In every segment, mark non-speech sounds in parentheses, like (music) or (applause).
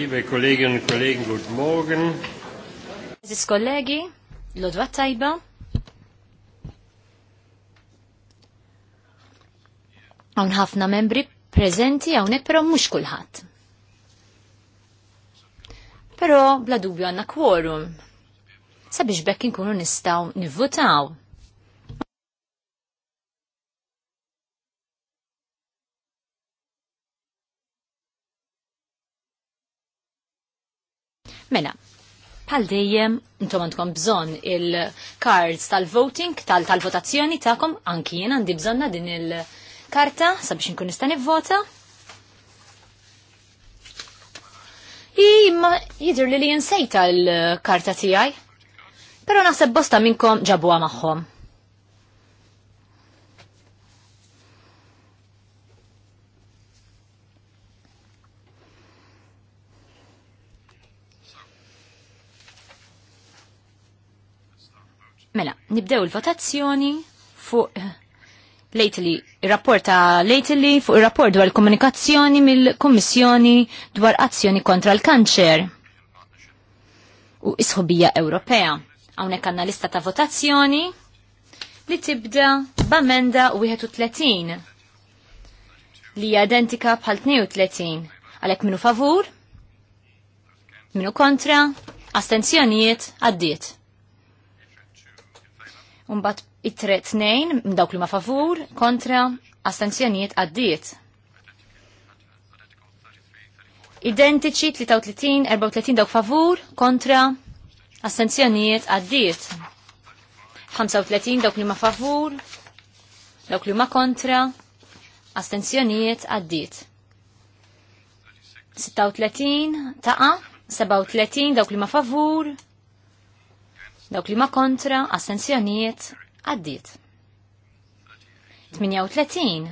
Liebe Kolleginnen und Kollegen, guten Morgen. Aziz kollegi, lodwa Taiba. Hawn ħafna membri preżenti hawnhekk pero mhux kulħadd. Pero bla dubju għandna kworum. Sabiex bekk inkunu nistgħu nivvutaw Mela, pal dejjem intom għandkom bżonn il-cards tal-voting, tal-votazzjoni -tal tagħkom anki jien għandi bżonna din il-karta sabiex inkun nista' nivvota. Imma jidher li li jinsejta l-karta tiegħi. Però naħseb bosta minnkom ġabuha magħhom. Mela, nibdew il-votazzjoni fuq lately, il-rapport lately fuq il-rapport dwar il komunikazzjoni mill-Kommissjoni dwar azzjoni kontra l-kanċer u isħobija Ewropea. Hawnhekk għandna lista ta' votazzjoni li tibda b'amenda 31 li hija identika bħal 32. Għalhekk minu favur? Minu kontra? Astenzjonijiet għaddiet. Umbat it-tre tnejn, dawk li ma favur, kontra, astenzjoniet għaddiet. Identiċi 33, 34 dawk favur, kontra, astenzjoniet għaddiet. 35 dawk li ma favur, dawk li ma kontra, astenzjoniet għaddiet. 36 taqa, 37 dawk li ma favur, Dawk li ma kontra, assenzjonijiet, għaddit. 38.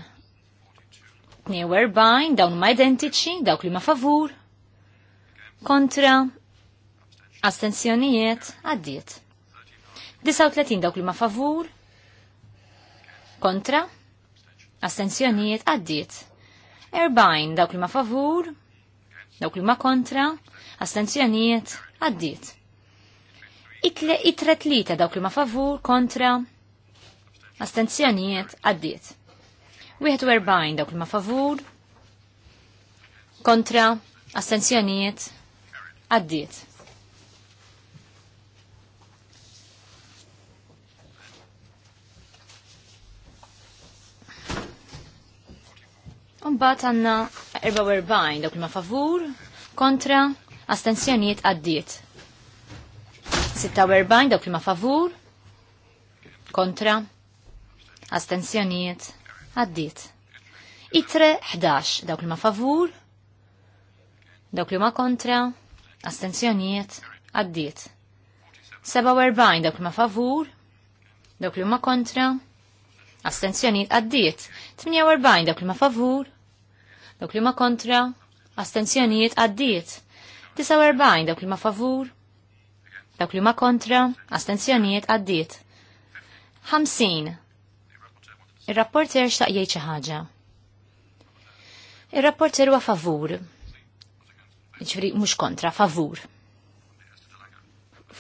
42, dawn ma identiċi, dawk li ma favur. Kontra, assenzjonijiet, għaddit. 39 dawk li ma favur. Kontra, assenzjonijiet, għaddit. 40 dawk li ma favur. Dawk li ma kontra, assenzjonijiet, għaddit li ta' dawk li ma favur kontra astenzjonijiet għaddiet. 41 dawk li ma favur kontra astenzjonijiet għaddiet. Umbat għanna 44 dawk li ma favur kontra astenzjonijiet għaddiet. 46 dawk li ma favur, kontra, astensjonijiet, għaddit Itre 11 dawk li ma favur, dawk li ma kontra, astensjonijiet, għaddiet. 47 dawk li ma favur, dawk li ma kontra, astensjonijiet għaddit 48 dawk li ma favur, dawk li ma kontra, astensjonijiet għaddit 49 dawk li ma favur, Dawk li ma kontra, astenzjonijiet għaddiet. 50. Il-rapporter xtaq jgħid xi ħaġa. Il-rapporter huwa favur. Ġifieri mhux kontra, favur.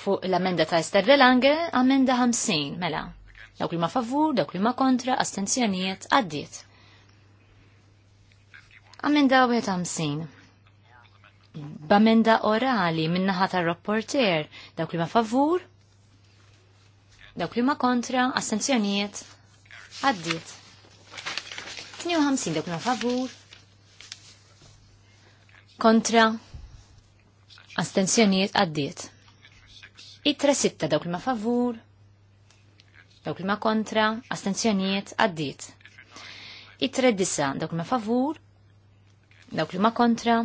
Fuq l-amenda ta' Ester Lange, amenda 50, mela. Dawk li ma favur, dawk li ma kontra, astenzjonijiet għaddiet. Amenda 50 b'amenda orali minnaħa tar-rapporter dawk li ma favur, dawk li ma kontra, assenzjonijiet, għaddiet. 52 dawk li ma favur, kontra, astenzjonijiet għaddiet. Itra sitta dawk li ma favur, dawk li ma kontra, astenzjonijiet għaddiet. Itra disa dawk li ma favur, dawk li ma kontra,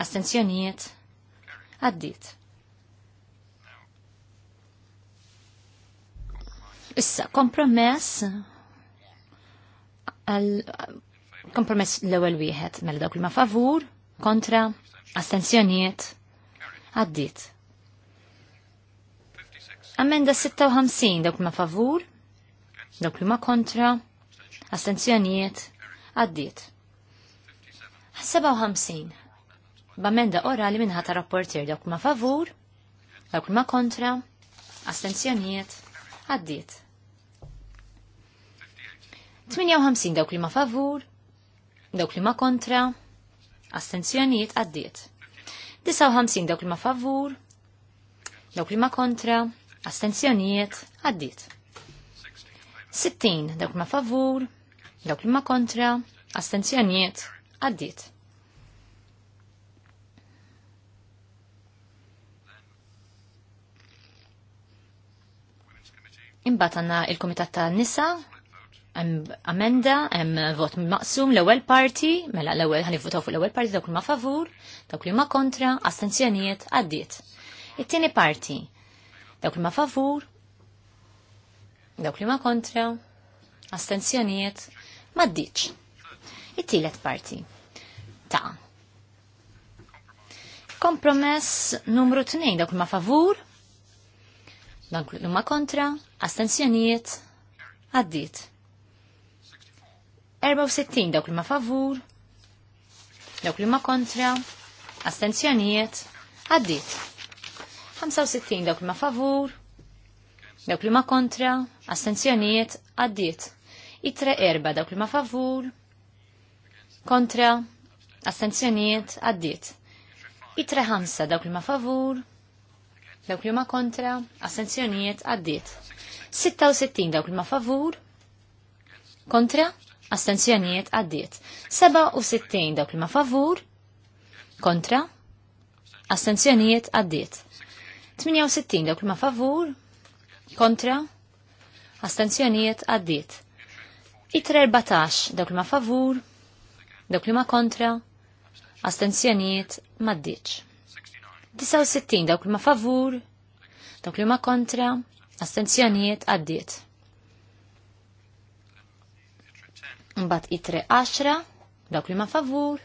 Astenzjonijiet? Għaddit. Issa, kompromess għal kompromess l-ewel wieħed mela dawk li ma favur, kontra, astenzjonijiet, għaddit. Amenda 56 dawk li ma favur, dawk li ma kontra, astenzjonijiet, għaddit. 57 b'amenda orali minnħata rapporter dawk ma favur, dawk ma kontra, astenzjonijiet, għaddiet. 58 dawk li ma favur, dawk li ma kontra, astenzjonijiet għaddiet. 59 dawk li ma favur, dawk li ma kontra, astenzjonijiet għaddiet. 60 dawk ma favur, dawk li ma kontra, astenzjonijiet għaddiet. Imbagħad għandna il-Kumitat ta' Nisa għem amenda, hemm vot maqsum l-ewwel parti, mela l-ewwel votaw fuq l-ewwel parti dawk li ma favur, dawk li ma kontra, astenzjonijiet għaddiet. It-tieni parti, dawk li ma favur, dawk li ma kontra, astenzjonijiet ma ddiċ. It-tielet parti. Ta' kompromess numru 2 dawk ma favur, dawk li ma kontra, Astenzjonijiet għaddit. 64 dawk li ma favur, dawk li ma kontra, astenzjonijiet għaddit. 65 dawk li ma favur, dawk li ma kontra, astenzjonijiet għaddit. Itre erba dawk li ma favur, kontra, astenzjonijiet għaddit. Itre ħamsa dawk li ma favur, dawk li huma kontra, assenzjonijiet għaddiet. 66 dawk li ma favur, kontra, astenzjonijiet għaddiet. 67 dawk li ma favur, kontra, assenzjonijiet għaddiet. 68 dawk li ma favur, kontra, astenzjonijiet għaddit. Itre 14 dawk li ma favur, dawk li ma kontra, astenzjonijiet maddiċ. 69 dawk li ma favur, dawk li ma kontra, astenzjonijiet għaddiet. Mbat 3 10, dawk li ma favur,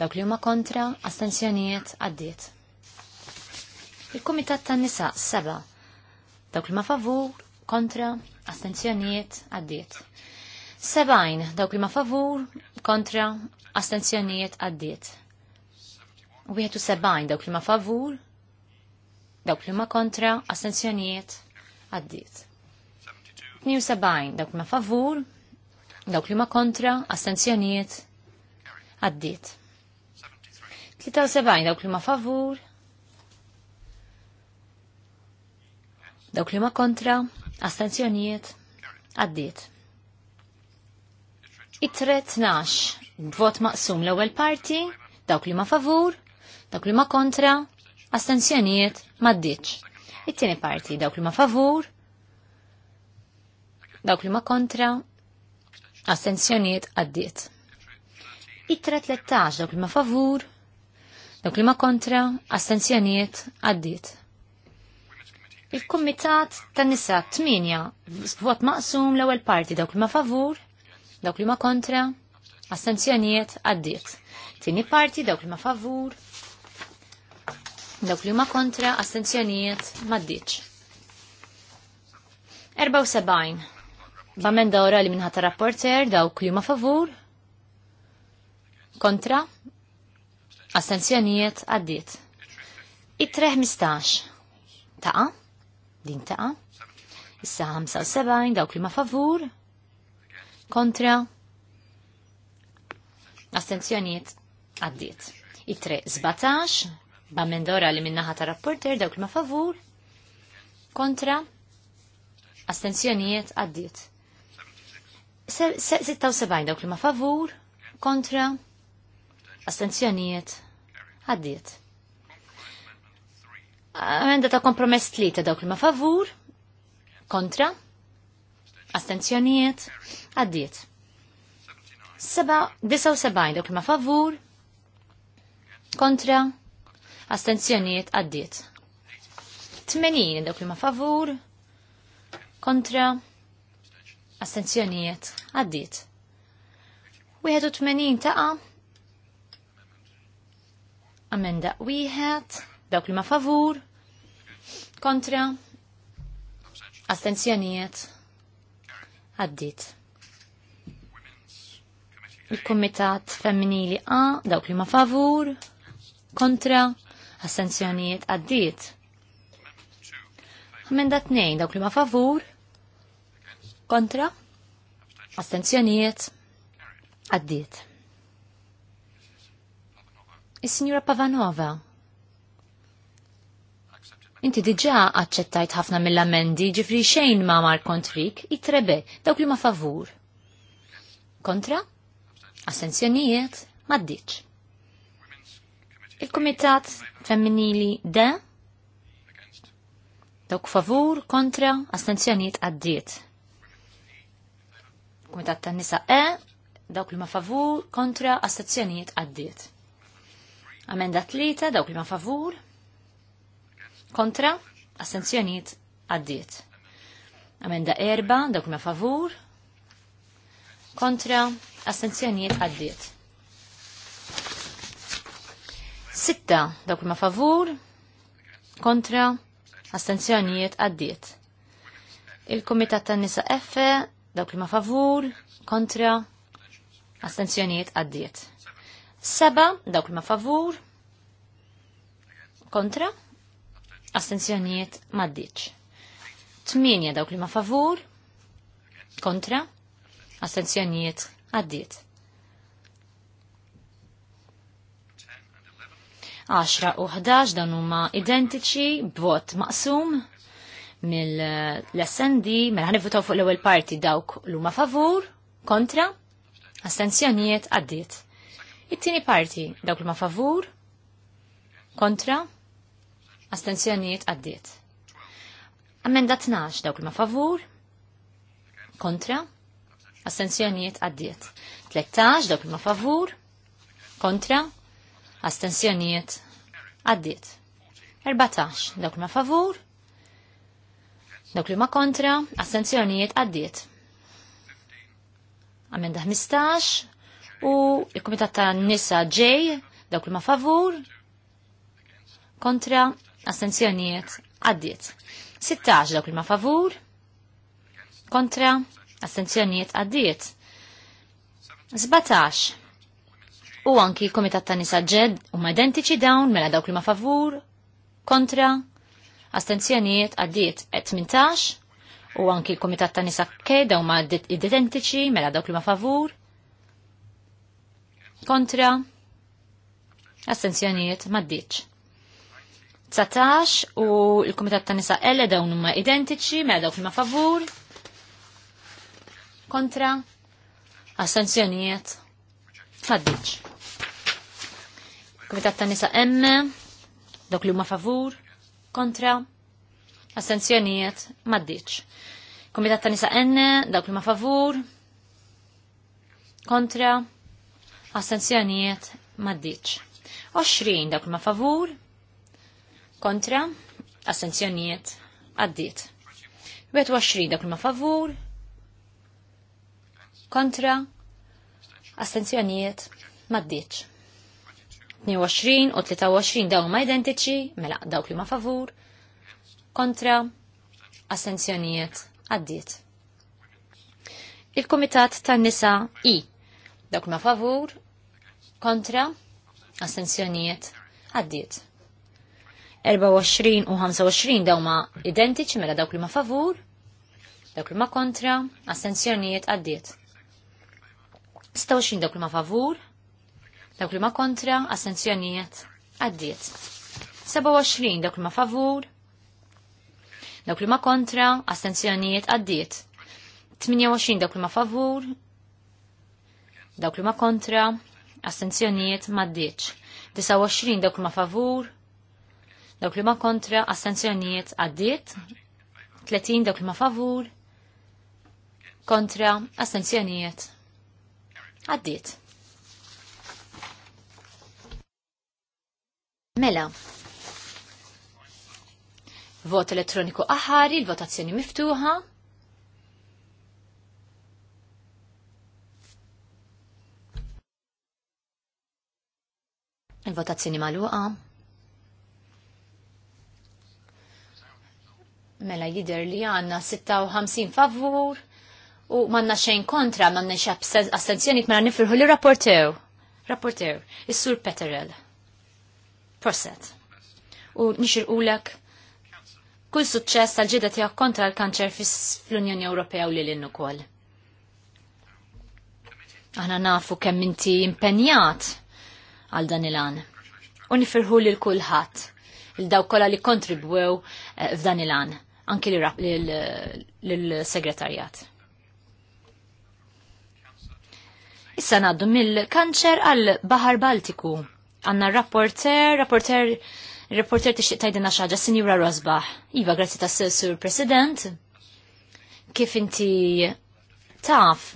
dawk li ma kontra, astenzjonijiet għaddiet. Il-Kumitat tan nisa 7, dawk li ma favur, kontra, astenzjonijiet għaddiet. 70 dawk li ma favur, kontra, astenzjonijiet għaddiet u sebbajn dawk li ma favur, dawk li ma kontra, astenzjonijiet, għaddit. 72 dawk li ma favur, dawk li ma kontra, astenzjonijiet, għaddit. 73 dawk li ma favur, dawk li ma kontra, astenzjonijiet, għaddit. It-tret nax, vot maqsum l-ewwel parti, dawk li ma favur, Dawk li ma kontra, astenzjonijiet maddiċ. It-tieni parti, dawk li ma favur, dawk li ma kontra, astenzjonijiet għaddiet. Ittra 13, dawk li ma favur, dawk li ma kontra, astenzjonijiet għaddiet. Il-Kumitat tan nisa 8 vot maqsum l-ewwel parti dawk li ma favur, dawk li ma kontra, astenzjonijiet għaddiet. Tieni parti dawk li ma favur, Dawk li ma kontra, astenzjonijiet, maddiċ. 74. Bamenda orali minnħata rapporter, dawk li ma favur, kontra, astenzjonijiet, għaddit. It-3 taqa, din taqa, issa 75, dawk li ma favur, kontra, astenzjonijiet, għaddit. It-3 Bamendora li minnaħa ta' rapporter dawk ma' favur, kontra, astenzjonijiet għaddiet. 76 dawk li ma' favur, kontra, astenzjonijiet għaddiet. Għamenda ta' kompromess tlieta dawk li ma' favur, kontra, astenzjonijiet għaddiet. 79 dawk li ma' favur, kontra, astenzjoniet għaddiet. 80 dawk li ma favur, kontra, astenzjoniet għaddiet. 81 taqa, amenda wieħed, dawk li ma favur, kontra, astenzjoniet għaddiet il-Komitat Femminili A, dawk li ma favur, kontra, assenzjonijiet għaddiet. Emenda 2 dawk li ma favur kontra astenzjonijiet għaddiet. Is-Sinjura Pavanova. Inti diġa għacċettajt ħafna mill-amendi ġifri xejn ma mar kontrik, itrebe, dawk li ma favur. Kontra? Assenzjonijiet, maddiċ. Il-Kumitat Femminili D. Dok favur, kontra, astenzjoniet għaddiet. Kumitat tan nisa E. Dawk li ma favur, kontra, astenzjoniet għaddiet. Amenda tlita, dawk li ma favur, kontra, astenzjoniet għaddiet. Amenda erba, dawk li ma favur, kontra, astenzjoniet għaddiet. Sitta, dawk ma favur, kontra, astenzjonijiet għaddiet. Il-Komitat tan nisa F, dawk ma favur, kontra, astenzjonijiet għaddiet. Seba, dawk ma favur, kontra, astenzjonijiet maddiċ. Tminja dawk li ma favur, kontra, astenzjonijiet għaddiet. 10 u 11 dan huma identiċi b'vot maqsum mill-SND, mela ħanivvutaw fuq l-ewwel parti dawk l huma favur, kontra, astensjonijiet għaddiet. It-tieni parti dawk l huma favur, kontra, astensjonijiet għaddiet. Ammenda 12 dawk l-huma favur, kontra, astensjonijiet għaddiet. 13 dawk huma favur, kontra, astensjonijiet għaddiet. 14 dawk ma favur, dawk li ma kontra, astensjonijiet għaddiet. Amenda 15 u il-Komitat ta' Nisa J dawk li ma favur, kontra, astensjonijiet għaddiet. 16 dawk li ma favur, kontra, astensjonijiet għaddiet. 17 u anki l-Komitat ta' Nisa ġed huma identiċi dawn mela dawk li ma' favur, kontra, astenzjoniet għaddiet 18 u anki l-Komitat ta' Nisa K dawn ma' identiċi mela dawk li ma' favur, kontra, astenzjoniet ma' ddiċ. 19 u l-Komitat ta' Nisa L dawn huma identiċi mela dawk li ma' favur, kontra, astenzjonijiet Maddiċ. Komitat ta' nisa M, dok li huma favur, kontra, astenzjonijiet, maddiċ. Komitat ta' nisa N, dok li huma favur, kontra, astenzjonijiet, maddiċ. 20 dak ma favur, kontra, astenzjonijiet, għaddiet. 21 dak ma favur, kontra, astenzjonijiet maddiċ. 22 u 23 dawn ma identiċi, mela dawk li ma favur, kontra astenzjonijiet għaddiet. Il-Komitat tan-Nisa I dawk ma favur, kontra astenzjonijiet għaddiet. 24 u 25 daw ma identiċi mela dawk li ma favur, dawk li ma kontra, astenzjonijiet għaddiet. 26 dawk li ma favur, dawk li ma kontra, assenzjonijiet għaddiet. 27 dawk li ma favur, dawk li ma kontra, assenzjonijiet għaddiet. 28 dawk li ma favur, dawk li ma kontra, assenzjonijiet ma ddiċ. 29 dawk li ma favur, dawk li ma kontra, assenzjonijiet għaddiet. 30 dawk li ma favur, kontra, astenzjonijiet Għaddit. Mela. Vot elettroniku aħari, il-votazzjoni miftuħa. Il-votazzjoni maluqa. Mela jider li għanna 56 favur, u manna xejn kontra, manna xa astenzjoni, manna mela nifirħu li rapportew. Rapportew, is sur Peterel. Proset. U nixir lek. kull suċċess tal-ġida tiegħek kontra l-kanċer fl-Unjoni Ewropea u l-innu ukoll. Aħna nafu kemm inti impenjat għal dan il-għan. U nifirħu lil kulħadd il-daw kolla li kontribwew eh, f'dan il-għan, anki l-segretarjat. Issa naddu mill-kanċer għal Bahar Baltiku. Għanna rapporter, rapporter, rapporter tixtiq tajdina xaġa, Sinjura Rosbach. Iva, grazzi ta' sur President. Kif inti taf,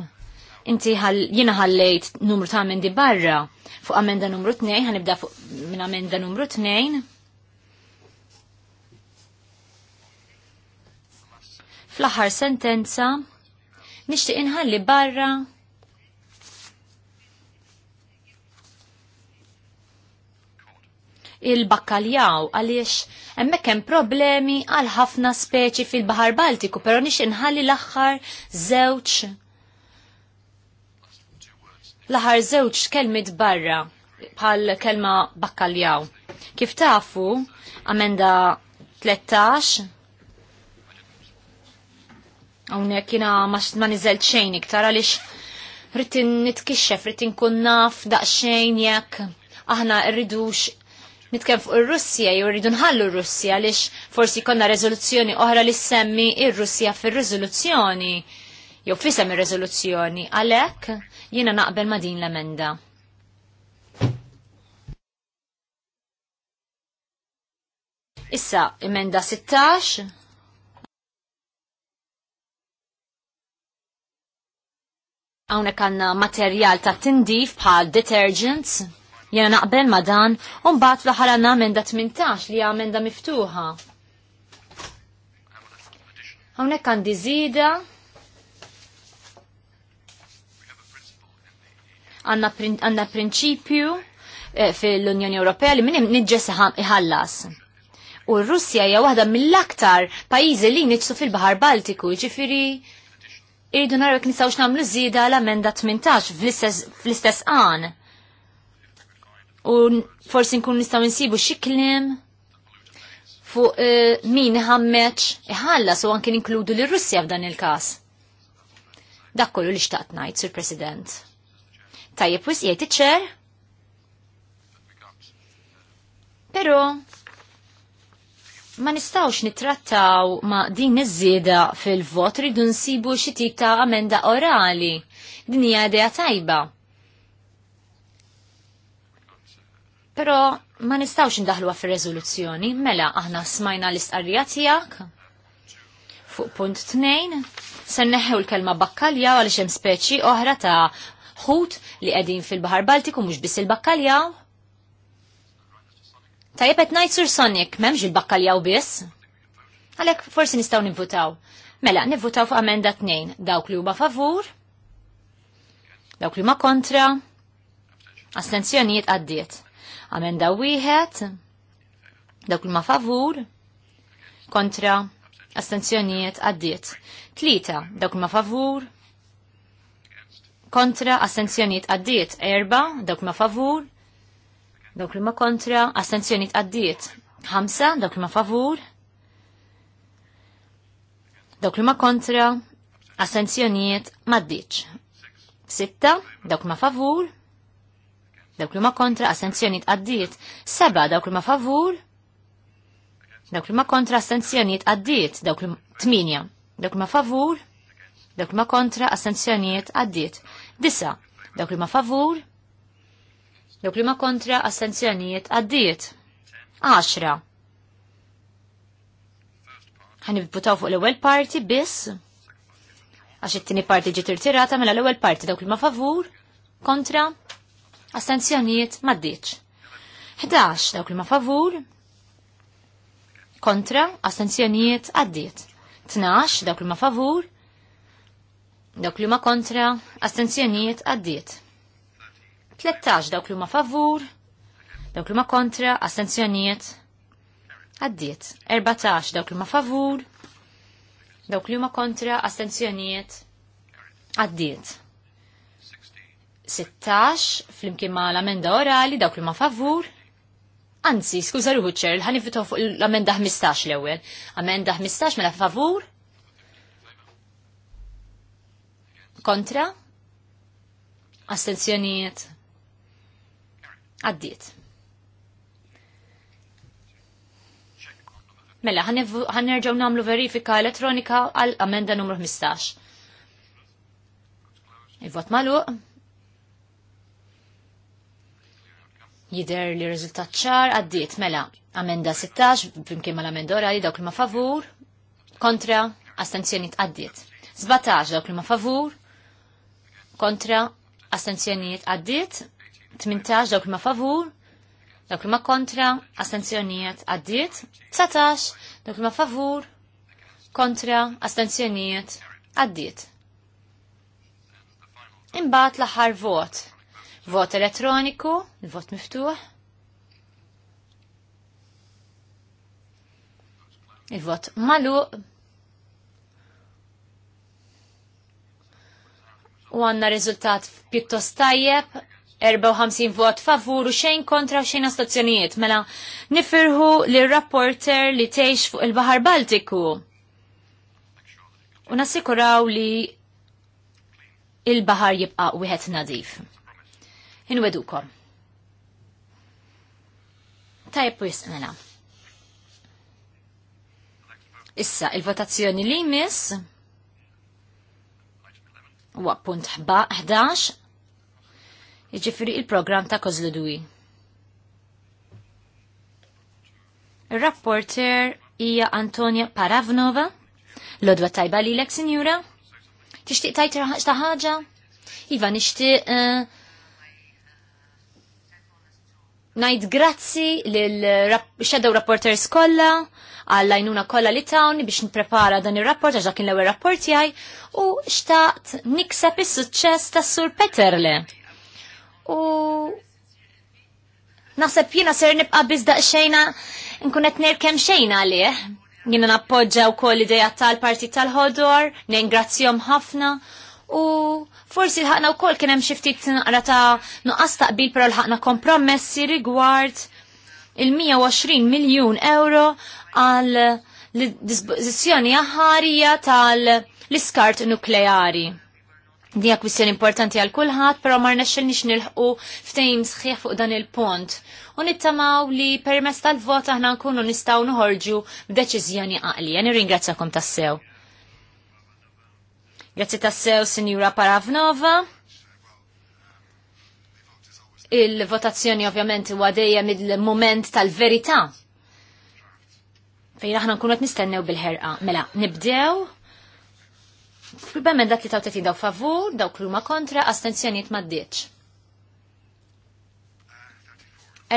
inti jina ħallejt numru ta' amendi barra fuq amenda numru 2, ħanibda fuq minn amenda numru 2. Fl-aħħar sentenza, nixtieq inħalli barra il-bakkaljaw għaliex hemmhekk hemm problemi għal ħafna speċi fil-Baħar Baltiku, però nix inħalli l-aħħar żewġ l-aħħar żewġ kelmit barra bħal kelma bakkaljaw. Kif tafu, amenda 13, Għawnek jina ma nizel xejn iktar għalix rritin nitkixxef, rritin kun naf daqxejn jekk aħna rridux nitkem fuq ir russija jew rridu nħallu r russija għaliex forsi konna rezoluzzjoni oħra li semmi il russija fir-riżoluzzjoni jew fisem ir-riżoluzzjoni għalhekk jiena naqbel ma' din l-emenda. Issa, emenda 16, Hawnhekk għandna materjal ta' tindif bħal detergents, Jena naqbel ma dan, un bat l ħar amenda 18 li amenda miftuħa. Hawnhekk għandi żieda. Għandna prinċipju eh, fil-Unjoni Ewropea li minn nidġes iħallas. U r-Russja hija waħda mill-aktar pajjiżi li niġsu fil-Baħar Baltiku, ġifiri irridu naraw jekk nistgħux nagħmlu żieda l-amenda 18 fl-istess qan u forsi nkun nistgħu nsibu xi kliem fuq eh, min ħammeċ iħallas u anke inkludu lir russja f'dan il-każ. Dak kollu li xtaqt ngħid, Sur President. Tajjeb wis jgħid iċċer? Però ma nistawx nitrattaw ma din iż-żieda fil-vot ridu nsibu xi tip ta' amenda orali. Din hija idea tajba. Pero ma nistawx ndaħlu fir rezoluzzjoni, mela aħna smajna l istqarrijat tiegħek fuq punt tnejn, se neħew l-kelma bakkalja għal hemm speċi oħra ta' ħut li qegħdin fil-Baħar Baltiku mhux biss il-bakkalja. Ta' jepet ngħid sur Sonic m'hemmx il-bakkaljaw biss. Għalhekk forsi nistgħu nivvutaw. Mela, nivvutaw fuq amenda 2 dawk li huma favur, dawk li huma kontra, astenzjonijiet għaddiet. Amenda wieħed, dawk ma favur, kontra, astenzjonijiet għaddiet. Tlita, dawk ma favur, kontra, astenzjonijiet għaddiet. Erba, dawk ma favur, dawk ma kontra, astenzjonijiet għaddiet. Ħamsa, dawk ma favur, dawk ma kontra, astenzjonijiet maddiċ. Sitta, dawk ma favur, dawk li ma kontra assenzjonijiet għaddiet, seba dawk li ma favur, dawk li ma kontra assenzjonijiet għaddiet, dawk li tminja, dawk li ma favur, dawk li ma kontra assenzjonijiet għaddiet, disa, dawk li ma favur, dawk li ma kontra assenzjonijiet għaddiet, għaxra. Ħanibbutaw fuq l-ewwel parti biss, għax it-tieni parti ġiet tirata mela l-ewwel parti dawk li ma favur, kontra, astenzjonijiet maddiċ. 11 dawk li ma favur, kontra, astenzjonijiet għaddiet. 12 dawk li ma favur, dawk li ma kontra, astenzjonijiet għaddiet. 13 dawk li ma favur, dawk li ma kontra, astenzjonijiet għaddiet. 14 dawk li ma favur, dawk li ma kontra, astenzjonijiet għaddiet. 16 flimkien ma l-amenda orali dawk li ma favur. Anzi, skuża ruħu ċer, ħan fuq l-amenda 15 l-ewwel. Amenda 15 mela favur. Kontra? Astenzjonijiet? Għaddiet. Mela, ħan nerġaw namlu verifika elettronika għal amenda numru 15. Il-vot maluq. Jider li riżultat ċar għaddiet mela amenda 16 flimkien mal-amenda orali dawk li ma favur kontra astenzjoni tqaddiet. 17 dawk li ma favur kontra astenzjoni għaddiet, 18 dawk ma favur, dawk ma kontra, astenzjoni għaddiet, 19 dawk ma favur, kontra, astenzjonijiet għaddiet. Imbat l-aħħar vot Vot elettroniku, vot miftuħ. Il-vot malu. U għanna rizultat pjuttost tajjeb, 54 vot favur u xejn kontra u xejn astazzjonijiet. Mela, nifirħu li rapporter li teħx fuq il-Bahar Baltiku. U nassikuraw li il-bahar jibqa' wieħed nadif. Inwedukom. Tajb u jismena. Mela. Issa, il-votazzjoni li jmiss wa punt 11 jiġifieri il-programm ta' Kozludwi. Il-rapporter hija Antonia Paravnova. Lodwa tajba li l-ek, sinjura? Tixtiq tajt ta' ħaġa? Iva, nixtieq eh, Najt grazzi l-Shadow Rapporters kolla, għall-għajnuna kolla li tawni biex n-prepara dan il-rapport, għax kien l-ewel rapport jaj, u xtaqt niksab il-sucċess ta' Sur Peterle. U naħseb jina ser nibqa bizda xejna nkunet nerkem xejna għalih. Jina nappoġġa u koll ideja tal-parti tal-ħodor, ningrazzjom ħafna U forsi l-ħakna u koll kienem xiftit naqra ta' nuqqas taqbil pero l-ħakna kompromessi rigward il-120 miljon euro għal l-dispozizjoni aħarija tal-iskart nukleari. Dija kwistjoni importanti għal kulħadd, però ma rnexxil nix nilħqu ftejm sħiħ fuq dan il-pont. U nittamaw li permess tal-vot aħna nkunu nistgħu noħorġu b'deċiżjoni għaqli. Jani ringrazzakom tassew. Grazzi tassew, Sinjura Paravnova. Il-votazzjoni ovvjament huwa dejjem il-moment tal-verità. Fejn aħna nkunu qed nistennew bil-ħerqa. Mela, nibdew. fil bemenda li taw tetin daw favur, daw kluma kontra, astenzjoniet ma' 34.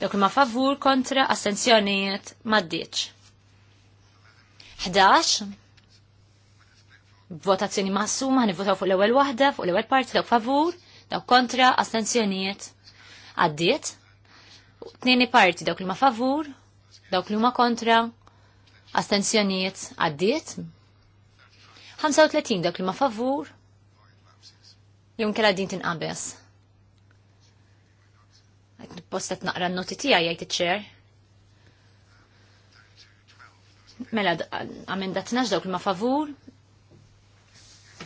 Dawk li ma' favur kontra, astenzjoniet ma' ddiċ. 11. Votazzjoni massuma, nivvotaw fuq l-ewwel waħda, fuq l-ewwel parti, dawk favur, dawk kontra, astenzjonijiet. Għaddiet. Tnieni parti dawk li ma favur, dawk li huma kontra, astenzjonijiet. Għaddiet. 35 dawk li ma favur, jom kela din tinqabes. Għajt postet naqra n-noti tija jgħajt iċċer. Mela, għamendat naġdaw dawk ma favur,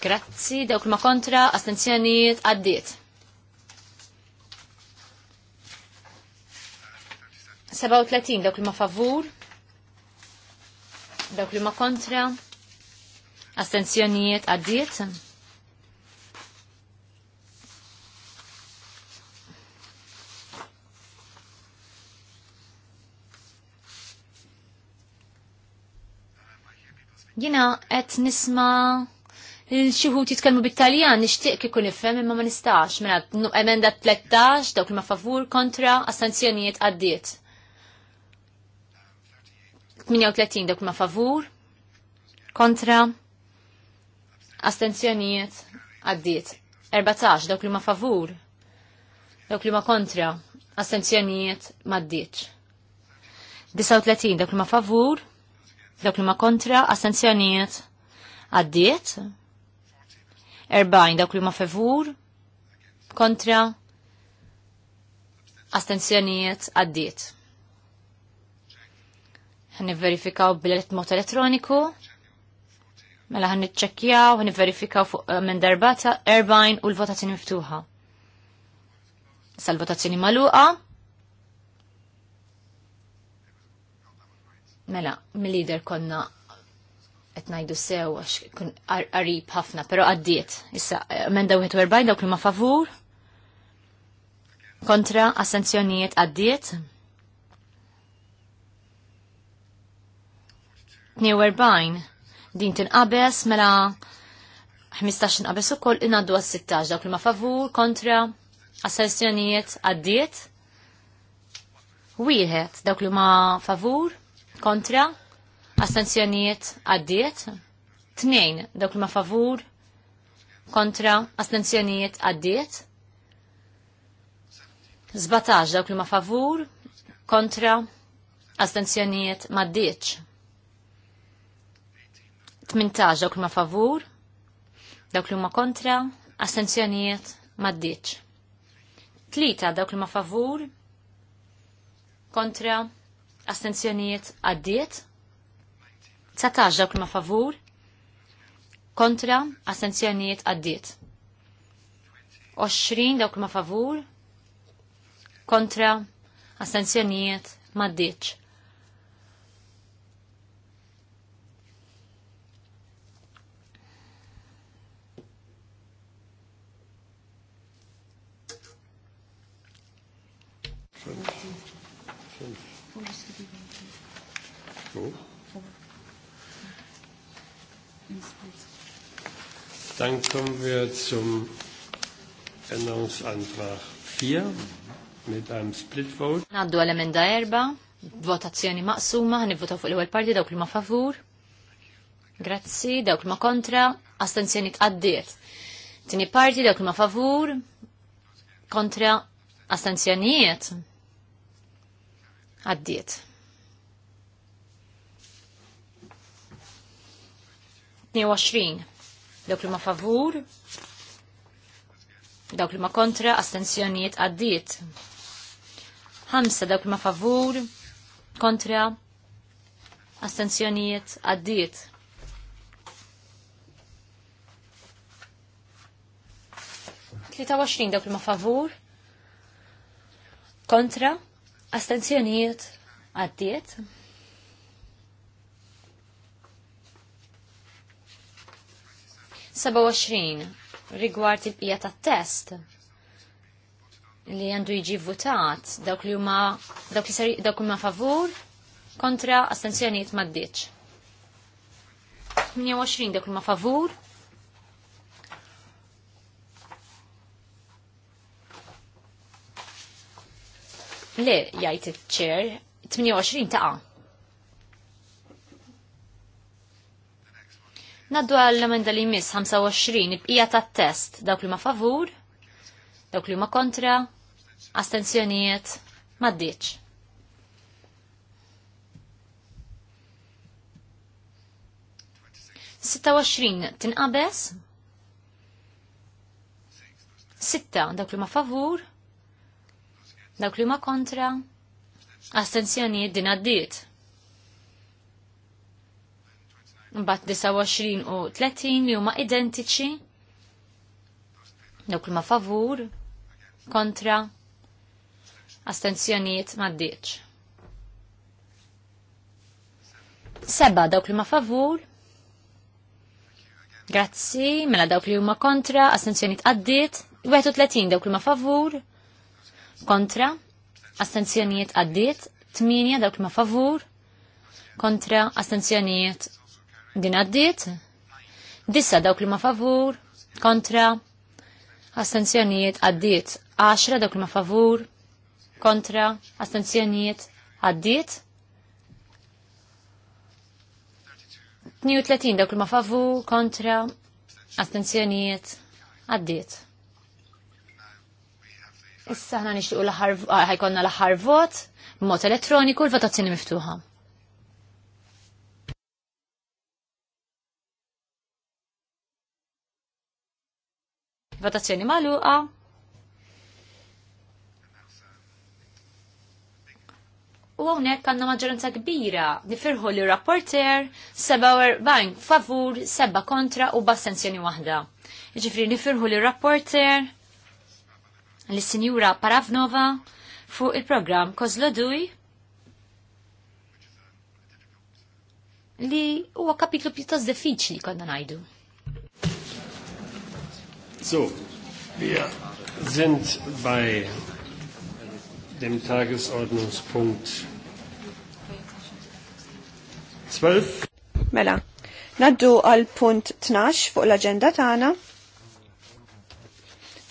Grazzi, dawk ma kontra, astenzjoni, għaddiet. tletin, dawk ma favur, dawk ma kontra, astenzjonijiet għaddiet. Jina, et nisma' il-xiħut jitkellmu bit-Taljan nixtieq kikun ifhem imma ma nistax mela emenda 13 dawk li ma favur kontra astenzjonijiet għaddiet. 38 dawk ma favur kontra astenzjonijiet għaddiet. 14 dawk li ma favur dawk li ma kontra astenzjonijiet ma ddiet. 39 dawk li ma favur dawk li ma kontra astenzjonijiet għaddiet. 40 dawk li ma favur kontra astenzjonijiet għaddiet. Għanni verifikaw bil-mod elettroniku, mela għanni ċekjaw, għanni verifikaw fuq eh, minn darbata erbajn u l-votazzjoni miftuħa. Sal-votazzjoni maluqa, mela, mill-lider konna qed ngħidu sew għax kun qarib ħafna, però għaddiet. Issa emenda 41 dawk li ma favur. Kontra assenzjonijiet għaddiet. 42 din tinqabes mela 15 inqabes ukoll inaddu għas 16 dawk li ma favur kontra assenzjonijiet għaddiet. Wieħed dawk li ma favur kontra astenzjonijiet għaddiet, tnejn dawk ma favur, kontra, astenzjonijiet għaddiet, 17 dawk li ma favur, kontra, astenzjonijiet ma ddiċ. 18 dawk li ma favur, dawk li ma kontra, astenzjonijiet ma ddiċ. Tlita dawk li ma favur, kontra, astenzjonijiet għaddiet, 19 dawk ma favur kontra astenzjonijiet għaddiet. 20 dawk ma favur kontra astenzjonijiet ma ddiċ. Oh. Dann kommen wir zum Änderungsantrag 4 mit einem Split Vote. Naddu għal-emenda erba, votazzjoni maqsuma, nivvota fuq l-ewwel parti dawk li ma favur. Grazzi, dawk li ma kontra, astenzjoni tqaddiet. Tini parti dawk li ma favur, kontra, astenzjonijiet. Għaddiet. 22. Dawk li ma favur, dawk li ma kontra, astensjonijiet għaddiet. Ħamsa dawk li ma favur, kontra, astensjonijiet għaddiet. Tlita waxrin dawk li ma favur, kontra, astensjonijiet għaddiet. 27 rigward il-bqija ta' test li għandu jiġi votat dawk li huma dawk li sari dawk huma favur kontra astenzjonijiet maddiċ. 28 dawk li huma favur Le, jajt il-ċer, 28 ta' Naddu għall-emenda li jmiss 25 ibqija tat test dawk li ma favur, dawk li ma kontra, astenzjonijiet, maddiċ. Sitta waxrin tinqabes? Sitta dawk li ma favur, dawk li ma kontra, astenzjonijiet din għaddiet mbagħad 29 u 30 li huma identiċi. Dawk li ma favur, kontra, astenzjonijiet m'għaddiex. Seba dawk li ma favur, Grazzi, mela dawk li huma kontra, astenzjonijiet għaddiet, 31 dawk li ma favur, kontra, astenzjonijiet għaddiet, 8 dawk li ma favur, kontra, astenzjonijiet Din għaddiet? Dissa dawk li ma favur, kontra, astenzjonijiet għaddiet. 10 dawk li ma favur, kontra, astenzjonijiet għaddiet. 32 dawk li ma favur, kontra, astenzjonijiet għaddiet. Issa ħna nixtiqu l-ħar, ħajkonna l-ħar vot, mod elettroniku, l-votazzjoni miftuħa. Votazzjoni maluqa. U għonek għanna maġġoranza kbira nifirħu li rapporter 47 favur, 7 kontra u b'assenzjoni wahda. Ġifri nifirħu li rapporter li sinjura Paravnova fuq il-program Kozlodui, li huwa kapitlu pjuttost diffiċli konna najdu. So, wir sind bei dem Tagesordnungspunkt 12. Mela, naddu għal punt 12 fuq l-agenda tagħna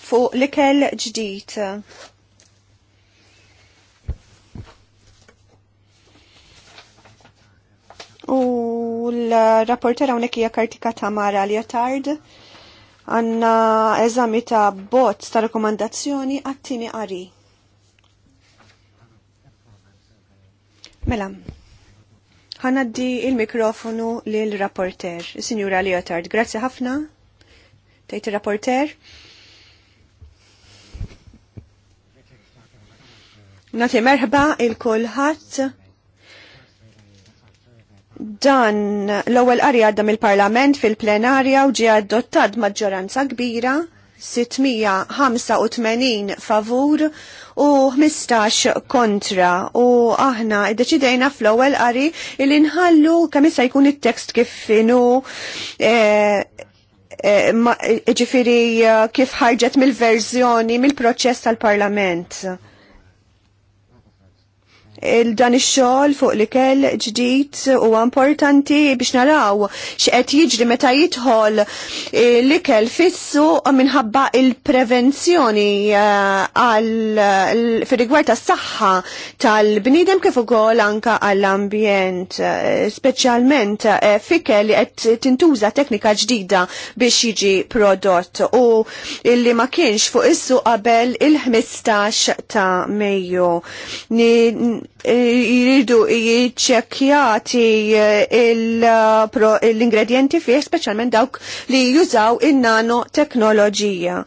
fuq l-ikel ġdid. U l-rapporter hawnhekk hija Kartika Tamara Liotard għanna eżami ta' bot ta' rekomandazzjoni għattini għari. Mela, di il-mikrofonu l rapporter signora Leotard. Grazie ħafna, tajt il-rapporter. Nati merħba il-kolħat Dan l-ewwel qari għadda mill-Parlament fil-plenarja u ġie adottat maġġoranza kbira 685 favur u 15 kontra u aħna id-deċidejna fl-ewwel qari il inħallu kemm issa jkun it-tekst kif inu e, e, e, ġifiri kif ħarġet mill-verżjoni mill-proċess tal-Parlament il-dan ix-xogħol fuq li kell ġdid huwa importanti biex naraw x'qed jiġri meta jidħol eh, li kell fissu minħabba il-prevenzjoni eh, għal fir-rigward tas-saħħa tal-bniedem kif ukoll anka għall-ambjent, eh, speċjalment fikel li qed tintuża teknika ġdida biex jiġi prodott u illi ma kienx fuq issu qabel il-15 ta' Mejju E, jiridu jiċċekjati e, l-ingredienti fih, speċjalment dawk li jużaw in-nano teknoloġija.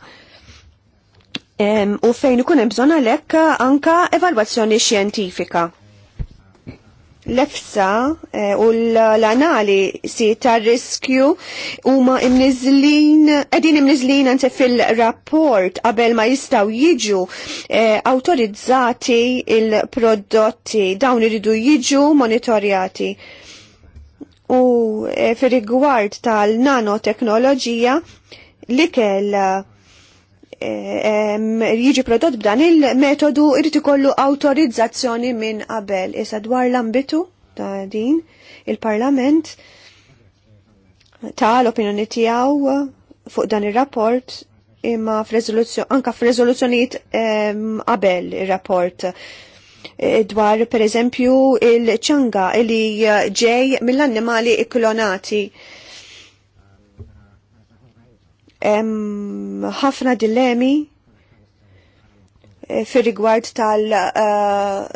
u fejn ikun hemm bżonn għalhekk anke evalwazzjoni xjentifika l-efsa eh, u l-anali si ta' riskju huma imnizlin, edin imnizlin għante fil-rapport qabel ma jistaw jiġu eh, autorizzati il-prodotti, dawn iridu jiġu monitorjati. U eh, fil-rigward tal-nanoteknoloġija li kell jiġi prodott b'dan il-metodu irrid ikollu awtorizzazzjoni minn qabel. Issa dwar l-ambitu ta' din il-Parlament ta' l-opinjoni tiegħu fuq dan ir-rapport imma anka f'reżoluzzjonijiet qabel ir-rapport e, dwar per eżempju il-ċanga li ġej mill-annimali iklonati ħafna dilemi eh, fir-rigward tal- eh,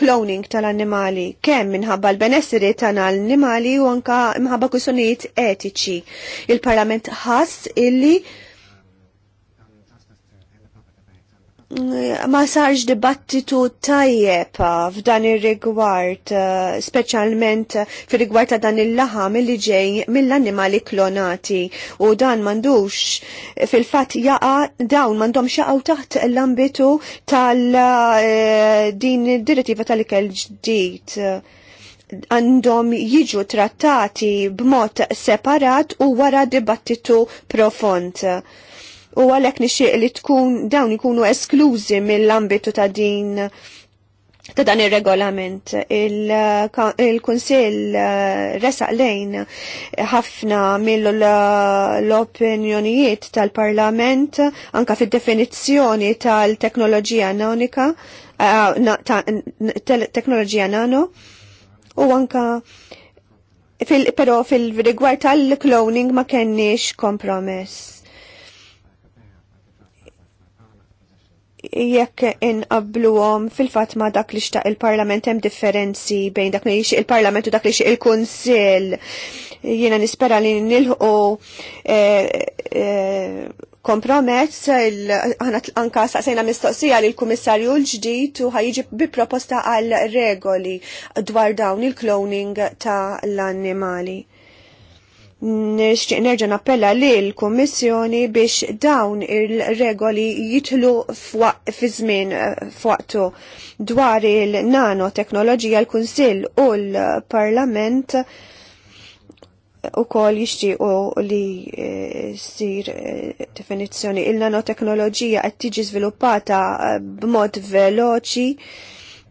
cloning uh, tal-annimali, kemm minħabba l-benessiri tal-annimali u anka minħabba kusunijiet etiċi. Il-Parlament ħass illi ma sarx dibattitu tajjeb f'dan ir-rigward, eh, speċjalment fir-rigward ta' dan il-laħam li ġej mill-annimali klonati u dan mandux fil-fatt jaqa dawn mandom xaqaw taħt l-ambitu tal-din eh, direttiva tal-ikel ġdid għandhom jiġu trattati b'mod separat u wara dibattitu profond u għalhekk nixtieq li tkun dawn ikunu esklużi mill-ambitu ta' din ta' dan il-regolament. Il-Konsil eh, resaq lejn ħafna mill-opinjonijiet tal-Parlament anka fid-definizzjoni tal-teknoloġija nanika, eh, teknoloġija nano, u anka fil, pero fil-rigward tal-cloning ma kenniex kompromess jekk inqabluhom fil-fatt ma dak li xtaq il-Parlament hemm differenzi bejn dak li il-Parlament u dak li xi il-Kunsill. Jiena nispera li nilħu eh, eh, kompromess, aħna anka saqsejna mistoqsija li l-Kummissarju l-ġdid u ħajġi bi proposta għal regoli dwar dawn il-cloning ta' l-annimali nixtieq nerġa' nappella lil kummissjoni biex dawn il-regoli jitlu fi żmien eh, f'waqtu dwar il-nanoteknoloġija l-Kunsill u l-Parlament u kol jixtiequ li eh, sir eh, definizzjoni il-nanoteknoloġija qed tiġi żviluppata b'mod veloċi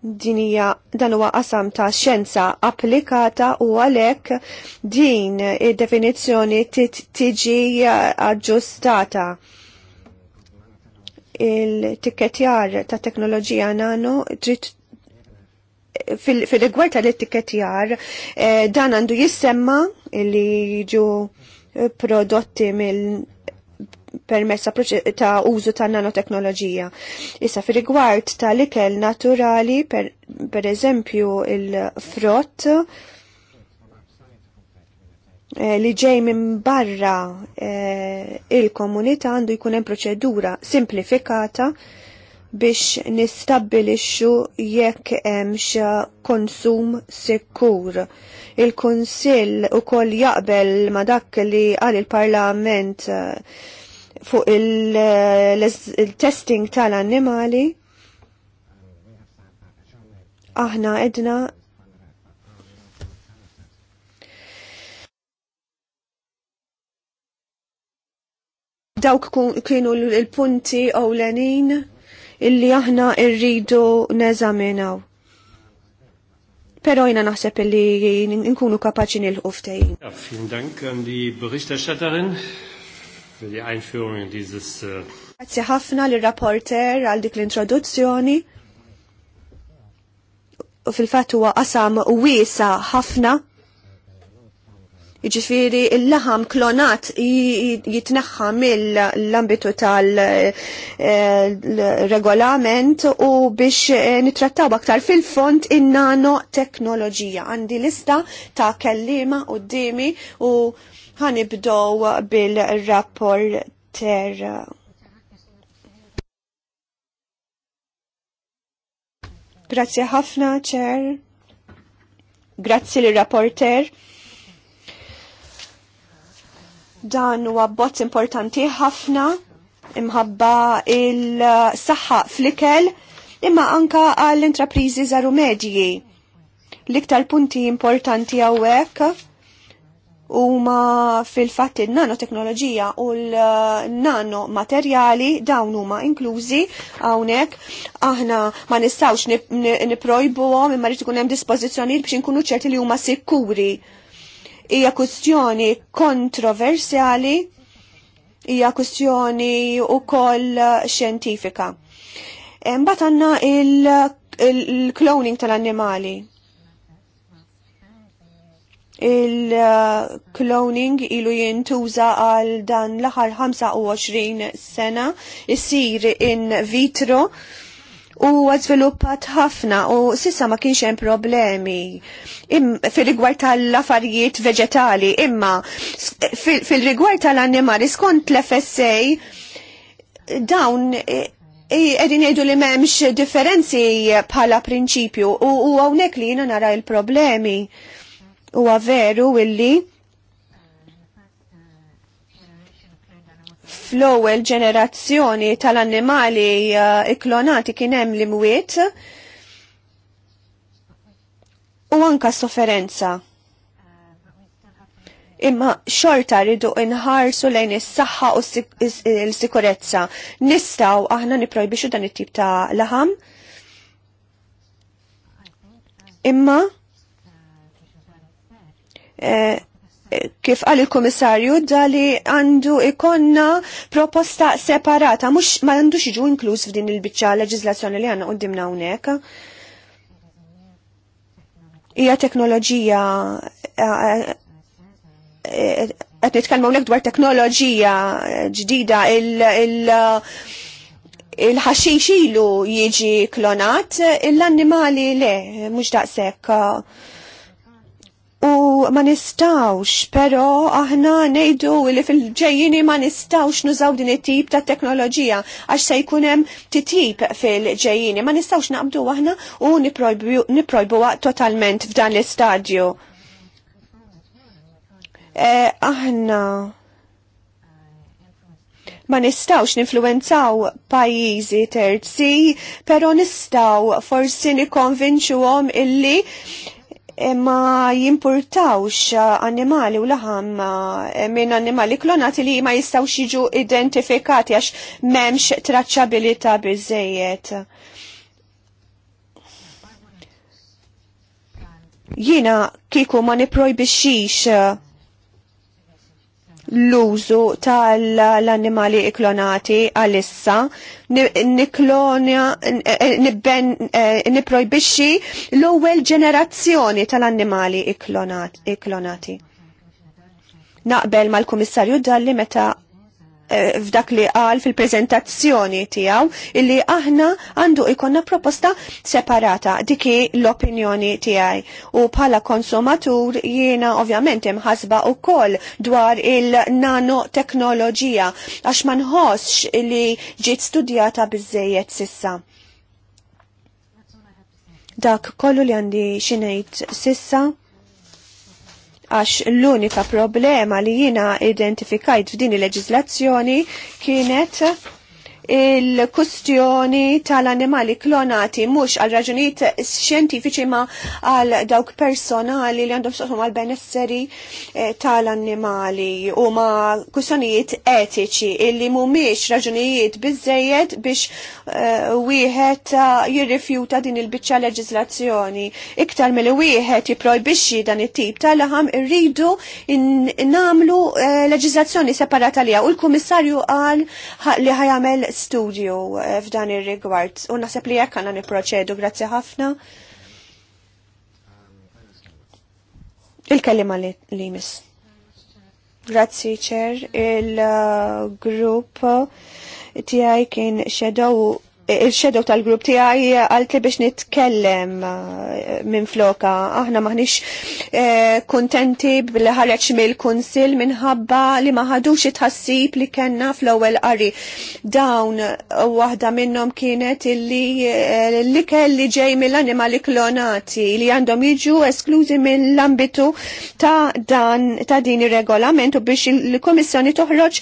dinija dan huwa qasam ta' xjenza applikata u għalhekk din id-definizzjoni tiġi aġġustata il-tikketjar ta' teknoloġija nano trid fil-rigward tal-etikettjar eh, dan għandu jissemma li jiġu prodotti mill permezz ta' użu ta' nanoteknoloġija. Issa fi rigward ta' likel naturali, per, per eżempju il-frott, eh, li ġej minn barra eh, il-komunità għandu jkun hemm proċedura simplifikata biex nistabbilixxu jekk hemmx konsum sikur. Il-Kunsill ukoll jaqbel ma dak li għal il-Parlament eh, fuq il-testing eh, tal-annimali aħna edna dawk kienu l-punti ewlenin illi aħna rridu neżaminaw. Pero jina naħseb illi nkunu kapaċi nilħu ftejn. Ja, vielen Dank an die Berichterstatterin. Äh, Grazie ħafna l rapporter għal dik l-introduzzjoni. U fil-fatt huwa qasam wiesa ħafna. Jiġifieri il-laħam klonat jitneħħa mill-ambitu tal-regolament eh, u biex eh, nitrattaw aktar fil-font in-nano teknoloġija. Għandi lista ta' kellima u d u ħanibdow bil-rapporter. Grazie ħafna, ċer. Grazie l-rapporter. Dan huwa bozz importanti ħafna imħabba il-saħħa fl-ikel imma anka għall-intrapriżi żaru medji. L-iktar punti importanti għawek huma fil fat il-nanoteknoloġija u l-nanomaterjali dawn huma inklużi hawnhekk aħna ma nistgħux għom imma rrid ikun hemm dispożizzjonijiet biex inkunu ċerti li huma sikuri. Hija kwistjoni kontroversjali, hija kwistjoni wkoll xjentifika. Mbagħad għandna il-cloning tal-annimali il-cloning ilu jintuża għal dan l-aħħar 25 sena isir in vitro u għazviluppat ħafna u sissa ma kienx hemm problemi fil-rigward tal-affarijiet veġetali imma fil-rigward tal-annimali skont l-FSA dawn Edin jgħidu li memx differenzi bħala prinċipju u għawnek li jina nara il-problemi huwa veru illi fl-ewwel ġenerazzjoni tal-annimali uh, iklonati kien hemm l-imwiet u anka sofferenza. Imma xorta rridu inħarsu lejn is-saħħa u l-sikurezza. Nistgħu aħna niprojbixu dan it-tip ta' laħam. Imma Eh, kif għal il-komissarju dali għandu ikonna proposta separata, mux ma għandu iġu inkluż f'din il-bicċa leġizlazzjoni li għanna għoddimna unek. Ija teknoloġija, għet eh, eh, nitkalma unek dwar teknoloġija ġdida il- il-ħaxix ilu jieġi klonat, l-annimali le, mux daqsek U ma nistawx, pero aħna nejdu li fil-ġejjini ma nistawx nużaw din it-tip ta' teknoloġija għax se jkun hemm titip fil-ġejjini. Ma nistawx naqbdu aħna u niprojbuha totalment f'dan l-istadju. E, aħna ma nistawx ninfluenzaw pajjiżi terzi, pero nistaw forsi għom illi ma jimpurtawx animali u laħam eh, minn animali klonati li ma jistawx jiġu identifikati għax memx traċabilita bizzejiet. Jina kiku ma niprojbixix eh, l-użu tal-annimali iklonati għalissa niklonja eh, eh, l-ewwel ġenerazzjoni tal-annimali iklonati. Naqbel mal-Kummissarju Dalli meta Eh, f'dak li qal fil-prezentazzjoni tiegħu illi aħna għandu ikonna proposta separata diki l-opinjoni tiegħi. U bħala konsumatur jiena ovvjament imħasba wkoll dwar il-nanoteknoloġija għax ma nħossx li ġiet studjata bizzejiet sissa dak kollu li għandi xinejt sissa għax l-unika problema li jina identifikajt f'din il-leġizlazzjoni kienet il-kustjoni tal-animali klonati mhux għal raġunijiet xjentifiċi ma għal dawk personali li għandhom soħum għal benesseri eh, tal-animali u ma kustjonijiet etiċi illi mhumiex raġunijiet biżejjed biex eh, wieħed eh, jirrifjuta din il-biċċa leġislazzjoni. Iktar mill wieħed jipprojbixxi dan it-tip tal-ħam irridu namlu leġizlazzjoni leġislazzjoni separata liha u l-Kummissarju qal li ħajamel studju eh, f'dan ir-rigward u naħseb li jekk għandna niproċedu grazzi ħafna. Il-kelima li, li mis. Grazzi ċer, il-grupp eh, tiegħi kien xedow il-xedow tal-grupp tiegħi għaltli biex nitkellem eh, minn floka. Aħna maħniex eh, kontenti billi ħareġ mill-kunsil minħabba li ma ħadux it-ħassib li kellna fl-ewwel qari. Dawn eh, waħda minnhom kienet illi li kelli ġej mill-animali klonati li għandhom jiġu esklużi mill-ambitu ta' dan ta' din ir-regolament u biex il-Komissjoni toħroġ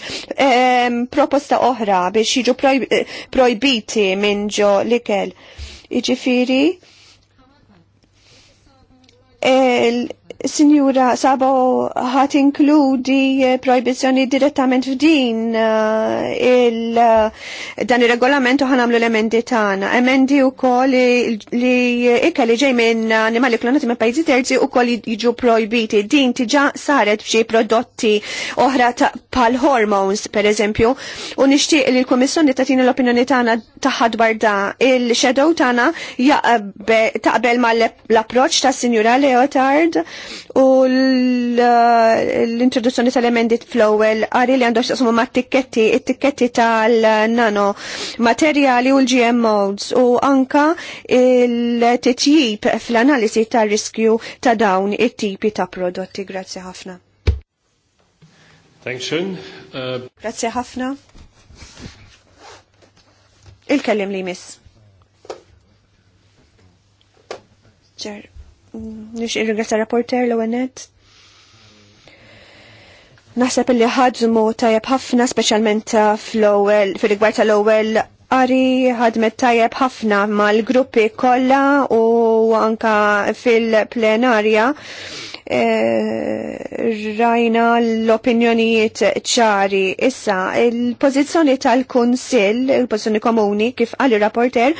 proposta oħra biex jiġu projbiti minn ġo l-ikel. Iġifiri, Sinjura, sabo ħat inkludi eh, prohibizjoni direttament f'din eh, il eh, dan il-regolamentu għamlu l-emendi tana. Emendi u kol li ikka li ġej minn animali klonati minn pajzi terzi u kol jiġu prohibiti. Din tiġa saret bċi prodotti oħra pal hormones per eżempju. U nishti li l-Komissjoni tatina l-opinjoni tana taħad barda il-shadow tana jaqbel ma l-approċ ta' Sinjura Leotard u l-introduzzjoni tal-emendit fl-ewwel qari li għandu x'taqsmu ma' t tikketti it-tikketti tal-nano materjali u l-GMOs u anka il-titjib fl-analisi tar-riskju ta' dawn it-tipi ta' prodotti. Grazzi ħafna. Thanks, Shun. Uh, Grazzi ħafna. Il-kellim li miss. Ġer nix irrigrazza rapporter l għenet. Naħseb li ħadżmu tajab ħafna, specialment fl-ewel, fil-rigward tal-ewel Ari ħadmet tajjeb ħafna mal-gruppi kollha u anka fil-plenarja Eh, rajna l-opinjonijiet ċari. Issa, il-pozizjoni tal-Kunsill, il-pozizjoni komuni, kif għalli rapporter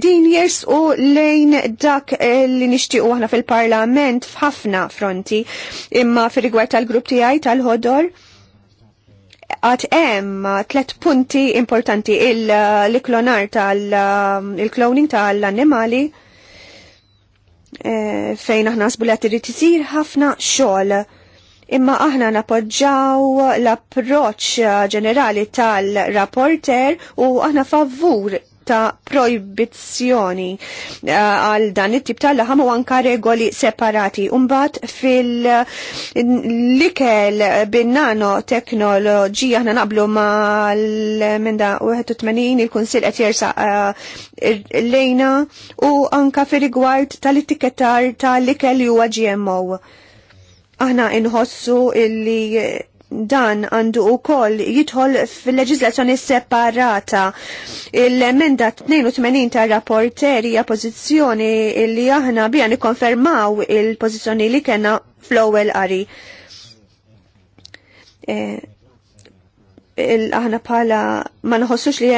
din jersqu lejn dak eh, li nixtiequ aħna fil-Parlament f'ħafna fronti, imma fir-rigward tal-grupp tiegħi tal-ħodor għat em tlet punti importanti il-klonar tal-cloning tal animali il tal annimali Eh, fejn aħna nasbu li għattirrit isir ħafna xogħol. Imma aħna napoġġaw l-approċ ġenerali tal-rapporter u aħna favur ta' projbizzjoni eh, għal dan it-tip tal laħam u anka regoli separati. Umbat fil-likel bin-nano teknoloġija ħna naqblu ma' l-menda 81 il-Kunsil qed jersa eh, lejna u anka fil-rigward tal-itiketar tal-likel li huwa GMO. Aħna inħossu illi dan għandu u koll jidħol fil-leġizlazzjoni separata. Il-emenda 82 ta' rapporteri ja pozizjoni li aħna bija nikonfermaw il-pozizjoni li kena fl-ewwel qari. E, aħna bħala ma nħossux li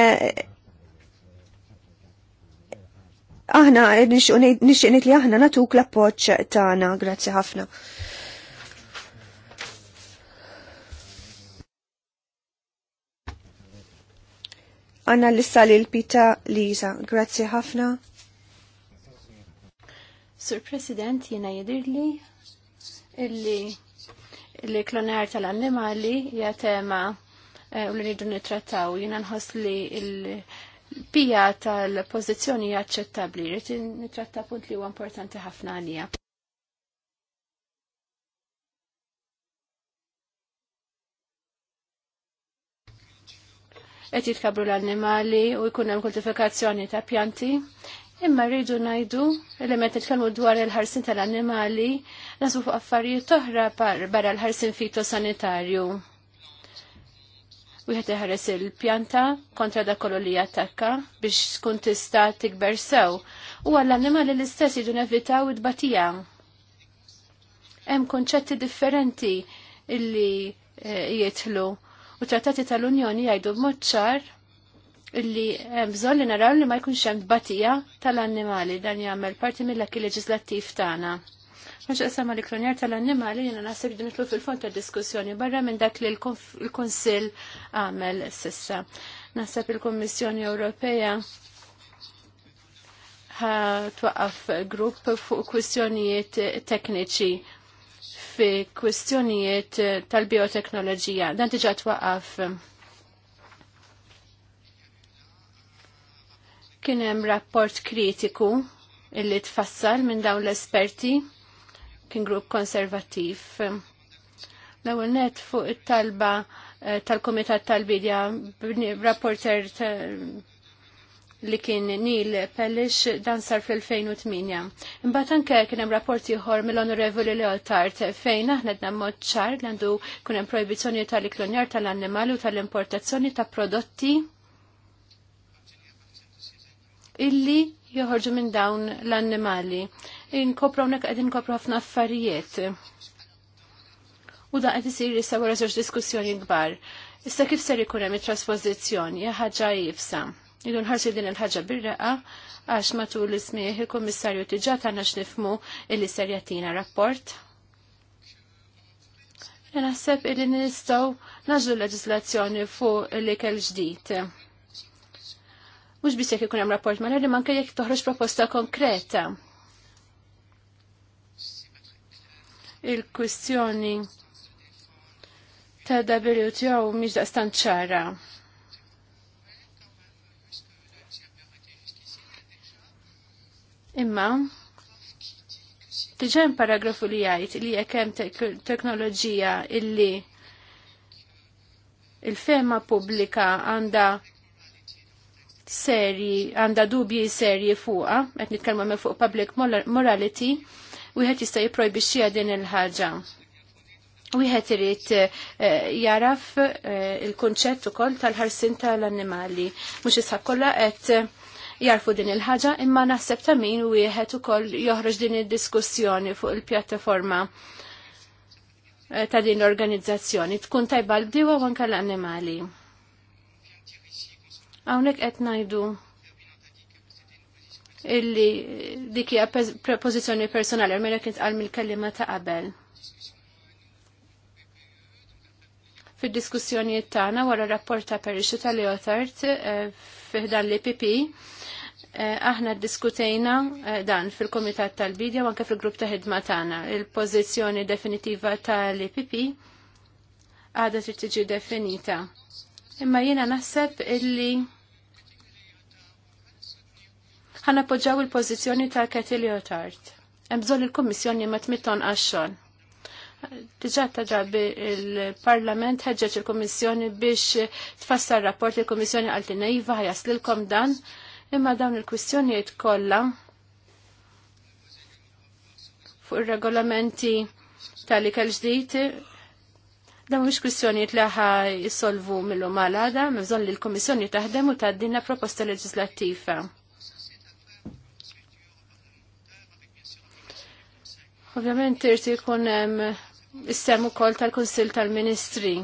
aħna nixqnit li aħna natuk l-appoċ tagħna. Grazzi ħafna. Għanna l-issa li l-pita Liza. Grazzi ħafna. Sur President, jina jidirli illi li klonar tal-annimali hija tema eh, u li rridu nitrattaw. Jina nħoss li il-pija tal-pozizjoni hija aċċettabbli. Rrid nitratta punt li huwa importanti ħafna għalija. qed jitkabru l-annimali u jkun hemm kultifikazzjoni ta' pjanti. Imma rridu najdu li meta nitkellmu dwar il-ħarsin tal-annimali nasu fuq affarijiet oħra barra l-ħarsin fitosanitarju. Wieħed iħares il-pjanta kontra dak kollu li jattakka biex tkun tista' tikber sew u għall-annimali l-istess jidu nevitaw id-batija. Hemm konċetti differenti illi eh, jitlu U trattati tal-Unjoni jgħidu b'mod ċar li hemm bżonn li naraw li ma jkunx hemm batija tal-annimali dan jagħmel parti mill-akki leġislattiv tagħna. Maċa sama li ikronjar tal-annimali jena nasib dinitlu fil-fond ta' diskussjoni barra minn dak li l-Konsil għamel sissa. Nasib il-Kommissjoni Ewropeja twaqqaf grupp fuq kwistjonijiet tekniċi fi kwistjonijiet eh, tal-bioteknoloġija. Dan diġà twaqaf. Kien hemm rapport kritiku illi tfassal minn dawn l-esperti kien grupp konservattiv. L-ewwel net fuq it-talba eh, tal-Kumitat tal-Bidja rapporter li kien Neil Pellish dan sar fl-2008. Imbagħad anke kien hemm rapport ieħor mill-Onorevoli Leotard fejn aħna dna mod ċar li għandu kien hemm projbizzjoni tal-iklonjar tal-annimali u tal-importazzjoni ta' prodotti illi joħorġu minn dawn l-annimali. Inkopru hawnhekk qegħdin inkopru ħafna affarijiet. U da qed isir issa wara żewġ diskussjoni kbar. Issa kif ser ikun hemm it-trasposizzjoni ħaġa jibsa. Idu nħarsi din il-ħagġa bir-reqa, għax matul ismieħ il-Komissarju tiġa ta' nax nifmu il-serjatina rapport. Naħseb illi nistgħu l leġislazzjoni fuq l-ikel ġdid. Mhux biss jekk ikun hemm rapport mal li manke jekk toħroġ proposta konkreta. Il-kwistjoni ta' WTO mhix daqstant ċara Imma, tiġen paragrafu li jgħid li jekk hemm teknoloġija illi il-fema pubblika għanda serji, għandha dubji serji fuqha, qed nitkellmu me fuq public morality, wieħed jista' jipprojbixxiha din il-ħaġa. Wieħed irid eh, jaraf eh, il-kunċett ukoll tal-ħarsin tal-annimali. Mhux isħaq kollha qed jarfu din il-ħaġa imma naħseb ta' min wieħed ukoll joħroġ din id-diskussjoni fuq il-pjattaforma eh, ta' din l-organizzazzjoni tkun tajba l bdiwa u anke l-annimali. Hawnhekk qed ngħidu illi dik hija prepożizzjoni personali, għalmejna kien tqal mill-kelliema ta' qabel. Fid-diskussjonijiet tagħna wara rapport ta' tal ta' Leotard eh, fiħdan l-IPP Eh, aħna diskutejna eh, dan fil-Komitat tal-Bidja u anke fil-Grupp ta' ħidma tagħna. Il-pożizzjoni definitiva tal-IPP għadha trid tiġi definita. Imma jiena naħseb illi ħan appoġġaw il-pożizzjoni ta' Katil Leotard. Hemm bżonn il-Kummissjoni ma tmitton għaxxon. Diġà ta' ġabi il-Parlament ħeġġeġ il kummissjoni biex tfassar rapport il-Kommissjoni għaltinejva ħajaslilkom dan Imma dawn il-kwistjonijiet kollha fuq ir-regolamenti tal-ikel ġdid dawn mhux kwistjonijiet li ħa jissolvu mill-lum għal-għada, li l kummissjoni taħdem u tgħaddilna proposta leġislattiva. Ovvjament irti jkun hemm is ukoll tal-Kunsill tal-Ministri. tal kunsill tal ministri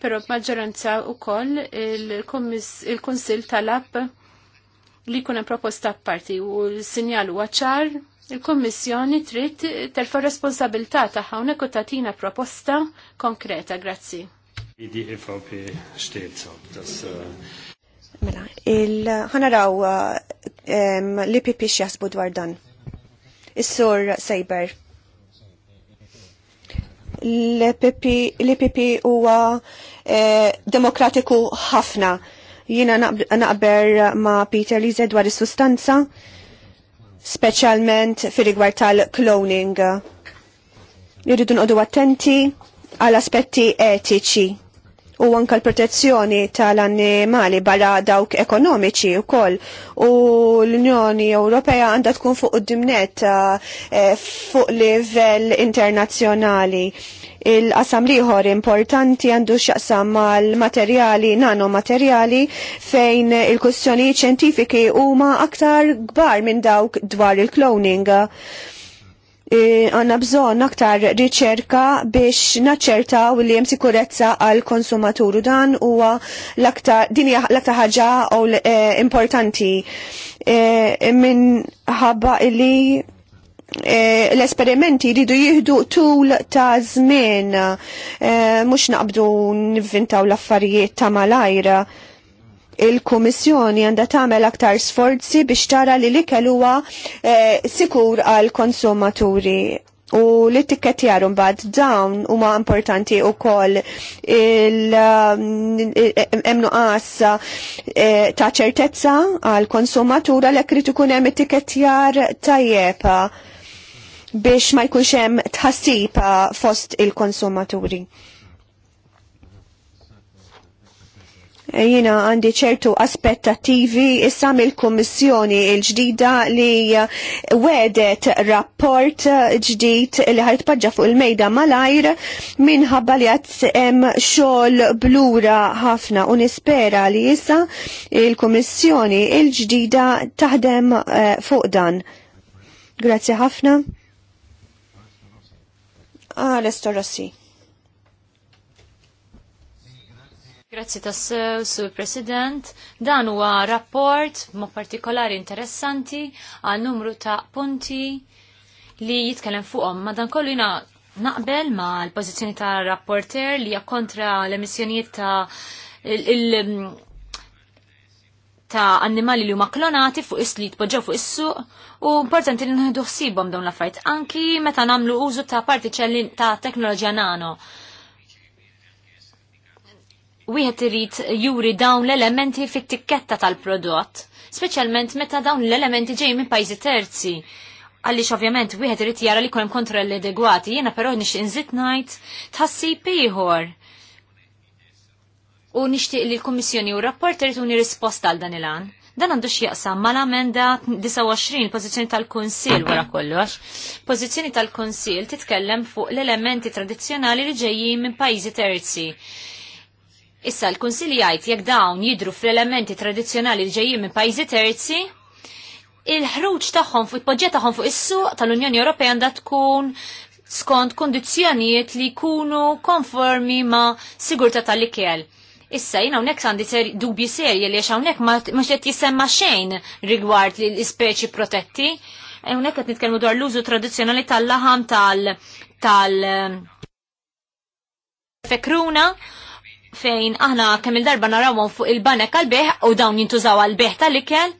pero b'maġġoranza wkoll il-Kunsill talab li kuna proposta parti u l-sinjal u ċar il-Kommissjoni trid terfa' responsabilità tagħha hawnhekk u tagħtina proposta konkreta, grazzi. Äh, mela, il-ħanaraw äh, l-IPP x'jasbu dwar dan. Is-sur Sejber l-IPP e e huwa eh, demokratiku ħafna. Jina naqber ma Peter li dwar is-sustanza, speċjalment fir-rigward tal-cloning. Irridu nqodu attenti għal aspetti etiċi u anka l-protezzjoni tal-annimali barra dawk ekonomiċi u koll u l-Unjoni Ewropea għandha tkun fuq id-dimnet eh, eh, fuq livell internazzjonali. Il-qasam liħor importanti għandu xaqsam mal-materjali, nanomaterjali fejn il kustjoni ċentifiki huma aktar gbar minn dawk dwar il-cloning. E, għanna bżon aktar riċerka biex naċċertaw li jem sikurezza għal konsumaturu dan u l-aktar ħagġa e, u importanti e, minħabba li l-esperimenti jridu jihdu tul ta' żmien mhux naqbdu nivvintaw l-affarijiet ta' malajra il-Kummissjoni għandha tagħmel aktar sforzi biex tara li l-ikel huwa eh, sikur għal konsumaturi u li t-tikketjar mbagħad dawn huma importanti wkoll il-hemm um, nuqqas eh, ta' ċertezza għal konsumatura li kritu ikun hemm it-tikketjar tajjeb biex ma jkunx hemm tħassib fost il-konsumaturi. jina għandi ċertu aspettativi issa mill-Kummissjoni il-ġdida li wedet rapport ġdid li ħajt paġġa fuq il-mejda malajr minħabba li hemm xogħol blura ħafna u nispera li issa il-Kummissjoni il-ġdida taħdem eh, fuq dan. Grazzi ħafna. Ah, Lesto Rossi. Grazzi tassew, Sur President. Dan huwa rapport ma' partikolari interessanti għal numru ta' punti li jitkellem fuqhom. dan kollu jina naqbel ma' l-pożizzjoni ta' rapporter li hija kontra l-emissjonijiet ta' il- mm, ta' annimali li huma klonati fuq is li jitpoġġew fuq is-suq u importanti li nħidu ħsibhom dawn l-affarijiet anki meta nagħmlu użu ta' partiċelli ta' teknoloġija nano wieħed irid juri dawn l-elementi fit-tikketta tal-prodott, speċjalment meta dawn l-elementi ġej minn pajjiżi terzi. Għaliex ovvjament wieħed irid jara li jkollhom kontrolli adegwati, jiena però nix inżid ngħid tħassib ieħor. U nixtieq li l-Kummissjoni u r-rapport irid risposta għal dan il-għan. Dan għandu x'jaqsam mal-amenda 29 pożizzjoni tal kunsil wara kollox. Pożizzjoni tal kunsil titkellem fuq l-elementi tradizzjonali li ġejjin minn pajjiżi terzi Issa l-Kunsilli jgħid jekk dawn jidru fl-elementi tradizzjonali li ġejjin minn pajjiżi terzi, il-ħruġ tagħhom fuq il poġġett tagħhom fuq is-suq tal-Unjoni Ewropea għandha tkun skont kondizzjonijiet li jkunu konformi ma sigurtà tal-ikel. Issa jina unnek għandi ser, dubji serje li għaxawnek ma xet jisemma xejn rigward li l-ispeċi protetti. Unnek għet nitkelmu dwar l-użu tradizjonali tal-laħam tal-fekruna. tal tal fejn aħna kemm il-darba narawhom fuq il-banek għal-beħ u dawn jintużaw għal-beħ tal-ikel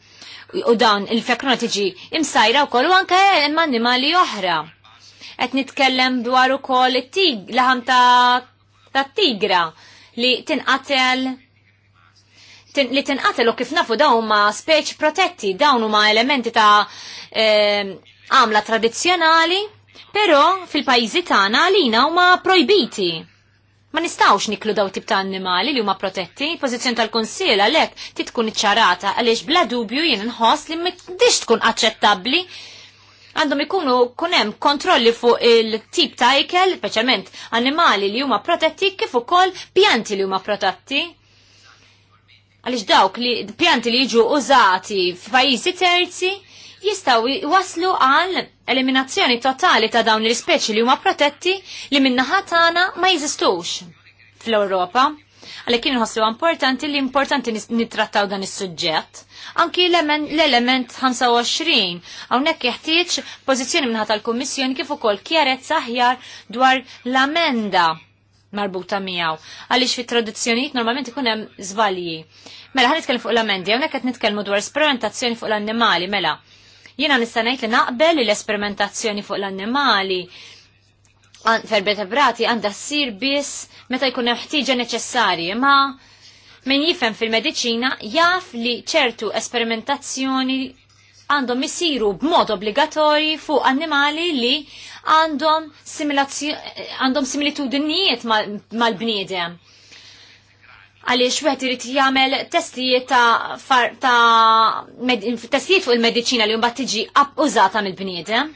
u dawn il-fekrona tiġi imsajra u kollu anke imma annimali oħra. Qed nitkellem dwar ukoll it-tig laħam ta' tigra li tinqatel li tinqatel u kif nafu dawn huma speċi protetti, dawn huma elementi ta' ehm, għamla tradizzjonali, però fil-pajjiżi tagħna għalina huma projbiti Ma nistawx niklu daw tip ta' annimali li huma protetti, pożizzjoni tal-Kunsill għalhekk tit tkun iċċarata għaliex bla dubju jien nħoss li m'għandix tkun aċċettabbli għandhom ikunu kun hemm kontrolli fuq il-tip ta' ikel, speċjalment annimali li huma protetti kif ukoll pjanti li huma protetti. Għaliex dawk li pjanti li jiġu użati f'pajjiżi terzi jistaw waslu għal eliminazzjoni totali ta' dawn l-ispeċi li huma protetti li minnaħa tagħna ma jeżistux fl-Ewropa. Għalhekk kien inħossu importanti li importanti nittrattaw dan is-suġġett. Anki l-element 25 hawnhekk jeħtieġ pożizzjoni minnaħa tal-Kummissjoni kif ukoll kjarezza aħjar dwar l-amenda marbuta miegħu. Għaliex fit tradizzjonijiet normalment ikun hemm żbalji. Mela ħan nitkellem fuq l-amendi, hawnhekk qed nitkellmu dwar sperimentazzjoni fuq l-annimali, mela Jiena nistanajt li naqbel l-esperimentazzjoni fuq l-annimali għanda għandha ssir biss meta jkun hemm ħtieġa neċessarji, ma min jifhem fil-mediċina jaf li ċertu esperimentazzjoni għandhom isiru b'mod obbligatorji fuq annimali li għandhom similitudinijiet mal-bniedem. Mal għaliex wieħed irid jagħmel testijiet ta', ta testijiet fuq il-mediċina li mbagħad tiġi użata mill-bniedem.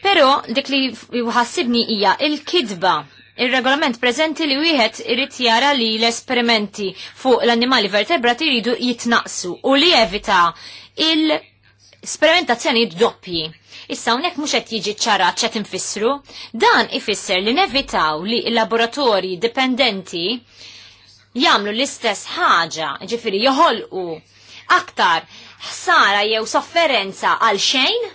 Però dik li jħassibni hija il-kidba il-regolament prezenti li wieħed irid jara li l-esperimenti fuq l-annimali vertebrati jridu jitnaqsu u li evita il-sperimentazzjoni doppji. Issa hawnhekk mhux qed jiġi ċarat x'qed infissru, dan ifisser li nevitaw li l-laboratorji dipendenti Jamlu l-istess ħaġa, ġifieri joħolqu aktar ħsara jew sofferenza għal xejn,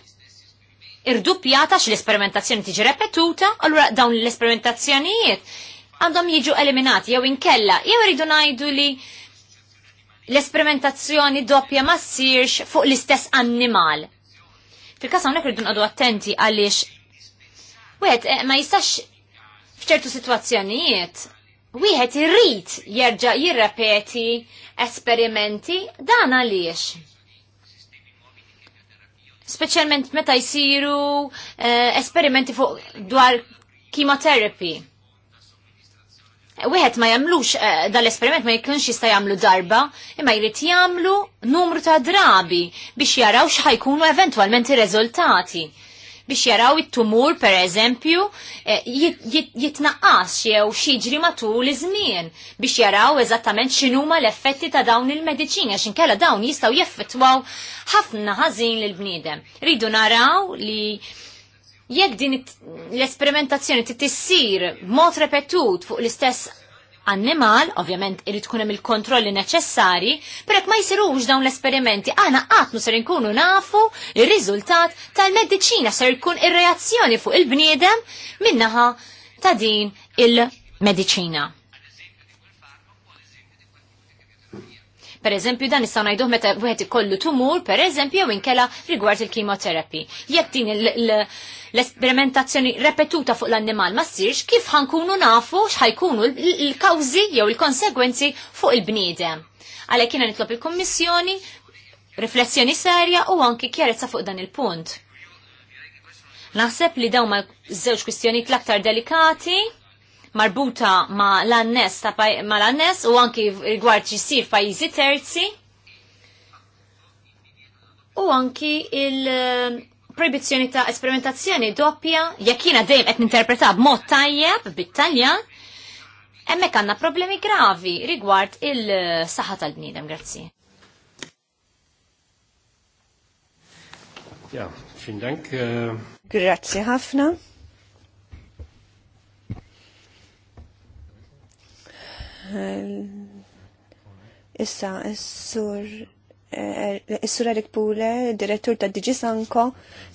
irdupjata l esperimentazzjoni tiġi repetuta, allura dawn l-esperimentazzjonijiet għandhom jiġu eliminati jew inkella, jew rridu ngħidu li l-esperimentazzjoni doppja ma ssirx fuq l-istess annimal. Fil-kas hawnhekk rridu nqogħdu attenti għaliex wieħed eh, ma jistax f'ċertu sitwazzjonijiet wieħed irrid jerġa' jirrepeti esperimenti dan għaliex. Speċjalment meta jsiru uh, esperimenti fuq dwar chemotherapy. Wieħed ma jagħmlux uh, dal-esperiment ma jkunx jista' jagħmlu darba, imma jrid jagħmlu numru ta' drabi biex jaraw x'ħajkunu eventwalment ir-reżultati biex jaraw it-tumur per eżempju eh, jitnaqqas jew xiġri matul iż-żmien biex jaraw eżattament x'inhuma l-effetti ta' dawn il-mediċini għax inkella dawn jistgħu jeffettwaw ħafna ħażin lil bniedem. Ridu naraw li jekk din l-esperimentazzjoni tissir mod repetut fuq l-istess annimal, ovvjament irid tkun hemm il-kontrolli neċessari, perek ma jsirux dawn l-esperimenti għana għatnu ser inkunu nafu il riżultat tal-mediċina ser ikun ir-reazzjoni fuq il-bniedem minnaħa ta' din il-mediċina. Per eżempju, dan nistgħu ngħiduh meta wieħed ikollu tumur, per eżempju, jew inkela rigward il-kimoterapi. Jekk din il-, il, il l-esperimentazzjoni repetuta fuq l-annimal ma ssirx, kif ħankunu nafu x'ħajkunu l-kawżi jew il-konsegwenzi fuq il-bniedem. Għalhekk jiena nitlob il-Kummissjoni riflessjoni serja u anki kjerezza fuq dan il-punt. Naħseb li dawn ma' żewġ kwistjonijiet l-aktar delikati marbuta ma' l-annes ma' l-annes u anki rigward ġisir pajjiżi terzi u anki il- proibizzjoni ta' esperimentazzjoni doppja, jekk jiena dejjem qed ninterpreta b'mod tajjeb bit-Taljan, hemmhekk għandna problemi gravi rigward il-saħħa tal-bniedem, grazzi. Ja, dank. Eh. Grazzi ħafna. Issa, s-sur Eh, Is-sura Erik Pule, direttur ta' Digi Sanko,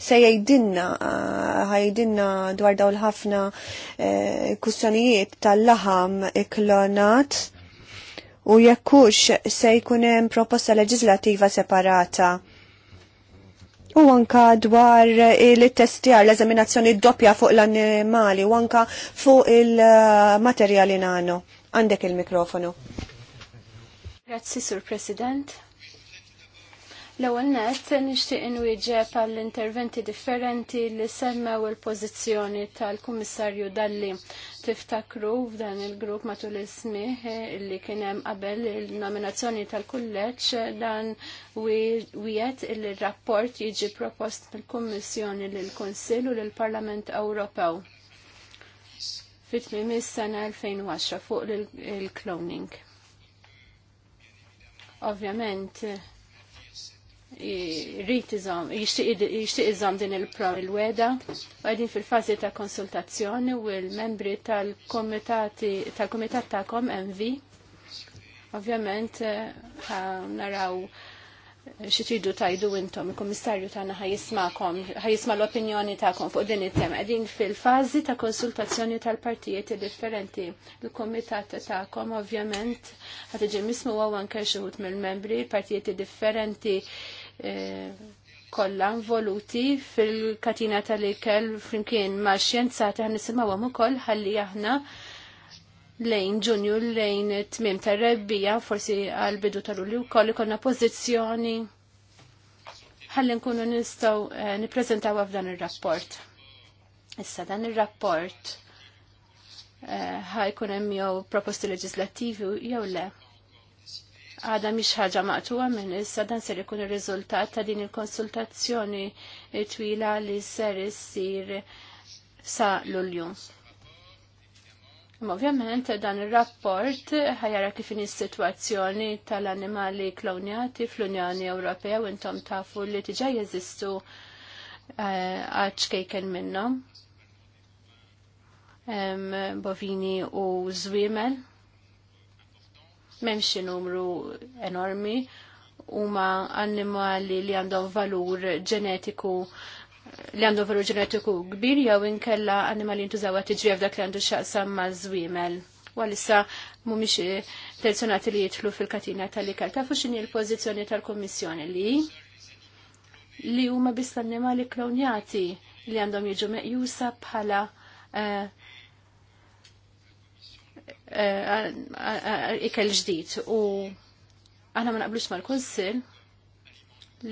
se jgħidinna, eh, ħajdinna dwar l ħafna eh, kustjonijiet tal-laħam iklonat u jekkux se jkun hemm proposta leġislativa separata. U anka dwar il-testjar, l-eżaminazzjoni doppja fuq l-annimali, u anka fuq il-materjali nano. Għandek il-mikrofonu. Grazzi, Sur President. L-ewwel nett nixtieq inwieġeb għall interventi differenti li semmew il-pożizzjoni tal-Kummissarju Dalli. Tiftakru f'dan il-grupp matul ismih li kien hemm qabel il-nominazzjoni tal-kulleġġ dan wiet il-rapport jiġi propost mill-Kummissjoni lil kunsill u lill-Parlament Ewropew fit-tmiem is-sena 2010 fuq il-cloning. Ovvjament, jrid iżam din il prov il-weda, għadin fil-fazi ta' konsultazzjoni u l-membri tal komitat tal kom MV. Ovvjament eh, naraw eh, xi tridu tajdu intom il-Kummissarju tagħna ħajjismakom, ħajjisma' l-opinjoni tagħkom fuq din it-tema. Għadin fil-fażi ta' konsultazzjoni tal-partijiet differenti. Il-kumitat tagħkom ovvjament ħad iġi mismu anke xi mill-membri, partijiet differenti Eh, kollha involuti fil-katina tal-ikel flimkien ma' xjenzati ħan nisimgħuhom ukoll ħalli aħna lejn ġunju lejn tmim tar-rebbija forsi għal bidu tal-ulju wkoll ikollna pożizzjoni ħalli nkunu nistgħu niprezentaw eh, nippreżentaw f'dan ir-rapport. Issa dan ir-rapport eh, ħajkun hemm jew proposti leġislattivi jew le għada miex ħaġa maqtuwa minn issa dan ser ikun ir-riżultat ta' din il-konsultazzjoni twila li ser issir sa lulju. ovvjament dan ir-rapport ħajara kif in is-sitwazzjoni tal-annimali klonjati fl-Unjoni Ewropea u intom tafu li tiġa jeżistu eh, għadx kejken minnhom bovini u zwimel memxie numru enormi huma annimali li għandhom valur ġenetiku li għandhom valur ġenetiku kbir jew inkella annimali jintużaw tiġri f'dak li għandu xaqsam ma' żwiemel. Walissa mhumiex personati li jidħlu fil-katina tal-ikel. Tafu x'inhi l-pożizzjoni tal-Kummissjoni li li huma biss annimali klonjati li għandhom jiġu meqjusa bħala uh, Eh, ikel ġdid u aħna ma naqblux mal-Kunsill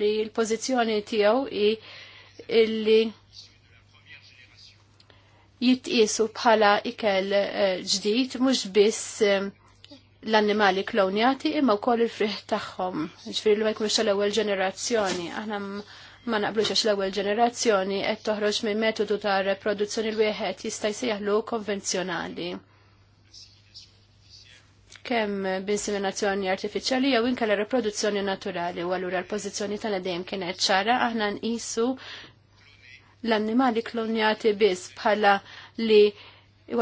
li l-pożizzjoni tiegħu hi illi jitqisu bħala ikel eh, ġdid mhux biss eh, l-annimali klonjati imma wkoll il-friħ tagħhom. Ġifieri li ma jkunx l-ewwel ġenerazzjoni. Aħna ma naqblux għax l-ewwel ġenerazzjoni qed toħroġ minn metodu ta' reproduzzjoni l wieħed jista' jsejjaħlu konvenzjonali kemm b'inseminazzjoni artifiċjali jew inkella reproduzzjoni naturali u allura l-pożizzjoni tagħna dejjem kienet ċara aħna nqisu l-annimali klonjati biss bħala li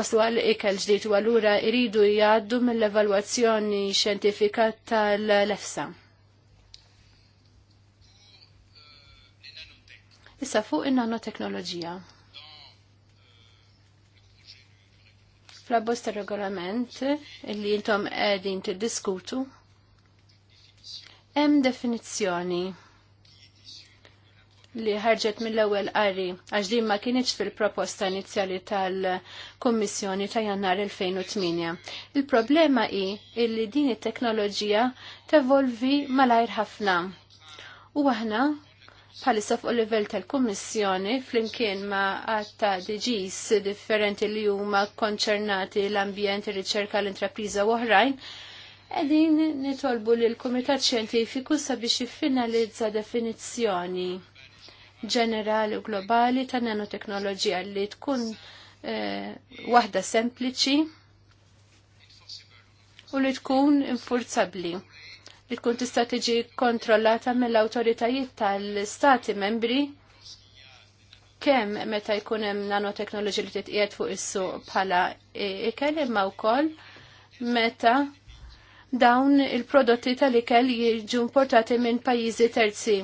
waslu għal ikel ġdijt u allura iridu jgħaddu mill-evalwazzjoni xjentifika tal-lefsa. Issa fuq in-nanoteknoloġija. fl-abbosta regolament li jintom għedin t-diskutu, hemm definizzjoni li ħarġet mill-ewwel qari għax din ma kienx fil-proposta inizjali tal-Kummissjoni ta' Jannar 2008. Il-problema hi illi din it-teknoloġija tevolvi malajr ħafna. U aħna bħalissa fuq livell tal-Kummissjoni flimkien ma' għatta DGs differenti li huma konċernati l-ambjent, ir-riċerka, l-intrapriża u oħrajn, qegħdin nitolbu l kumitat Xjentifiku sabiex jiffinalizza definizzjoni ġenerali u globali ta' nanoteknoloġija li tkun eh, waħda sempliċi u li tkun infurzabli li tkun tista' tiġi kontrollata mill-awtoritajiet tal-stati membri kemm meta jkun hemm nanoteknoloġi li titqiegħed fuq is-suq bħala ikel imma wkoll meta dawn il-prodotti tal-ikel jiġu importati minn pajjiżi terzi.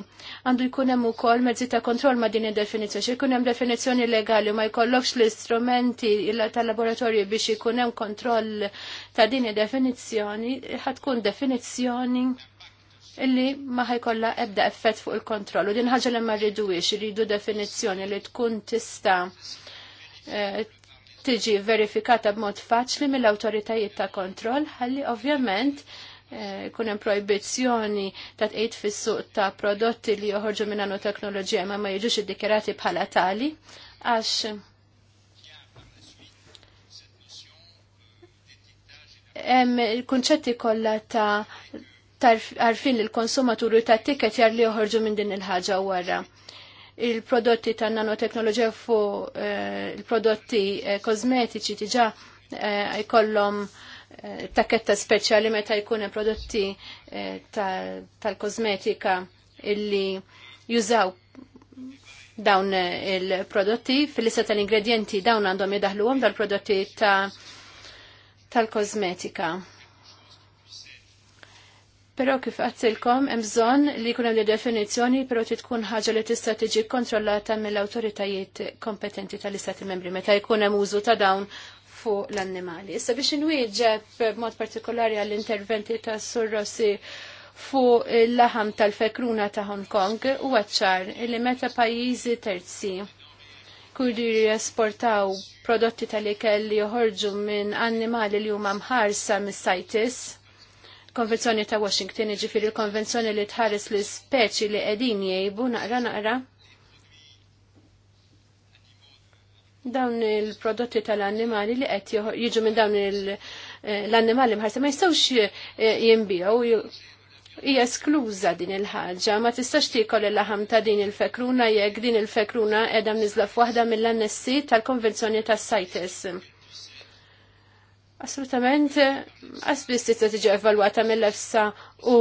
Għandu jkun hemm ukoll mezzi ta' kontroll ma' din id-definizzjoni. Jkun hemm definizzjoni legali ma jkollokx l-istrumenti tal-laboratorju biex ikun hemm kontroll ta' din id-definizzjoni, ħatkun definizzjoni illi ma ħajkolla ebda effett fuq il-kontroll. U din ħaġa li ma rriduwix, rridu definizzjoni li tkun tista eh, tiġi verifikata b'mod faċli mill-awtoritajiet ta' kontroll ħalli ovvjament eh, kun hemm projbizzjoni ta' tqejt fis-suq ta' prodotti li joħorġu minn nanoteknoloġija ma ma jiġux iddikjarati bħala tali għax hemm il-kunċetti kollha ta' għarfin l-konsumaturi ta' ticket jar li joħorġu minn din il-ħaġa wara il-prodotti ta' nanoteknoloġija fu eh, il-prodotti eh, kosmetiċi tiġa eh, jkollhom taketta speċjali meta jkun hemm prodotti tal-kosmetika illi jużaw dawn il-prodotti fil-lista tal-ingredienti dawn għandhom jidaħluhom dal-prodotti ta' tal-kosmetika. Pero kif għazzilkom, emżon li kuna li definizjoni, pero ti tkun ħaġa li tista' tiġi kontrollata mill-autoritajiet kompetenti tal-istati membri, meta jkun hemm użu ta' dawn fuq l-annimali. Issa biex inwieġeb b'mod partikolari għall-interventi ta' Surrosi fuq il-laħam tal-fekruna ta' Hong Kong u għacċar li meta pajjiżi terzi kurdi jesportaw prodotti tal-ikel li joħorġu minn annimali li huma mħarsa mis-sajtis konvenzjoni ta' Washington, ġifiri l-konvenzjoni li tħares li speċi li edin jiejbu, naqra naqra. Dawn il-prodotti tal-annimali li qed jiġu minn dawn eh, l-annimali mħarsa ma jistgħux eh, jinbijaw hija eskluża din il-ħaġa, ma tistax tikol il-laħam ta' din il-fekruna jekk din il-fekruna qiegħda mniżla f'waħda mill-annessi tal-Konvenzjoni tas-CITES assolutament għasbis tista tiġi evalwata mill-efsa u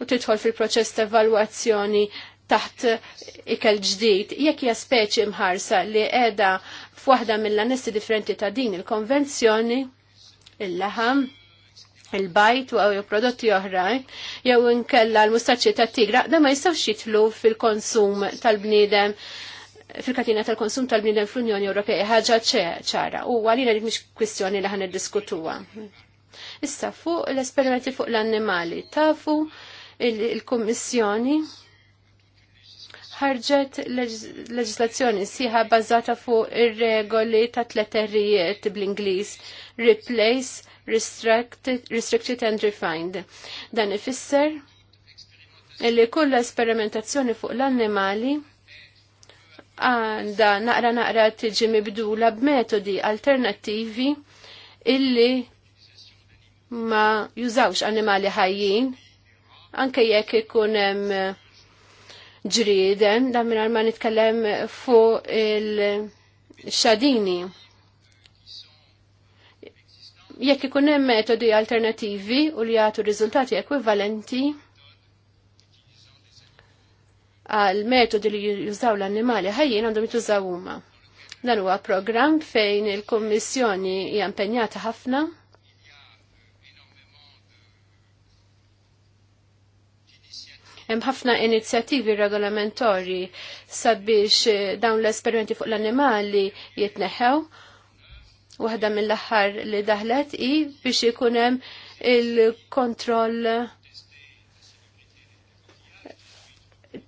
u tidħol fil-proċess ta' evalwazzjoni taħt ikel ġdid. Jekk hija speċi mħarsa li qiegħda f'waħda mill-anessi differenti ta' din il-konvenzjoni, il-laħam, il-bajt u prodotti oħrajn, jew inkella l-mustaċċi ta' tigra, da ma jistgħux jitlu fil-konsum tal-bniedem fil-katina tal-konsum tal-bnidem fl-Unjoni Ewropea ħaġa ċara u għalina li mhix kwistjoni li ħan diskutuwa. Issa fuq l-esperimenti fuq l-annimali tafu il-Kummissjoni ħarġet leġislazzjoni siħa bazzata fuq ir-regoli ta' tletterijiet bl-Ingliż replace, restricted and refined. Dan ifisser li kull esperimentazzjoni fuq l-annimali għanda naqra naqra tiġi mibdula b'metodi alternattivi illi ma jużawx animali ħajjin anke jekk ikun hemm ġrieden da mingħajr ma nitkellem fuq il-xadini. Jekk ikun hemm metodi alternattivi u li jagħtu riżultati ekwivalenti, għal metodi li jużaw l-annimali ħajjin għandhom jitużaw huma. Dan huwa programm fejn il-Kummissjoni hija impenjata ħafna hemm ħafna inizjattivi regolamentori sabiex eh, dawn l-esperimenti fuq l-annimali jitneħew. Waħda mill-aħħar li daħlet i biex ikun hemm il-kontroll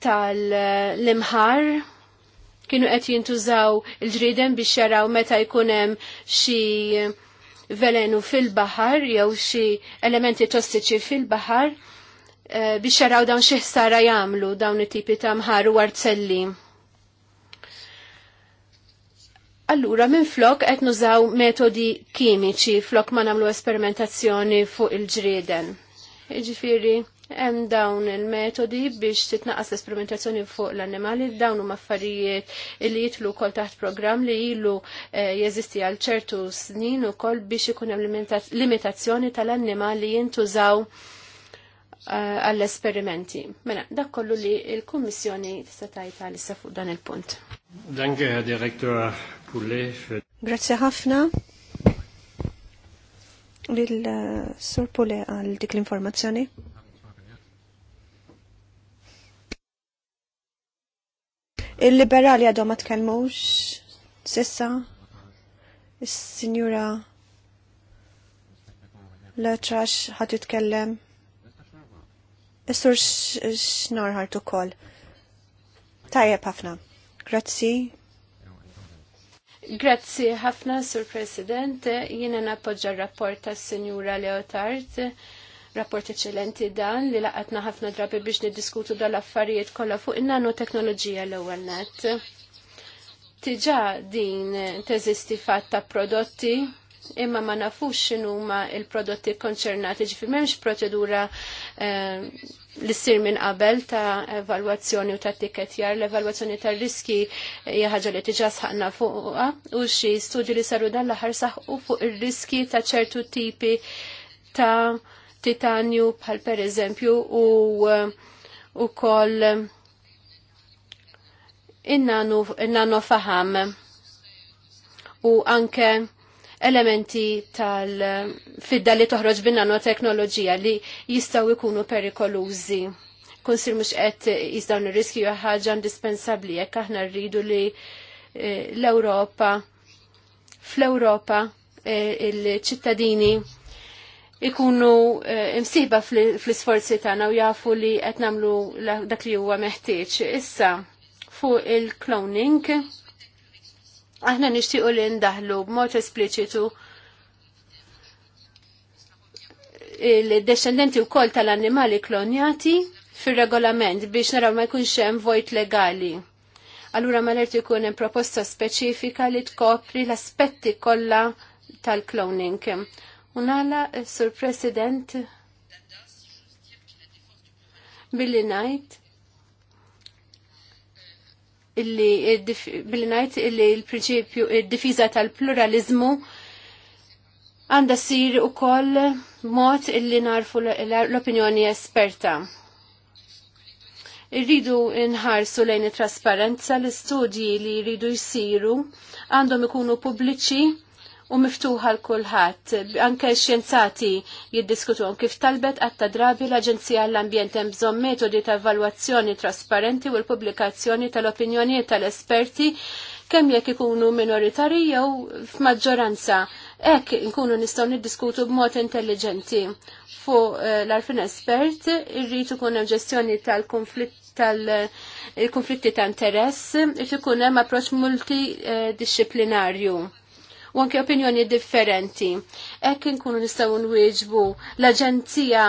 tal-imħar kienu qed jintużaw il-ġriden biex jaraw meta jkun hemm xi velenu fil-baħar jew xi elementi tossiċi fil-baħar eh, biex jaraw dawn xi ħsara jagħmlu dawn it-tipi ta' mħar u arzelli. Allura minn flok qed nużaw metodi kimiċi flok ma nagħmlu esperimentazzjoni fuq il-ġrieden. Jiġifieri hemm dawn il-metodi biex titnaqqas l-esperimentazzjoni fuq l-annimali, dawn huma affarijiet li jitlu wkoll taħt programm li ilu eh, jeżisti għal ċertu snin ukoll biex ikun hemm limitazzjoni tal-annimali jintużaw eh, għall-esperimenti. Mela, dak kollu li l-Kummissjoni tista' tajta issa fuq dan il-punt. Danke, Direktor Pulle. Grazie ħafna lil eh, Sur Pullet għal dik l-informazzjoni. Il-liberali għadhom ma tkellmux sissa is-sinjura Leċax ħad jitkellem. Is-sur xnorħart ukoll. Tajjeb ħafna. Grazzi. Grazzi ħafna, Sur President. Jiena nappoġġa r-rapport tas-Sinjura Leotard rapport eċċellenti dan li laqatna ħafna drabi biex niddiskutu dal-affarijiet kollha fuq in-nano teknoloġija l-ewwel net. Tiġà din teżisti fatta prodotti imma ma nafux x'inhuma il-prodotti konċernati ġifi m'hemmx proċedura eh, li ssir minn qabel ta' evalwazzjoni u ta' tikketjar l-evalwazzjoni tar riski hija ħaġa li tiġà sħaqna fuqha u xi studji li saru dan l-aħħar saħqu fuq ir-riski ta' ċertu tipi ta' titanju bħal per eżempju u u koll innanu faham u anke elementi tal-fidda li toħroġ bin-nano teknoloġija li jistaw ikunu perikolużi. Kunsir mux qed jizdawn ir-riski ħaġa indispensabbli jekk aħna rridu li eh, l-Ewropa fl-Ewropa eh, il-ċittadini ikunu eh, imsiħba fl-isforzi tagħna u jafu li qed nagħmlu dak li huwa meħtieġ. Issa fuq il-cloning aħna nixtiequ li ndaħlu b'mod espliċitu il-descendenti u tal-annimali klonjati fil-regolament biex naraw ma jkunx hemm vojt legali. Allura ma lert jkun hemm proposta speċifika li tkopri l-aspetti kollha tal-cloning. Unala, eh, sur President, billi najt, illi eh, billi najt illi il-prinċipju id-difiża il prinċipju il difiża tal pluralizmu għanda sir u koll mod illi narfu l-opinjoni esperta. Irridu nħarsu lejn it-trasparenza l-istudji li jridu jisiru għandhom ikunu pubbliċi u miftuħa l-kulħadd. Anke xjenzati jiddiskutuhom kif talbet għatta drabi l-Aġenzija għall-Ambjent hemm bżonn metodi ta' evalwazzjoni trasparenti u l-pubblikazzjoni tal-opinjonijiet tal-esperti kemm jekk ikunu minoritarji jew f'maġġoranza. Ek nkunu nistgħu niddiskutu b'mod intelligenti. Fuq eh, l-arfin espert irrid ikun hemm ġestjoni tal-konflitt tal-konflitti ta' interess, irrid ikun hemm approċċ multidisciplinarju u anke opinjoni differenti. Ekk nkunu nistgħu nwieġbu l-aġenzija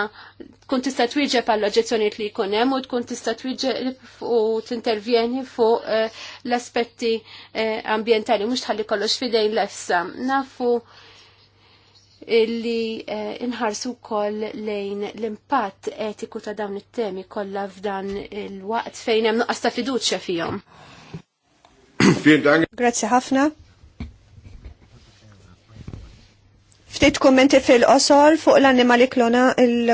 tkun tista' twieġeb għall oġezzjonijiet li jkun hemm u tkun tista' twieġeb u tintervjeni fuq eh, l-aspetti eh, ambjentali mhux tħalli kollox fidejn l-efsa. Nafu illi eh, inħarsu koll lejn l-impatt etiku ta' dawn it-temi kollha f'dan il-waqt fejn hemm nuqqas ta' fiduċja fihom. Grazie ħafna. Ftit kommenti fil-qosor fuq l-annimali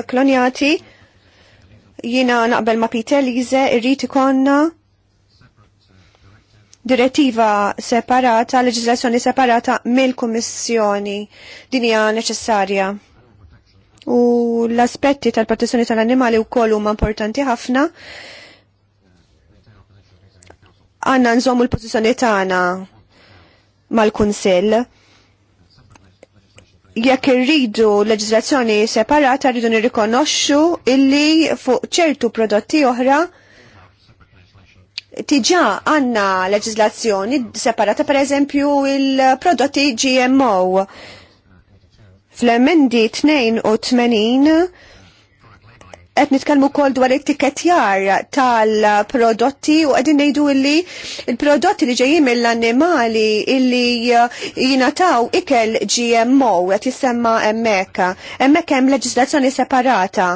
klonjati. Jina naqbel ma Peter Lize irrit ikonna direttiva separata, leġislazzjoni separata mill-Kummissjoni. Din hija neċessarja. U l-aspetti tal-protezzjoni tal-annimali wkoll huma importanti ħafna għanna nżommu l-pozizjoni tagħna mal-Kunsill jekk irridu leġislazzjoni separata rridu nirrikonoxxu illi fuq ċertu prodotti oħra tiġa għanna leġislazzjoni separata per eżempju il-prodotti GMO. Fl-emendi 82 qed nitkellmu wkoll dwar it-tikketjar tal-prodotti u qegħdin nejdu li il-prodotti li ġejjin mill-annimali illi eh, jingħataw ikel GMO qed jisemma hemmhekk. Hemmhekk hemm leġislazzjoni separata.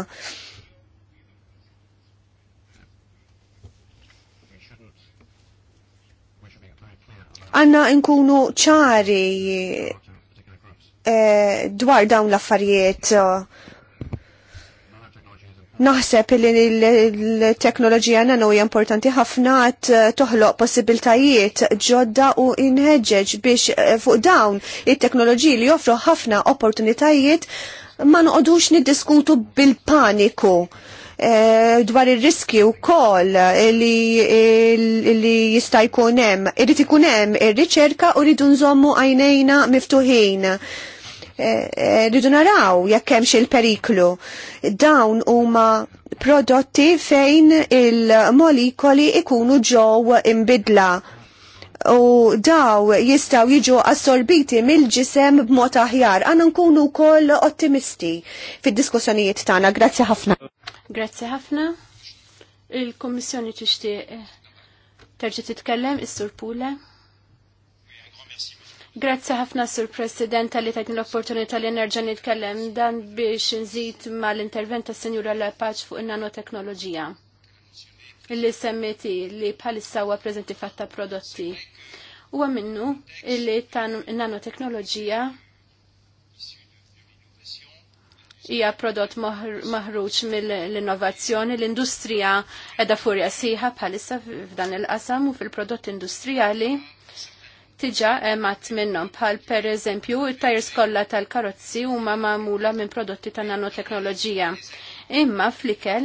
Għanna nkunu ċari eh, dwar dawn l-affarijiet Naħseb li l-teknoloġija nano hija importanti ħafna eh, toħloq possibiltajiet ġodda u inħeġġeġ biex eh, fuq dawn it-teknoloġiji li joffru ħafna opportunitajiet ma noqodux niddiskutu bil-paniku eh, dwar ir-riski wkoll li jista' jkun hemm. Irid ikun hemm ir-riċerka u rridu nżommu għajnejna miftuħin. Eh, eh, rridu naraw jekk hemmx il-periklu. Dawn huma prodotti fejn il-molikoli ikunu ġew imbidla u daw jistaw jiġu assorbiti mill-ġisem b'mod aħjar. Għanna nkunu kol ottimisti fid-diskussjonijiet tagħna. Grazzi ħafna. Grazzi ħafna. Il-Kommissjoni tixtieq terġa' titkellem is-Sur Pule. Grazzi ħafna sur President tal-li tajtni l-opportunità li nerġa' nitkellem dan biex nżid mal-intervent tas Senjura Lepaċ fuq in-nanoteknoloġija. Illi semmiti li bħalissa huwa preżenti fatta prodotti. Huwa minnu illi tan nanoteknoloġija hija prodott maħruġ mill-innovazzjoni l-industrija edha furja siħa bħalissa f'dan il-qasam u fil-prodott industrijali tiġa hemm għadd minnhom bħal pereżempju il tajers kollha tal-karozzi huma magħmula minn prodotti ta' nanoteknoloġija. Imma flikel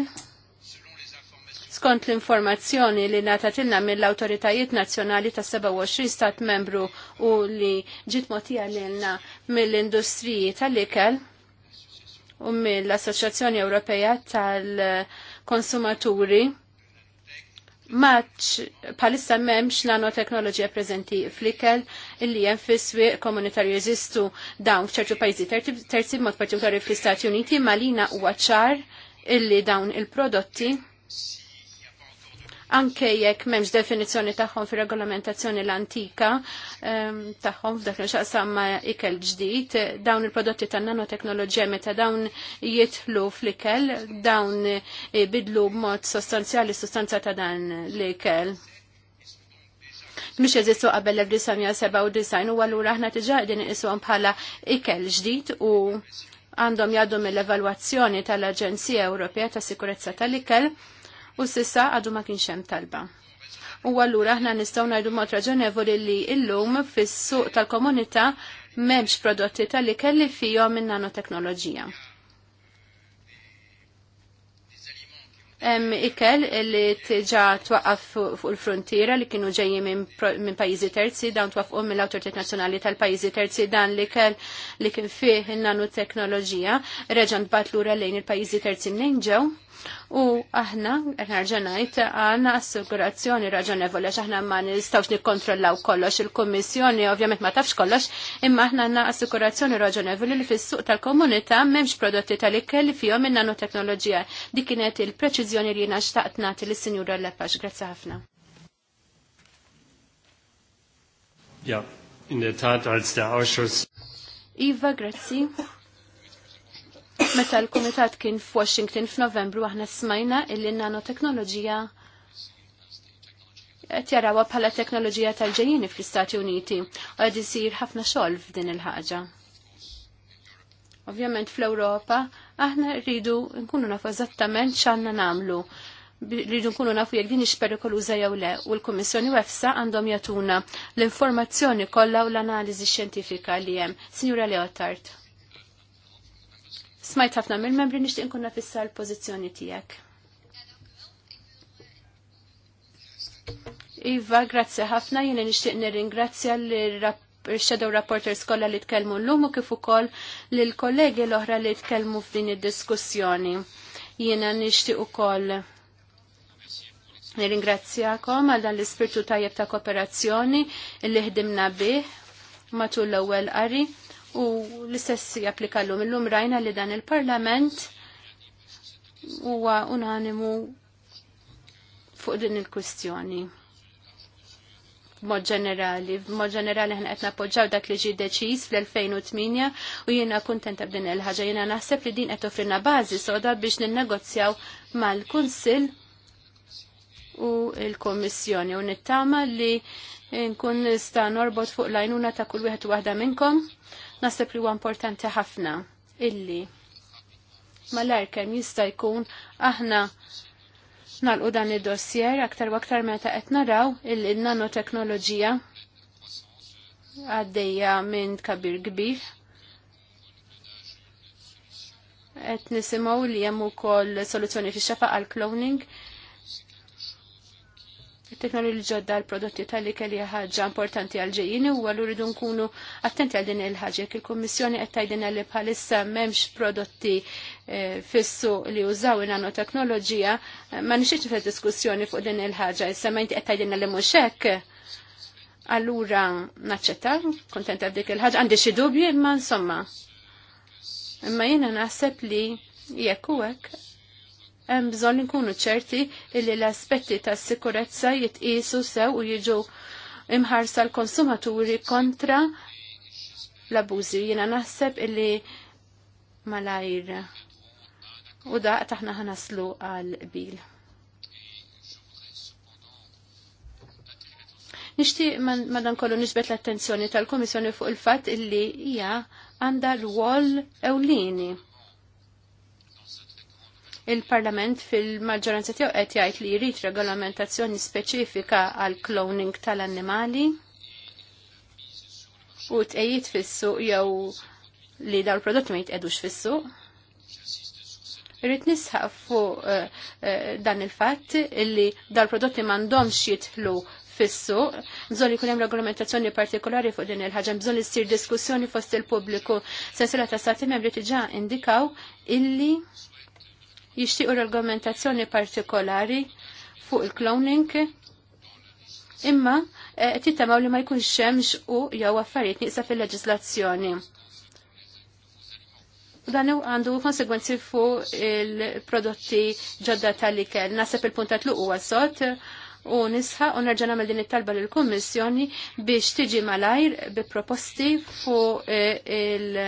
skont l-informazzjoni li natatilna mill-autoritajiet nazzjonali ta' 27 stat membru u li ġit motija l mill-industriji tal-ikel u mill-Assoċjazzjoni Ewropea tal-Konsumaturi maċ palissa memx nano teknoloġija prezenti flikel illi jen fiswi komunitarju jeżistu dawn fċertu pajzi terzi mod partikolari fl-Istati Uniti malina u għacċar illi dawn il-prodotti anke jekk m'hemmx definizzjoni tagħhom fir-regolamentazzjoni l-antika ehm, tagħhom f'dak li xaqsam ma' ikel ġdid, dawn il-prodotti tan nanoteknoloġija meta dawn jitlu fl-ikel, dawn bidlu b'mod sostanzjali sostanza ta' dan l-ikel Mux jazissu qabel l-1997 u allura aħna diġà qegħdin iqishom bħala ikel ġdid u għandhom jaddu mill-evalwazzjoni tal-Aġenzija Ewropea ta' Sikurezza tal-Ikel u sissa għadu ma kienx hemm talba. U allura aħna nistgħu ngħidu mod raġonevoli li llum fis-suq tal-komunità m'hemmx prodotti tal-li kelli fihom minn nanoteknoloġija. Hemm ikel li tiġa twaqqaf fuq il-frontiera li kienu ġejjin minn pajjiżi terzi dawn twaqqu mill-Awtoritet Nazzjonali tal-pajjiżi terzi dan li kell li kien fih in-nanoteknoloġija reġan nbagħt lura lejn il-pajjiżi terzi minn ġew U aħna, nerġanajt, għanna assigurazzjoni raġonevoli, aħna ma nistawx nikkontrollaw kollox, il komissjoni ovvjament ma tafx kollox, imma aħna għanna assigurazzjoni raġonevoli li fis-suq tal-komunità memx prodotti tal-ikkel li fihom minn nanoteknoloġija. Dik kienet il-preċiżjoni li jiena xtaqt nagħti lis-Sinjura Lepax. Grazzi ħafna. Ja, in der Tat als der Ausschuss. Iva, grazzi. Meta l-Kumitat kien f'Washington f'Novembru aħna smajna illi nanoteknoloġija qed jarawha bħala teknoloġija tal-ġejjini fl-Istati Uniti u qed isir ħafna xogħol f'din il-ħaġa. Ovvjament fl-Ewropa aħna rridu nkunu nafu eżattament x'għandna nagħmlu rridu nkunu nafu jekk din perikoluża jew le u l-Kummissjoni wefsa għandhom jatuna l-informazzjoni kollha u l-analiżi xjentifika li hemm. Sinjura Leotard. Smajt ħafna mill-membri nixtieq nkun nafissa l-pożizzjoni tiegħek. Iva, grazzi ħafna, jiena nixtieq nirringrazzja l-Shadow Rapporters kollha li tkellmu llum u kif ukoll lill kollegi l-oħra li tkellmu f'din id-diskussjoni. Jiena nixtieq ukoll nirringrazzjakom għal dan l-ispirtu tajjeb ta' kooperazzjoni li ħdimna bih matul l-ewwel qari u l-istess japplika l-lum. rajna li dan il-parlament huwa unanimu fuq din il-kwistjoni. B'mod ġenerali, mod ġenerali ħna qed nappoġġaw dak li ġie deċiż fl-2008 u jiena kuntenta b'din il-ħaġa. Jiena naħseb li din qed offrina bażi soda biex ninnegozjaw mal-Kunsill u l-Kommissjoni u nittama li nkun sta norbot fuq lajnuna ta' kull wieħed waħda minnkom Nasib li huwa importanti ħafna illi mal-ar kemm jista' jkun aħna nalqu dan id-dossier aktar u aktar meta qed naraw il-nanoteknoloġija għaddejja minn kabir kbir. Qed nisimgħu li hemm ukoll soluzzjoni fix-xafa għal cloning teknoloġi ġodda prodotti tal-ikel ħaġa importanti għal ġejjin u għallu rridu nkunu attenti għal din il-ħaġa. Il-Kummissjoni qed tgħidilna li bħalissa m'hemmx prodotti eh, fissu li użaw in teknoloġija eh, ma nixitx fil diskussjoni fuq din il-ħaġa. Issa ma inti qed tgħidilna li mhux hekk. Allura naċċetta, kontenta f'dik il-ħaġa, għandi xi dubji imma insomma. Imma jiena naħseb li jekk u hekk hemm bżonn inkunu ċerti li l-aspetti tas-sikurezza jitqisu sew u jiġu imħarsa l-konsumaturi kontra l-abużi. Jiena naħseb illi malajr u da taħna ħanaslu għal bil. Nishti madan kollu nisbet l-attenzjoni tal-Komissjoni fuq il-fat illi hija għandha l-wol ewlini il-Parlament fil-maġġoranza tiegħu qed jgħid li jrid regolamentazzjoni speċifika għal cloning tal-annimali u tqejjid fis-suq jew li dawn il-prodotti ma jitqedux fis-suq. Irrid nisħaq fuq eh, eh, dan il-fatt illi dal-prodotti m'għandhomx jidħlu fissu, bżon jkun hemm regolamentazzjoni partikolari fuq din il-ħaġa, bżon issir diskussjoni fost il-pubbliku. Sensiela ta' stati membri tiġa indikaw illi jixtiequ argumentazzjoni partikolari fuq il-cloning imma eh, titamaw li ma jkunx xemx u jew affarijiet nieqsa fil-leġislazzjoni. U dan għandu konsegwenzi fuq il-prodotti ġodda tal-ikel. Naseb il-puntat huwa sod u nisħa u nerġa' nagħmel din it-talba lill kummissjoni biex tiġi malajr bi proposti fuq eh, il-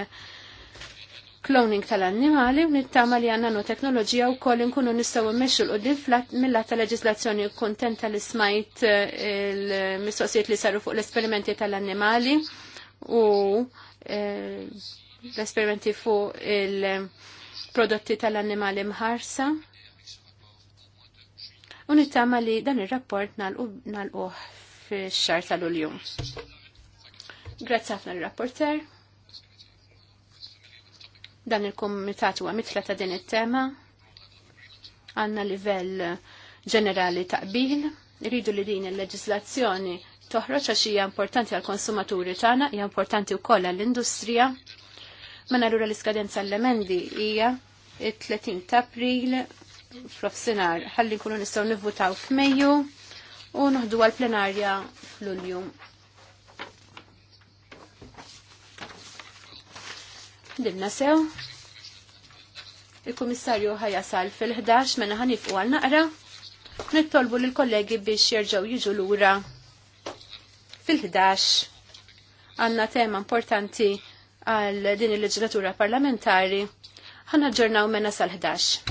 cloning tal-annimali nittama li għanna teknoloġija u koll nkunu nistaw immexxu l-qoddim mill ta' leġislazzjoni kontenta li smajt eh, il-mistoqsijiet li saru fuq l-esperimenti tal-annimali u eh, l-esperimenti fuq il-prodotti tal-annimali mħarsa. U nittama li dan il-rapport nal-uħ fi xar tal-uljum. Grazie għafna l-rapporter. Dan il-komitat huwa mitla ta' din it-tema għanna livell ġenerali ta' qbil, rridu li din il-leġislazzjoni toħroġ għax hija importanti għal konsumaturi tagħna, hija importanti wkoll għall-industrija. Mela allura l-iskadenza l-emendi hija it-30 ta' April f'rofsinhar ħalli nkunu nistgħu nivvutaw f'Mejju u noħdu għall-plenarja f'Lulju. Dimna sew. Il-Kummissarju ħajasal fil-11 minna ħanifqu għal naqra. Nittolbu lill-kollegi biex jerġgħu jiġu lura fil-11 għanna tema importanti għal din il-leġilatura parlamentari ħanna ġurnaw menna sal-11.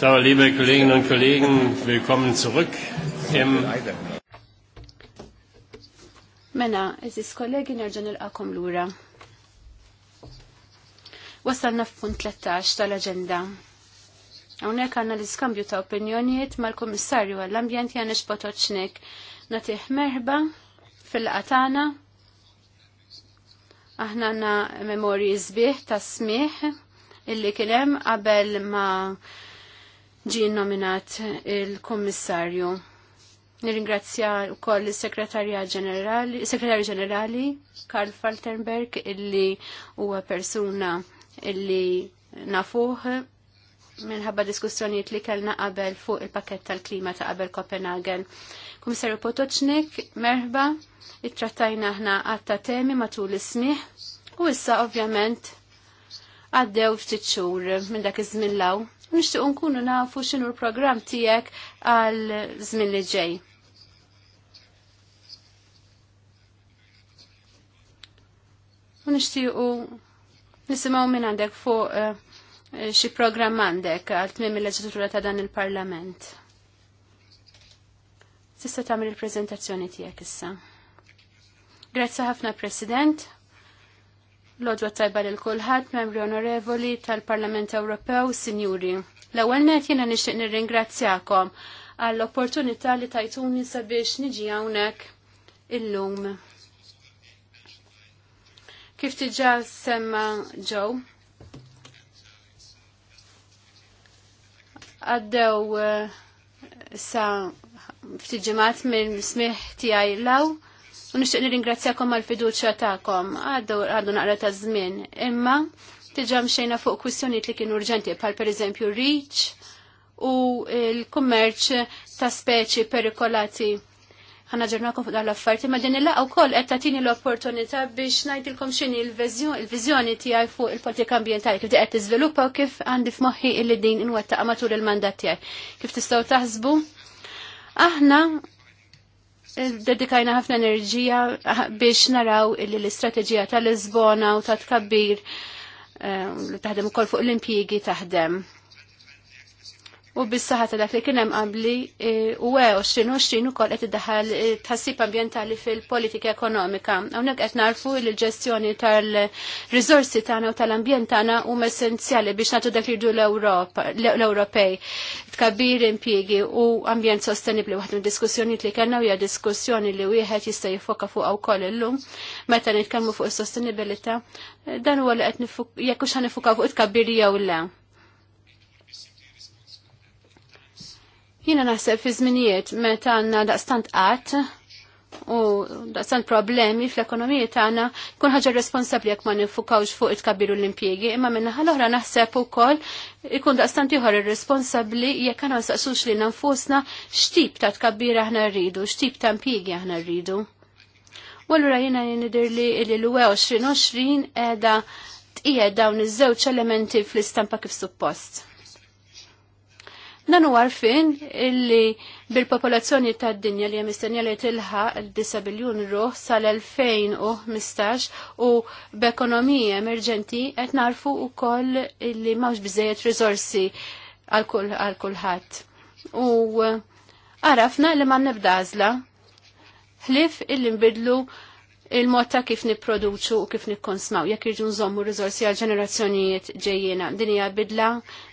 So, liebe Kolleginnen und Kollegen, willkommen zurück im Mena, eżis kollegi nerġan il lura. l-ura. Wasalna f'punt 13 tal-agenda. Hawnhekk għandna l-iskambju ta' opinjonijiet mal-Kummissarju għall-Ambjent Janis Potoċnik. Natih merħba fil-qatana. Aħna għandna memorji sbieħ ta' smieħ illi kien hemm qabel ma' ġi nominat il-Kommissarju. Nirringrazzja wkoll is il Ġenerali, Sekretarju Ġenerali Karl Faltenberg illi huwa persuna illi nafuh minħabba diskussjonijiet li kellna qabel fuq il-pakett tal-klima ta' qabel Kopenhagen. Kummissarju Potoċnik, merħba, it-trattajna ħna għatta temi matul is is-smih u issa ovvjament għaddew ftit xhur minn dak iż-żmien nixtieq nkunu nafu x'inhu l-programm tiegħek għal zmin li ġej. U nixtiequ nisimgħu minn għandek fuq eh, xi programm għandek għal tmiem il-leġislatura ta' dan il-Parlament. Tista' tagħmel il-preżentazzjoni tiegħek issa. Grazzi ħafna President. Lodwa tajba lil kulħadd membri onorevoli tal-Parlament Ewropew, Sinjuri. L-ewwel net jiena nixtieq nirringrazzjakom għall-opportunità li tajtuni sabiex niġi hawnhekk illum. Kif tiġa semma ġew? Għaddew eh, sa ġimgħat minn smih tiegħi law U nixtieq nirringrazzjakom għal fiduċja tagħkom għaddu naqra ta' żmien. Imma tiġam xejna fuq kwistjonijiet li kienu urġenti per pereżempju reach u l-kummerċ ta' speċi perikolati ħana ġernakom fuq dal-affarti, ma din il-laqaw kol qed tagħtini l-opportunità biex ngħidilkom x'inhi l-viżjoni tiegħi fuq il-politika ambjentali kif qed izviluppa u kif għandi f'moħħi illi din in-wetta matul il-mandat tiegħi. Kif tistgħu taħsbu? Aħna dedikajna ħafna enerġija biex naraw illi l-istrateġija tal-Lisbona u ta' tkabbir eh, li taħdem ukoll fuq l impjiegi taħdem. U bis ta' dak li kien hemm qabli e, u 2020 ukoll qed iddaħħal e, tħassib ambjentali fil-politika ekonomika. Hawnhekk qed narfu li l-ġestjoni tal rizorsi tagħna u tal-ambjent tagħna huma essenzjali biex nagħtu dak li jridu l-Ewropej. Tkabbir impjiegi u ambjent sostenibbli waħda mid-diskussjonijiet li kellna hija diskussjoni li wieħed jista' jiffoka fuq wkoll illum meta nitkellmu fuq is-sostenibilità dan huwa li qed jekk hux ħanifuka fuq it-kabbir jew le Jiena naħseb fi żminijiet meta għandna daqstant qatt u daqstant problemi fl ekonomiji tagħna jkun ħaġa responsabbli jekk ma nifukawx fuq it u l-impjiegi, imma minna ħal oħra naħseb ukoll ikun daqstant ieħor irresponsabbli jekk aħna nsaqsux li nfusna x'tip ta' tkabbir aħna rridu, x'tip ta' impjiegi aħna rridu. U allura jiena nidir li l-UE 2020 qiegħda tqiegħed dawn iż-żewġ elementi fl-istampa kif suppost nanu għarfin illi bil-popolazzjoni tad-dinja li hemm mistennija li tilħa l biljun ruħ sal-2015 u b'ekonomija emerġenti qed narfu wkoll illi mawx biżejjed rizorsi għal kulħadd. U għarafna li ma nibdażla ħlif illi nbidlu il-mod ta' kif nipproduċu u kif nikkonsmaw jekk irġu nżommu rizorsi għal ġenerazzjonijiet ġejjina. Din hija bidla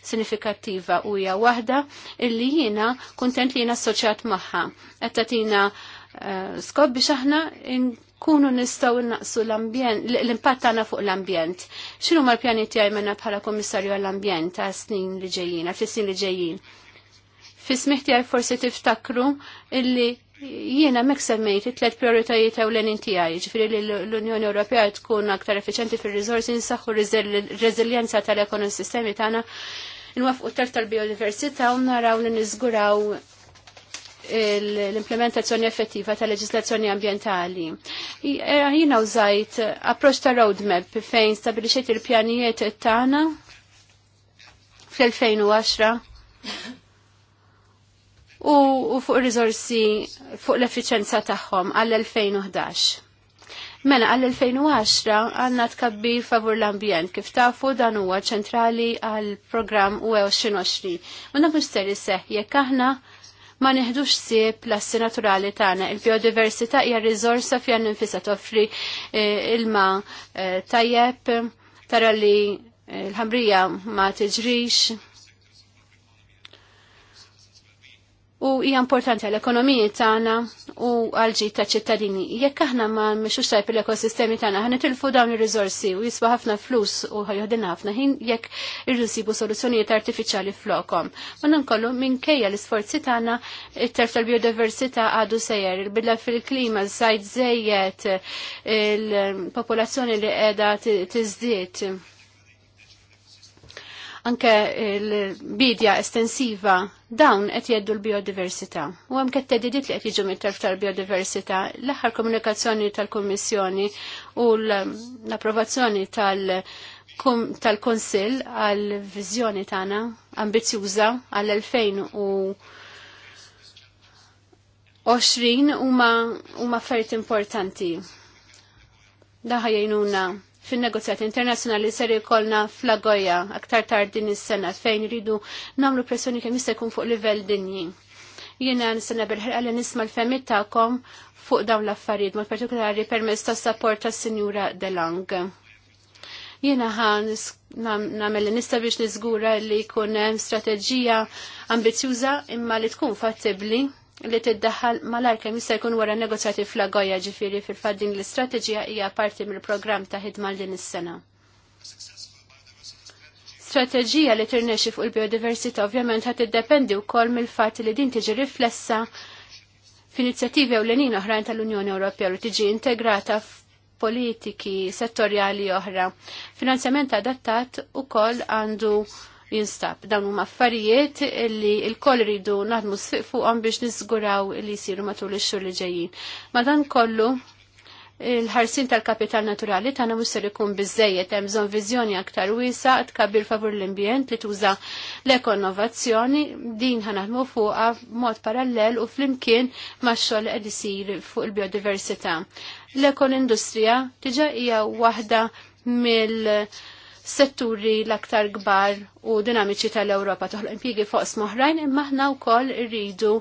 sinifikattiva u hija waħda illi jiena kuntent li jiena assoċjat magħha. Qed tagħtina eh, skop biex aħna kunu nistaw naqsu l-ambjent, l-impatt tagħna fuq l-ambjent. X'inhu mal l-pjani tiegħi menna bħala kommissarju għall-ambjent ta' snin li ġejjin, għal snin li ġejjin. Fis-smiħ tiegħi forsi tiftakru illi jiena mek semmejt it-tlet prioritajiet ewlenin tiegħi, ġifieri li l-Unjoni Ewropea tkun aktar effiċenti fir rizorsi nsaħħu r-reżiljenza tal-ekosistemi tagħna, nwafqu tert tal-biodiversità u naraw li niżguraw l-implementazzjoni effettiva tal leġislazzjoni ambientali. Eh, jiena użajt approċċ ta' roadmap fejn stabilixiet il-pjanijiet tagħna fl-2010 u fuq il-rizorsi fuq l-efficienza tagħhom għall-2011. Mela għall-2010 għanna tkabbi favur l-ambjent kif tafu dan huwa ċentrali għal program u 2020. U naf misteri seħ jekk aħna ma neħdux sieb l-assi naturali tagħna. Il-biodiversità hija riżorsa fija ninfisha toffri eh, ilma eh, tajjeb tara li eh, l-ħamrija ma tiġrix u hija importanti għall ekonomiji tagħna u għal ġid ta' ċittadini. Jekk aħna ma mhux tajb l-ekosistemi tagħna ħan nitilfu dawn ir-riżorsi u jiswa ħafna flus u ħajħodin ħafna ħin jekk irrisibu soluzzjonijiet artifiċjali flokom. Ma nkollu minkejja l-isforzi tagħna it-terf tal-biodiversità għadu sejjer, il-bidla fil-klima, sajt żejjed, il-popolazzjoni li qiegħda tiżdied anke l-bidja estensiva dawn qed jeddu l-biodiversità. U hemm qed tedidiet li qed jiġu mit-tarf tal-biodiversità. L-aħħar komunikazzjoni tal-Kummissjoni u l-approvazzjoni tal-Konsil tal għal viżjoni tagħna ambizjuża għal 2020 huma huma affarijiet importanti. Daħħa jgħinuna fin-negozjati internazzjonali ser jkollna flagoja aktar tard din is-sena fejn iridu nagħmlu pressjoni kemm jista' jkun fuq livell dinji. Jiena nistenna bil li nisma' l-femmit tagħkom fuq dawn l-affarijiet, mod partikolari permezz tas-sapport tas-Sinjura Delang. Jiena ħan namel li nista biex niżgura li jkun hemm strateġija ambizjuża imma li tkun fattibbli li tiddaħħal mal-ar kemm jista' jkun wara negozjati fl-Agoja ġifieri fil-fatt din l-istrateġija hija parti mill-programm ta' ħidma din is-sena. Strateġija li tirnexxi fuq il-biodiversità ovvjament ħad iddependi wkoll mill-fatt li din tiġi riflessa f'inizjattivi ewlenin oħrajn tal-Unjoni Ewropea li tiġi integrata f'politiki settorjali oħra. Finanzjament adattat ukoll għandu jinstab. Dawn huma affarijiet li l-koll rridu naħdmu sfiq fuqhom biex niżguraw li jsiru matul ix-xhur li ġejjin. Madan kollu il-ħarsin tal-kapital naturali tagħna mhux ikun biżejjed hemm bżonn viżjoni aktar wiesa tkabbir favur l-ambjent li tuża l-ekonnovazzjoni din ħa naħdmu fuqha b'mod parallel u flimkien max-xogħol qed isir fuq il-biodiversità. L-ekon industrija diġà hija waħda mill- setturi l-aktar gbar u dinamiċi tal-Ewropa toħloq impjiegi fuq smoħrajn imma aħna wkoll irridu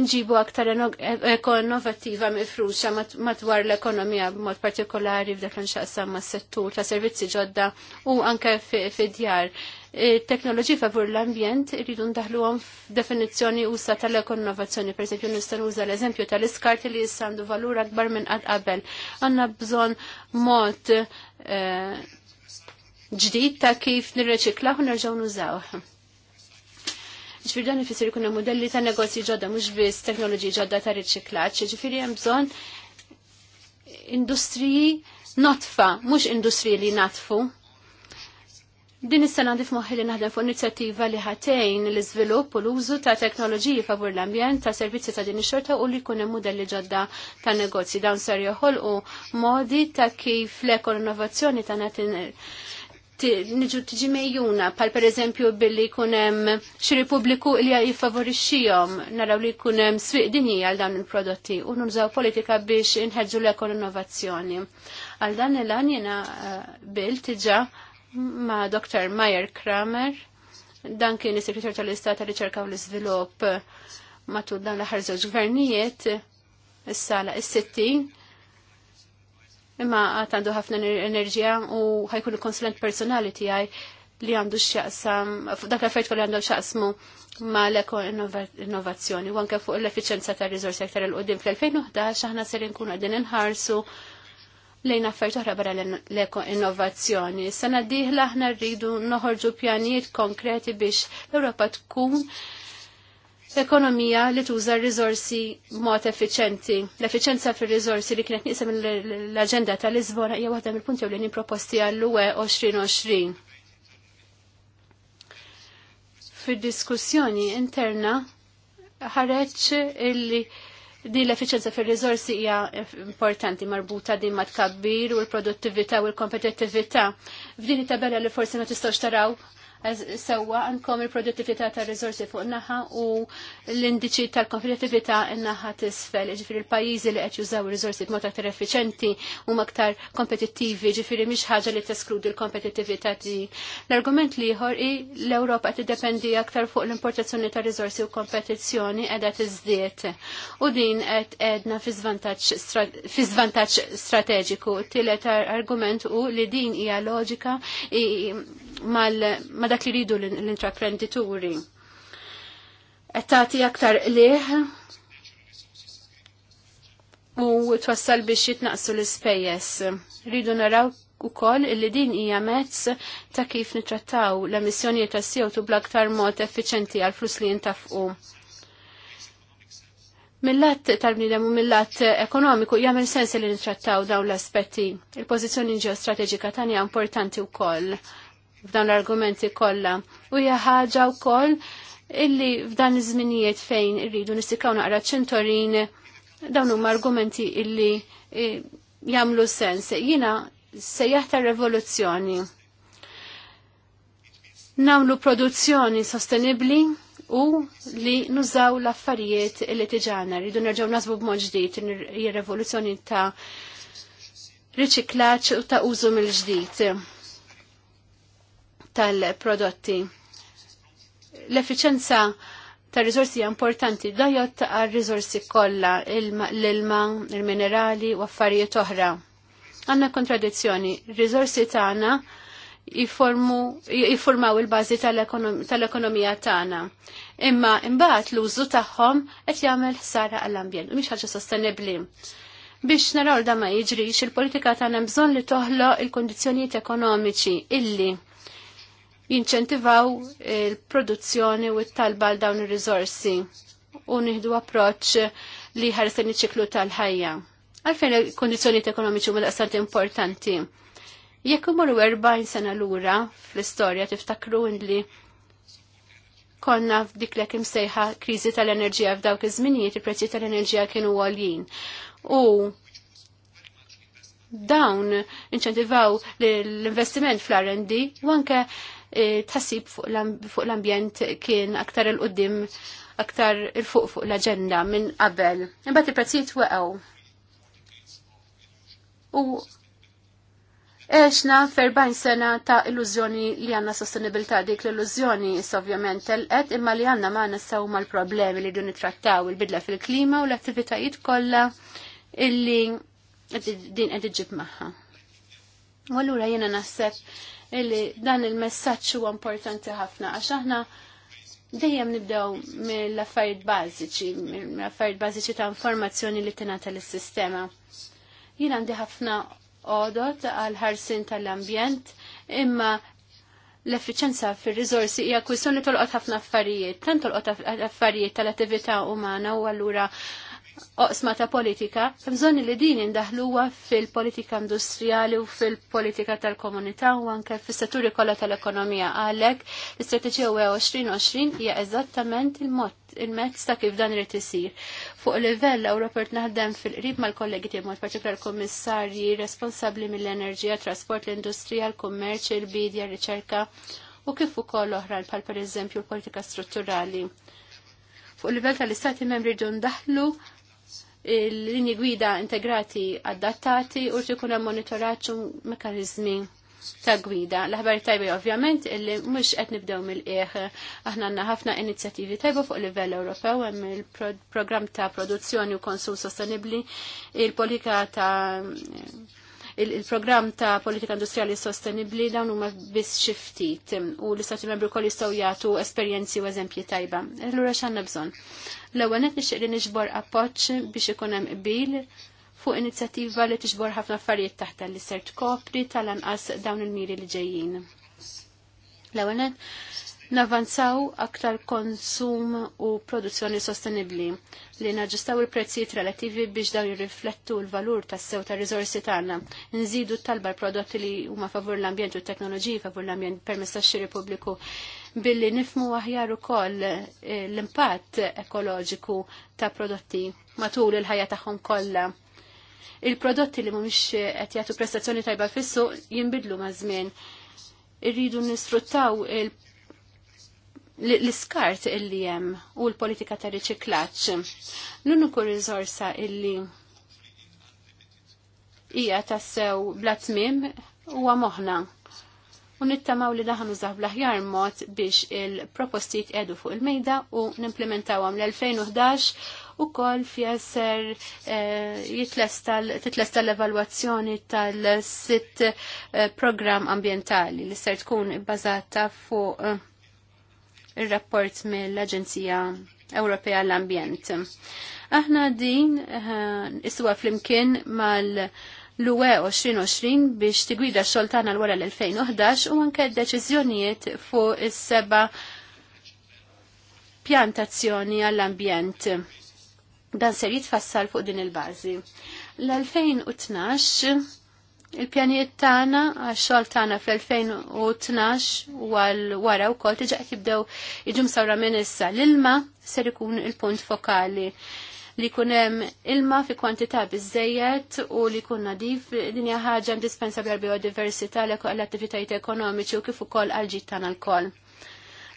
nġibu aktar innovattiva mifruxa madwar l-ekonomija b'mod partikolari f'dak l-inxaqsam ma' settur ta' servizzi ġodda u anke fid-djar. E, teknoloġi favur l-ambjent irridu ndaħlu għom f'definizzjoni usa tal-ekonnovazzjoni. Per esempio, nistan uża l-eżempju tal-iskart li jissandu valur akbar minn qatt qabel. Għanna bżon mod e, ġdid ta' kif nirreċiklaw u nerġgħu nużaw. Ġifir dan ifisir kuna hemm modelli ta' negozji ġodda mhux biss teknoloġi ġodda ta' riċiklaġġ, ġifir hemm bżonn industriji notfa, mux industriji li natfu. Din is-sena għandif moħħi li naħdem fuq inizjattiva li ħatejn l-iżvilupp u l-użu ta' teknoloġiji favur l-ambjent ta' servizzi ta' din ix-xorta u li jkun hemm mudelli ġodda ta' negozji dawn ser joħolqu modi ta' kif l-ekol innovazzjoni ta' niġu tġi mejjuna, pal per eżempju billi kunem xiri publiku li jifavorixxihom naraw li kunem swiq dinji għal dan il-prodotti u nużaw politika biex inħeġġu l-ekon innovazzjoni. Għal dan il-għan jena eh, bil tġa ma' Dr. Meyer Kramer, dan kien is-Sekretar tal-Istat tal-Riċerka u l-Iżvilupp matul dan l-aħħar żewġ gvernijiet, is-sala is sittin imma għat għandu ħafna enerġija u ħajkun il-konsulent personali tijaj li għandu xaqsam, dak l-affert kolli għandu xaqsmu ma l-eko innovazzjoni u anke fuq l-efficienza ta' rizorsi aktar l qoddim fl-2011 aħna serin nkun għadin nħarsu lejn affert oħra barra l-eko innovazzjoni. Sena diħla aħna rridu noħorġu pjanijiet konkreti biex l-Europa tkun ekonomija li tuża r rizorsi b'mod effiċenti. L-effiċenza fir rizorsi li kienet nisem l-aġenda tal-Lisbona hija waħda mill-punti li nipproposti għall-UE 2020. Fid-diskussjoni interna ħareġ illi din l-efficienza fil rizorsi hija importanti marbuta din ma tkabbir u l-produttività u l-kompetittività. F'din it-tabella li forsi ma tistgħux taraw sewwa għandkom il-produttività ta' rizorsi fuq naħa u l-indiċi tal-kompetitività naħa tisfel. Ġifieri l-pajjiżi li qed jużaw ir-riżorsi b'mod aktar effiċenti u aktar kompetittivi, ġifieri mhix ħaġa li teskludi l-kompetittività tiegħi. L-argument ieħor hi l-Ewropa qed tiddependi aktar fuq l-importazzjoni ta' riżorsi u kompetizzjoni qiegħda tiżdied. U din qed għedna fi żvantaġġ strateġiku. Tielet argument u li din hija loġika ma dak li ridu l-intraprenditori. Għattati aktar liħ u twassal biex jitnaqsu l-spejjes. Ridu naraw u koll illi din hija mezz ta' kif nitrattaw l-emissjonijiet ta' CO2 bl-aktar mod effiċenti għal flus li jintafqu. Mill-lat tal-bnidem u mill-lat ekonomiku jagħmel sens li nitrattaw dawn l-aspetti. Il-pożizzjoni ġeostrateġika tagħna importanti wkoll. koll f'dawn l-argumenti kollha. U hija ħaġa wkoll illi f'dan iż-żminijiet fejn irridu nistikaw naqra ċentorin dawn huma argumenti illi e, jagħmlu sens. Jiena sejjaħ tar-revoluzzjoni. nagħmlu produzzjoni sostenibli, u li nużaw l-affarijiet li tiġana. Rridu nerġaw nasbu b'mod ġdid ir-revoluzzjoni ta' riċiklaċ u ta' użu mill-ġdid tal-prodotti. L-efficienza ta' rizorsi importanti dajot għal rizorsi kollha l-ilma, il-minerali u affarijiet oħra. Għanna kontradizzjoni, rizorsi tagħna jiformaw il-bażi tal-ekonomija tagħna. Imma imbagħad l-użu tagħhom qed jagħmel ħsara għall-ambjent, mhix ħaġa sostenibbli. Biex naraw da ma jiġrix, il-politika tagħna bżonn li toħloq il-kondizzjonijiet ekonomiċi illi jinċentivaw il-produzzjoni u t-talba għal dawn ir-riżorsi u nieħdu approċċ li ħarsen iċ-ċiklu tal-ħajja. Għalfejn il-kondizjoniet ekonomiċi huma daqstant importanti. Jekk imorru 40 sena lura fl-istorja tiftakru li konna f'dik li sejħa kriżi tal-enerġija f'dawk iż-żminijiet il-prezzi tal-enerġija kienu għoljin. U dawn inċentivaw l-investiment fl-R&D u anke E, tasib fuq l-ambjent kien aktar il-qoddim aktar il-fuq fuq l-agenda minn qabel. Imbagħad il-prezzijiet weqgħu. U Eċna f'40 sena ta' illużjoni li għanna sostenibilità dik l-illużjoni ovvjament tal-qed imma li għanna ma' nassaw ma' l-problemi li dun trattaw il-bidla fil-klima u l-attivitajiet kollha illi din qed iġib magħha. U allura jiena naħseb illi dan il-messaġġ huwa importanti ħafna għax aħna dejjem nibdew mill-affarijiet bażiċi, mill-affarijiet bażiċi ta' informazzjoni li tingħata lis-sistema. Jien għandi ħafna għodot għal ħarsin tal-ambjent, imma l-effiċenza fil-rizorsi hija kwistjoni tolqot ħafna affarijiet, tant tolqot affarijiet tal-attività umana u allura oqsma ta' politika, bżonni li din indaħluwa fil-politika industrijali u fil-politika tal-komunità u anke fis-setturi kollha tal-ekonomija. Għalhekk l-istrateġija 2020 e hija eżattament il-mod il-mezz ta' kif dan irid isir. Fuq livell Ewropert naħdem fil-qrib mal-kollegi tiegħi mod partikolar kummissarji responsabbli mill-enerġija, trasport, l-industrija, l-kummerċ, il-bidja, r-riċerka u kif ukoll oħrajn bħal pereżempju l-politika strutturali. Fuq livell tal-istati membri ġun daħlu l-linji gwida integrati adattati u rti kuna monitoraċu mekanizmi ta' gwida. L-ħabar tajbi ovvjament illi mux qed nibdew mill-qieħ. Aħna għandna ħafna inizjattivi tajba fuq livell Ewropew hemm il-programm ta' produzzjoni u konsum sostenibbli, il-politika ta' il-programm ta' politika industriali sostenibli dawn huma biss xi ftit um, u l-istati membri wkoll jistgħu jagħtu esperjenzi u eżempji tajba. Allura x'għandna bżonn. L-ewwel qed nixtieq li niġbor appoġġ biex ikun hemm qbil fuq inizjattiva li tiġbor ħafna affarijiet taħta li ser tkopri tal-anqas dawn il-miri li ġejjin. L-ewwel navanzaw aktar konsum u produzzjoni sostenibli li naġistaw il-prezzijiet relativi biex dawn jirriflettu l-valur tas sew ta' rizorsi tagħna. Nżidu talba l-prodotti li huma favur l-ambjent u t-teknoloġiji favur l-ambjent permess tax-xiri pubbliku billi nifmu aħjar ukoll eh, l-impatt ekoloġiku ta' prodotti matul il-ħajja tagħhom kollha il-prodotti li mhumiex qed jagħtu prestazzjoni tajba fissu jinbidlu maż żmien. Irridu nisfruttaw il l-iskart illi jem u l-politika ta' riċiklaċ. L-uniku rizorsa illi ija tassew blatmim u għamohna. U nittamaw li daħan bl blaħjar mod biex il-propostijiet edu fuq il-mejda u għam l-2011 u kol fjesser eh, titlesta l-evaluazzjoni tal-sitt eh, program ambientali li ser tkun bazata fuq eh, il-rapport mill-Aġenzija Ewropea l-Ambjent. Aħna din eh, iswa flimkien mal- l-UE 2020 biex tigwida xoltana l-wara l-2011 u anke deċiżjonijiet fuq is-seba pjantazzjoni għall-ambjent. Dan ser jitfassal fuq din il-bażi. L-2012 Il-pjanijiet tagħna għax-xogħol tagħna fl-2012 u għal wara wkoll tiġa qed jibdew jiġu msawra minn issa l-ilma ser ikun il-punt fokali li jkun hemm ilma fi kwantità biżejjed u li jkun nadif din hija ħaġa indispensabbli għal biodiversità l-attivitajiet ekonomiċi u kif ukoll għal ġid tagħna lkoll.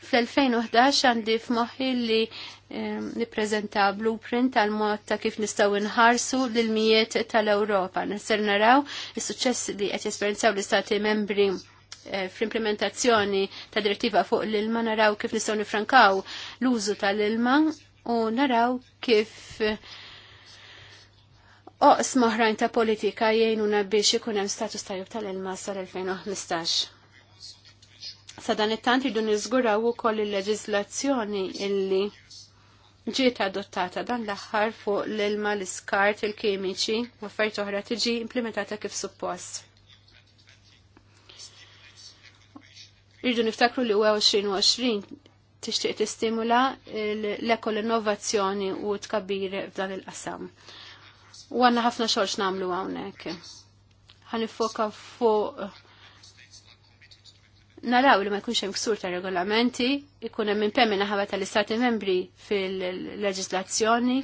Fl-2011 għandi f'moħħi li ehm, niprezenta blueprint għal mod ta' kif nistaw inħarsu l-mijiet tal-Ewropa. Nisser naraw is-suċċess li qed jesperjenzaw l-istati membri eh, fl-implementazzjoni ta' direttiva fuq l-ilma naraw kif nistgħu nifrankaw l-użu tal-ilma u naraw kif eh, oqs maħrajn ta' politika jgħinuna biex ikun hemm status tajjeb tal-ilma sal-2015. Sa dan it-tant irdu niżguraw ukoll il-leġiżlazzjoni illi ġiet adottata dan l-aħħar fuq l-ilma l-iskart il-kimiċi u affarijiet oħra tiġi implementata kif suppost. Irdu niftakru li 20 2020 tixtieq tistimula l-ekol innovazzjoni u tkabbir f'dan il-qasam. U għanna ħafna xorx namlu għawnek. Għanifoka fuq naraw li ma jkunx hemm ksur ta' regolamenti, ikun hemm impemmi minnaħaba tal-Istati membri fil-leġislazzjoni,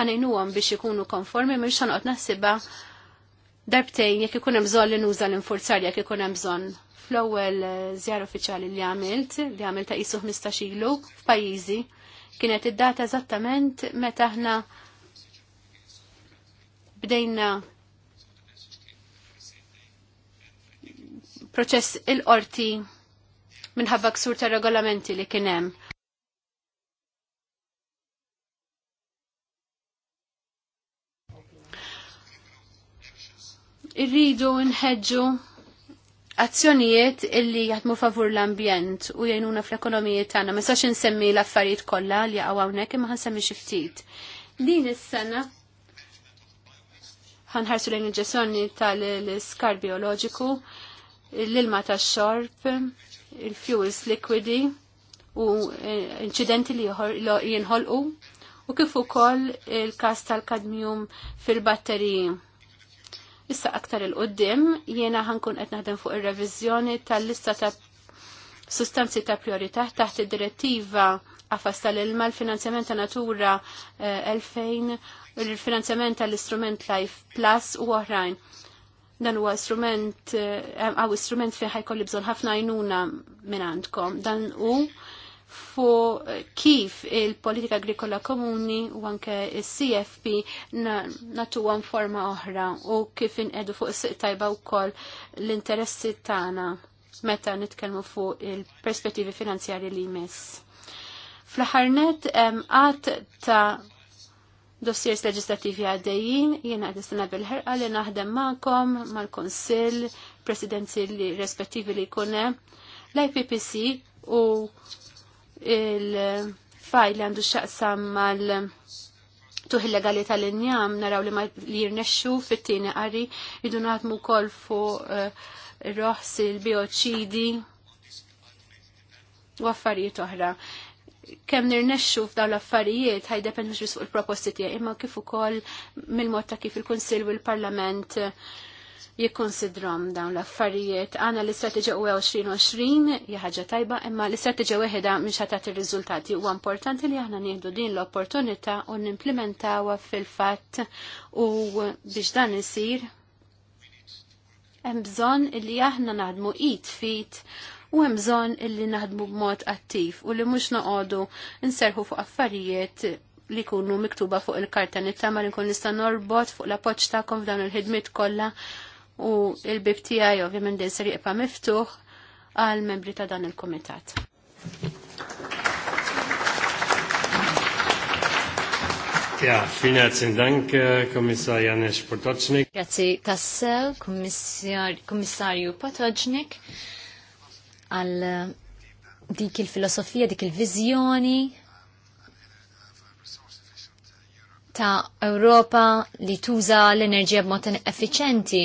ħanejnuhom biex ikunu konformi mhux ħanqod naħsibha darbtejn jekk ikun hemm bżonn li nuża l-infurzar jekk ikun hemm bżonn. Fl-ewwel eh, żjar uffiċjali li għamilt, li għamilt ta' qisu 15 ilu f'pajjiżi, kienet id-data eżattament meta aħna bdejna proċess il-qorti minħabba ksur ta' regolamenti li kien hemm. Irridu nħeġġu azzjonijiet illi jaħdmu favur l-ambjent u jgħinuna fl ekonomija tagħna. Ma sax insemmi l-affarijiet kollha li jaqgħu hawnhekk imma ħansemmi xi ftit. Din is-sena ħanħarsu lejn il-ġesonni tal-iskar bioloġiku, l-ilma tax-xorb, il-fuels liquidi u eh, incidenti li jinħolqu u kif ukoll il-kas tal-kadmium fil-batteriji. Issa aktar il-qoddim jiena ħankun qed naħdem fuq ir-reviżjoni tal-lista ta' sustanzi ta' priorità taħt id-direttiva għafas tal-ilma l-finanzjament ta' natura 2000, eh, il-finanzjament tal-istrument Life Plus u oħrajn dan huwa strument eh, eh, għaw strument fi ħajkolli bżon ħafna għajnuna minn għandkom. Dan u fu kif il-politika agrikola komuni u anke il-CFP natu għan forma oħra u kif inqedu fuq s tajba u koll l-interessi tagħna meta nitkellmu fuq il-perspettivi finanzjari li jmiss. Fl-ħarnet għat ta' dossiers legislativi għaddejjin, jiena għadistina bil-ħerqa li naħdem ma'kom, mal-konsil, presidenzi li rispettivi li kunem, l-IPPC u il faj li għandu xaqsam mal- tuħ il-legali tal-injam naraw li ma li jirnexxu fit-tieni qari jridu naħdmu wkoll fuq eh, roħs il-bioċidi u affarijiet oħra kemm nirnexxu f'dawn l-affarijiet ħajdepend mhux fuq il-proposti tiegħi imma kif ukoll mill-mod ta' kif il-Kunsill u l-Parlament eh, jikkonsidrom dawn l-affarijiet. Għana l-istrateġija u 2020 e hija ħaġa tajba, imma l-istrateġija weħda mhix ħatat ir-riżultati. Huwa importanti li aħna nieħdu din l-opportunità u nimplementawha fil-fatt u biex dan isir hemm bżonn li aħna naħdmu id fit u hemm bżonn illi naħdmu b'mod attiv u li mhux noqogħdu nserħu fuq affarijiet li kunu miktuba fuq il-karta nittama li nkun nista' norbot fuq la appoġġ tagħkom f'dan il-ħidmiet kollha u l-bib tiegħi ovvjament din ser jibqa' miftuħ għal membri ta' dan il-kumitat. Ja, vielen Dank, äh, komissar Janesh Potocnik. Grazie komissar, Kommissarju Potocnik għal eh, dik il-filosofija, dik il-vizjoni ta' Ewropa li tuża l-enerġija b'mod effiċenti,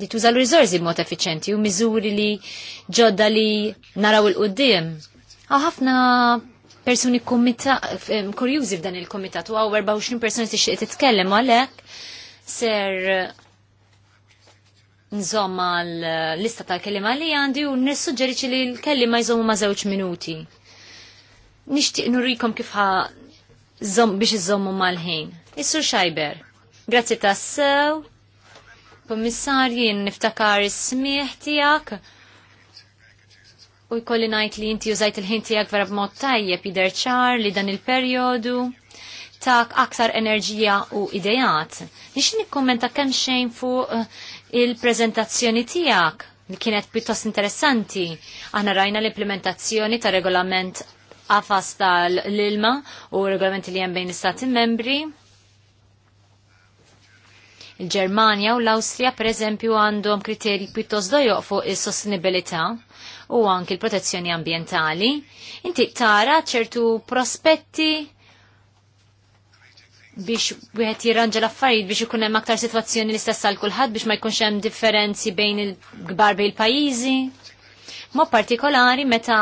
li tuża l-riżorsi b'mod effiċenti u miżuri li ġodda li naraw il-qoddim. ħafna persuni eh, kurjużi f'dan il-komitat u għaw 24 persuni tixtieq titkellem għalhekk ser nżomma l-lista eh, tal-kelima li għandi u nissuġġeriċi li l-kelima jżommu ma' żewġ minuti. Nixtieq nurikom kif ħa biex iżommu mal-ħin. is Xajber, grazzi tas-sew, komissarji, niftakar is-smieħ tiegħek u jkolli ngħid li inti użajt il-ħin tiegħek vera b'mod tajjeb jidher ċar li dan il-perjodu tak aktar enerġija u idejat. Nix nikkommenta kemm xejn fuq eh, il-prezentazzjoni tijak li kienet pjuttost interessanti. Aħna rajna l-implementazzjoni ta' regolament għafas tal-ilma u regolamenti li jem bejn istati membri. Il-Germania u l-Austria, per eżempju, għandhom kriteri pjuttost dojoq fuq is-sostenibilità u anki l-protezzjoni ambientali. Inti tara ċertu prospetti biex wieħed jirranġa l-affarijiet biex ikun hemm aktar sitwazzjoni l-istess għal kulħadd biex ma jkunx hemm differenzi bejn il-kbar bejn il-pajjiżi. Mo partikolari meta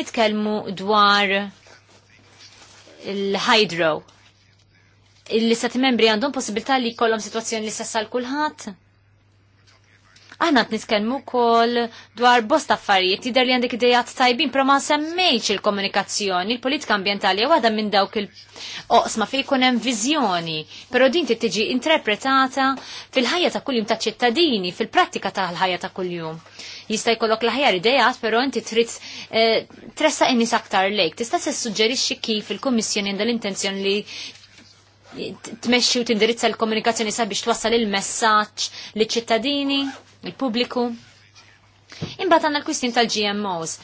nitkellmu dwar il-hydro. Il-istati membri għandhom possibilità li jkollhom sitwazzjoni l-istess għal kulħadd? Aħna t niskenmu kol dwar bosta affarijiet, jider li għandek idejat tajbin, pro ma semmejċ il-komunikazzjoni, il-politika ambientali, għada minn dawk il-oqsma fej kunem vizjoni, pero din tiġi interpretata fil-ħajja ta' kuljum ta' ċittadini, fil-prattika ta' l-ħajja ta' kuljum. Jista' jkollok l-ħajja idejat, pero inti trid eh, tressa innis aktar lejk. Tista' se suġġerixxi kif il-Kummissjoni għandha l-intenzjoni li tmexxi u tindirizza l-komunikazzjoni sabiex twassal il-messaġġ liċ-ċittadini? il-pubbliku. Imbagħad għandna l-kwistin tal-GMOs.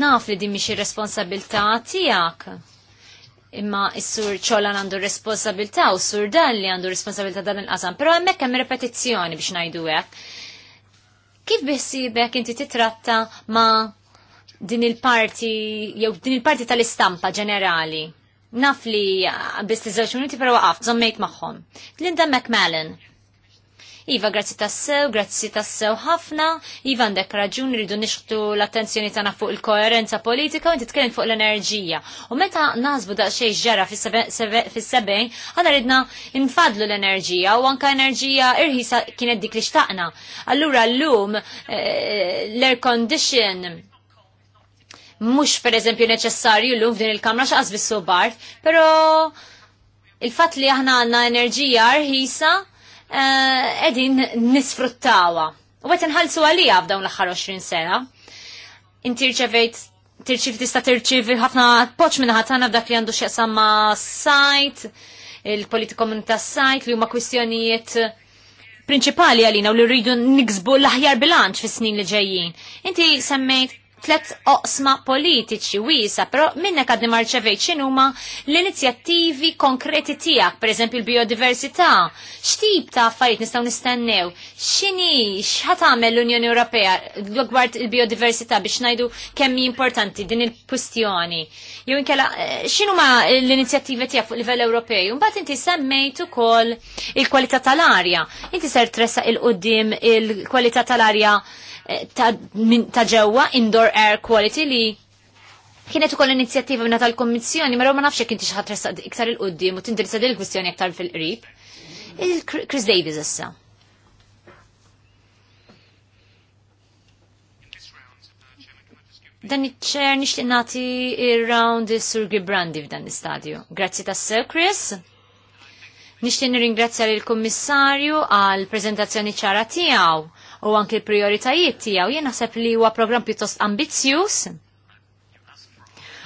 Naf li din mhix ir-responsabilità tiegħek. Imma s-sur ċolan għandu responsabilità u s-sur dan li għandu responsabilità dan il-qasam, però hemmhekk hemm repetizzjoni biex ngħidu hekk. Kif biħsibek inti titratta ma' din il-parti, jew din il-parti tal-istampa ġenerali? naf li bis tiżewġ minuti pero waqaf, zommejt maħħom. Linda McMallen, Iva, grazzi tassew, grazzi tassew ħafna, Iva għandek raġun rridu nixħtu l-attenzjoni tana fuq il-koerenza politika u titkellem fuq l-enerġija. U meta nażbu xej ġara fis sebejn aħna ridna infadlu l-enerġija u anka enerġija irħisa kienet dik li xtaqna. Allura llum eh, l-air condition mux per eżempju neċessarju l-lum f'din il-kamra xaqas bissu barf, pero il-fat li aħna għanna enerġija rħisa Eh, edin nisfruttawa. U għet nħalsu għalija f'dawn l aħħar 20 sena. Inti rċevejt tirċiv tista tirċiv ħafna poċ minna ħatana f'dak li għandu xieqsam ma' sajt, il-politikom ta' sajt li huma kwistjonijiet prinċipali għalina u li rridu niksbu l-aħjar bilanċ fis snin li ġejjin. Inti semmejt tlet oqsma politiċi wisa, pero minnek għadni marċevejt ċinuma l-inizjattivi konkreti tijak, per eżempju l-biodiversità, xtib ta' affarijiet nistaw nistennew, xini, xħat għamel l-Unjoni Ewropea gwart il-biodiversità biex najdu kemmi importanti din il-kustjoni. Jew inkella, eh, xinuma l-inizjattivi tijak fuq livell Ewropej, un inti semmejtu kol il-kwalità tal-arja, inti ser tressa il-qoddim il-kwalità tal-arja Eh, ta' ġewwa indoor air quality li kienet ukoll inizjattiva minna tal-Kommissjoni, ma ma nafx jekk inti xaħat ħadd iktar il qoddim u tindirizza din kwistjoni aktar fil-qrib. Il-Chris Davis issa. Dan iċ-ċer nixtieq nagħti round is-Sur Gibrandi f'dan l-istadju. Grazzi tas-sew, Chris. Nixtieq nirringrazzja lill-Kummissarju għall preżentazzjoni ċara tiegħu u anke l-prioritajiet tiegħu. Jien naħseb li huwa programm pjuttost ambizjus.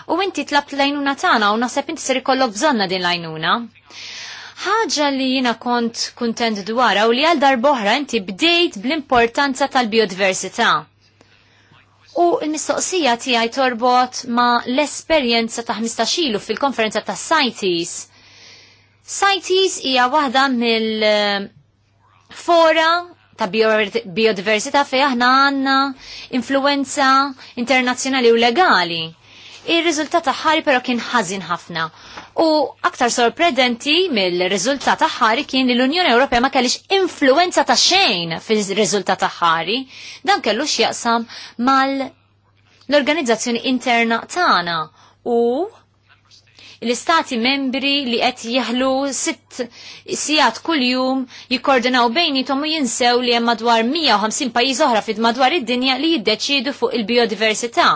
U inti tlabt lajnuna tagħna u naħseb inti seri ikollok bżonna din lajnuna. Ħaġa li jiena kont kontent dwarha u li għal darboħra inti bdejt bl-importanza tal-biodiversità. U l-mistoqsija tiegħi torbot ma l-esperjenza ta' 15 ilu fil-konferenza ta' CITES. CITES hija waħda mill- fora ta' biodiversità fej aħna għandna influenza internazzjonali u legali. il riżultat taħħari però kien ħażin ħafna. U aktar sorprendenti mill-riżultat taħħari kien li l-Unjoni Ewropea ma kellix influenza ta' xejn fil-riżultat taħħari, Dan kellu x'jaqsam mal organizzazzjoni interna tagħna u l-istati membri li qed jeħlu sitt sijat kuljum jikkordinaw bejni tomu jinsew li hemm madwar 150 pajjiż oħra fid madwar id-dinja li jiddeċiedu fuq il-biodiversità.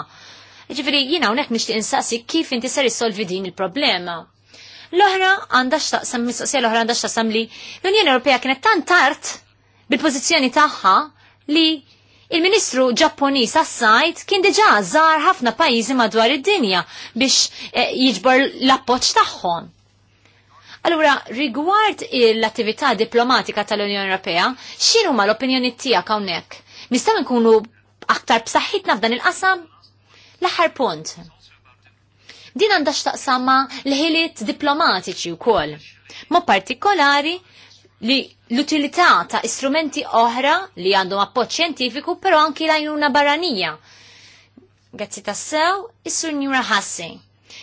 Ġifieri jiena hawnhekk nixtieq insaqsi kif inti ser issolvi din il-problema. L-oħra għandha x'taqsam, mistoqsija l-oħra għandha x'taqsam li l-Unjoni Ewropea kienet tant tard bil-pożizzjoni tagħha li Il-Ministru Ġapponiż għas kien diġà żar ħafna pajjiżi madwar id-dinja biex eh, jiġbor l-appoġġ tagħhom. Allura, rigward l-attività diplomatika tal-Unjoni Ewropea, xinu ma l-opinjoni tiegħek hawnhekk? Nistgħu nkunu aktar b'saħħitna f'dan il-qasam? L-aħħar punt. Din għandha x'taqsama l-ħiliet diplomatiċi wkoll. Ma partikolari li l-utilità ta' istrumenti oħra li għandhom appoġġ xjentifiku però anki una barranija. Grazzi tassew, is-Sur Njura Hassi.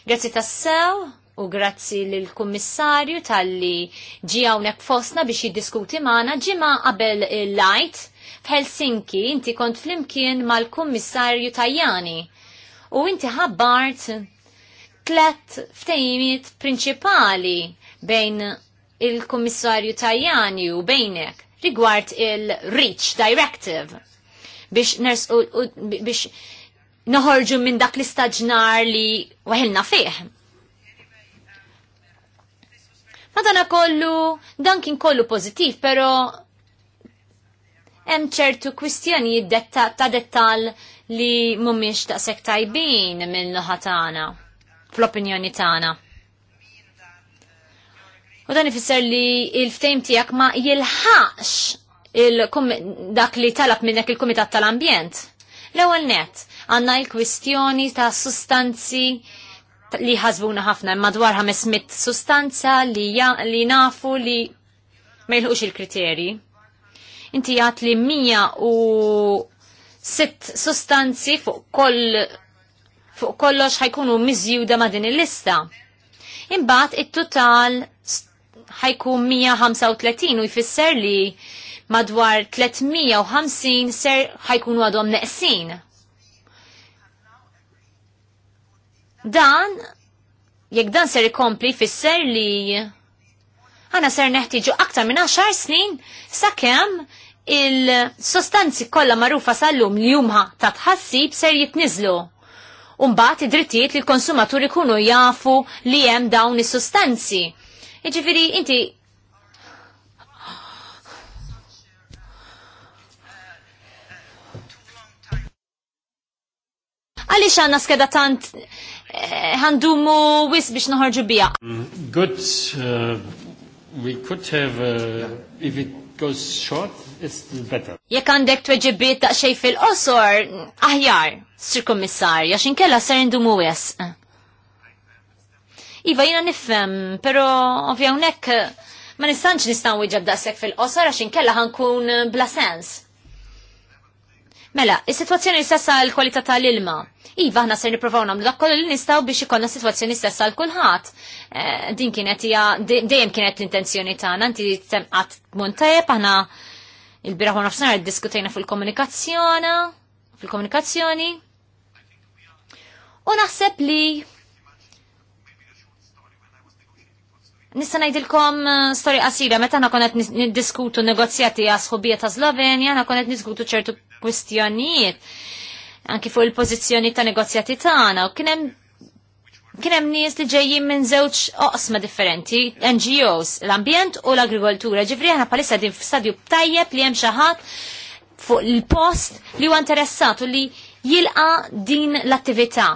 Grazzi tassew, u grazzi lill kummissarju tal-li ġi hawnhekk fostna biex jiddiskuti magħna ġimgħa qabel il light f'Helsinki inti kont flimkien mal-Kummissarju Tajjani u inti ħabbart tlet ftejmiet prinċipali bejn il-Kummissarju Tajani u bejnek rigward il-Reach Directive biex nersqu biex noħorġu minn dak l-istaġnar li waħilna fih. Madana kollu, dan kien kollu pozitif, pero hemm ċertu kwistjoni ta' dettal li mumiex ta' sektajbin minn loħa tagħna, fl-opinjoni tagħna. U dan ifisser li il-ftejm tiegħek ma jilħax il dak li talab minnek il-Kumitat tal-Ambjent. L-ewwel net, għandna il kwistjoni ta' sustanzi li ħasbuna ħafna madwar 500 sustanza li, ja, li nafu li ma jilħux il-kriterji. Inti għat li 106 sustanzi fuq koll fuq kollox ħajkunu mizjuda ma' din il-lista. Imbagħad it-total ħajkun 135 u jfisser li madwar 350 ser ħajkun għadhom neqsin. Dan, jekk dan ser ikompli fisser li għana ser neħtiġu aktar minn 10 snin sakemm il-sostanzi kollha magħrufa sal-lum li jumha ta' tħassib ser jitniżlu. Umbat id-drittijiet li l-konsumaturi jafu li hemm dawn is-sostanzi Iġifiri, inti għalix għanna skeda tant eh, għandumu wis biex naħarġu bija? Mm, good, uh, we could have, uh, if it goes short, it's better. Jek għandek tweġibiet ta' xej fil-qosor, aħjar, sir kommissar, jaxin kella ser indumu wis. Uh. Iva jina nifhem, pero ovvja hawnhekk eh, ma nistanx nistgħu wieġeb daqshekk fil-qosor għax inkella ħankun eh, bla sens. Mela, is-sitwazzjoni stessa l kwalità tal-ilma. Iva aħna ser nippruvaw nagħmlu dak kollu li nistaw biex ikollna sitwazzjoni stessa l kulħadd. Eh, din kienet hija dejjem kienet l-intenzjoni tagħna, inti temqat muntajb aħna il-biraħu nafsnar diskutejna fil-komunikazzjoni, fil-komunikazzjoni. U naħseb li Nista' ngħidilkom eh, storja qasira meta aħna konet niddiskutu negozjati għasħubija ta' Slovenja, aħna konet niskutu ċertu kwistjonijiet anki fuq il-pożizzjoni ta' negozjati tagħna u kien hemm nies li ġejjin minn żewġ oqsma differenti, NGOs, l-ambjent u l-agrikoltura. Ġifri aħna palissa din f'stadju tajjeb li hemm xi ħadd fuq il-post li huwa interessat u li jilqa din l-attività.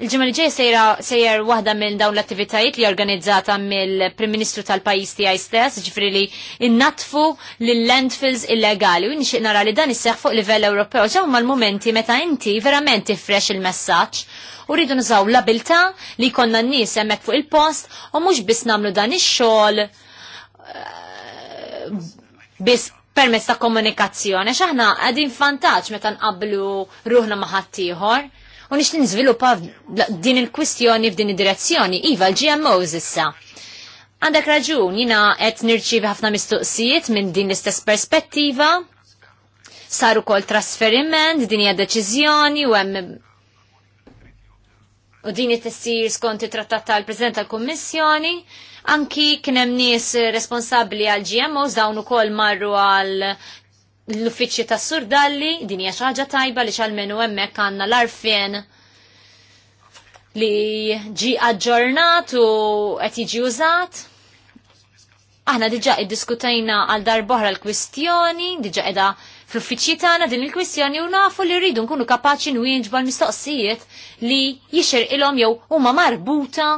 Il-ġimma li ġej sejra sejjer waħda minn dawn l-attivitajiet li organizzata mill-Prim Ministru tal-pajjiż tiegħi stess, ġifri li innatfu lil landfills illegali u nixtieq nara li dan isseħħ fuq livell Ewropew ġew mal-mumenti meta inti verament tifrex il-messaġġ u rridu nżaw l-abilta li konna n-nies hemmhekk fuq il-post u mhux biss nagħmlu dan ix-xogħol eh, biss permezz ta' komunikazzjoni, x'aħna għadin vantaġġ meta nqablu ruħna ma' ħaddieħor u nix nizviluppa din il-kwistjoni f'din id-direzzjoni, iva l-GMOs issa. Għandak raġun, jina qed nirċivi ħafna mistoqsijiet minn din l-istess perspettiva, saru kol trasferiment, din hija deċiżjoni u hemm u din tessir skont it-trattat tal-President tal-Kummissjoni, anki kien hemm nies responsabbli għal GMOs dawn ukoll marru għal l-uffiċċju ta' surdalli din hija xi ħaġa tajba li xalmenu hemmhekk għandna l-arfien li ġi aġġornat u qed jiġi użat. Aħna diġà iddiskutejna għal darbohra l-kwistjoni, diġà qiegħda fl-uffiċċji tagħna din il-kwistjoni u nafu li rridu nkunu kapaċi nwienġbu l-mistoqsijiet li ilhom jew huma marbuta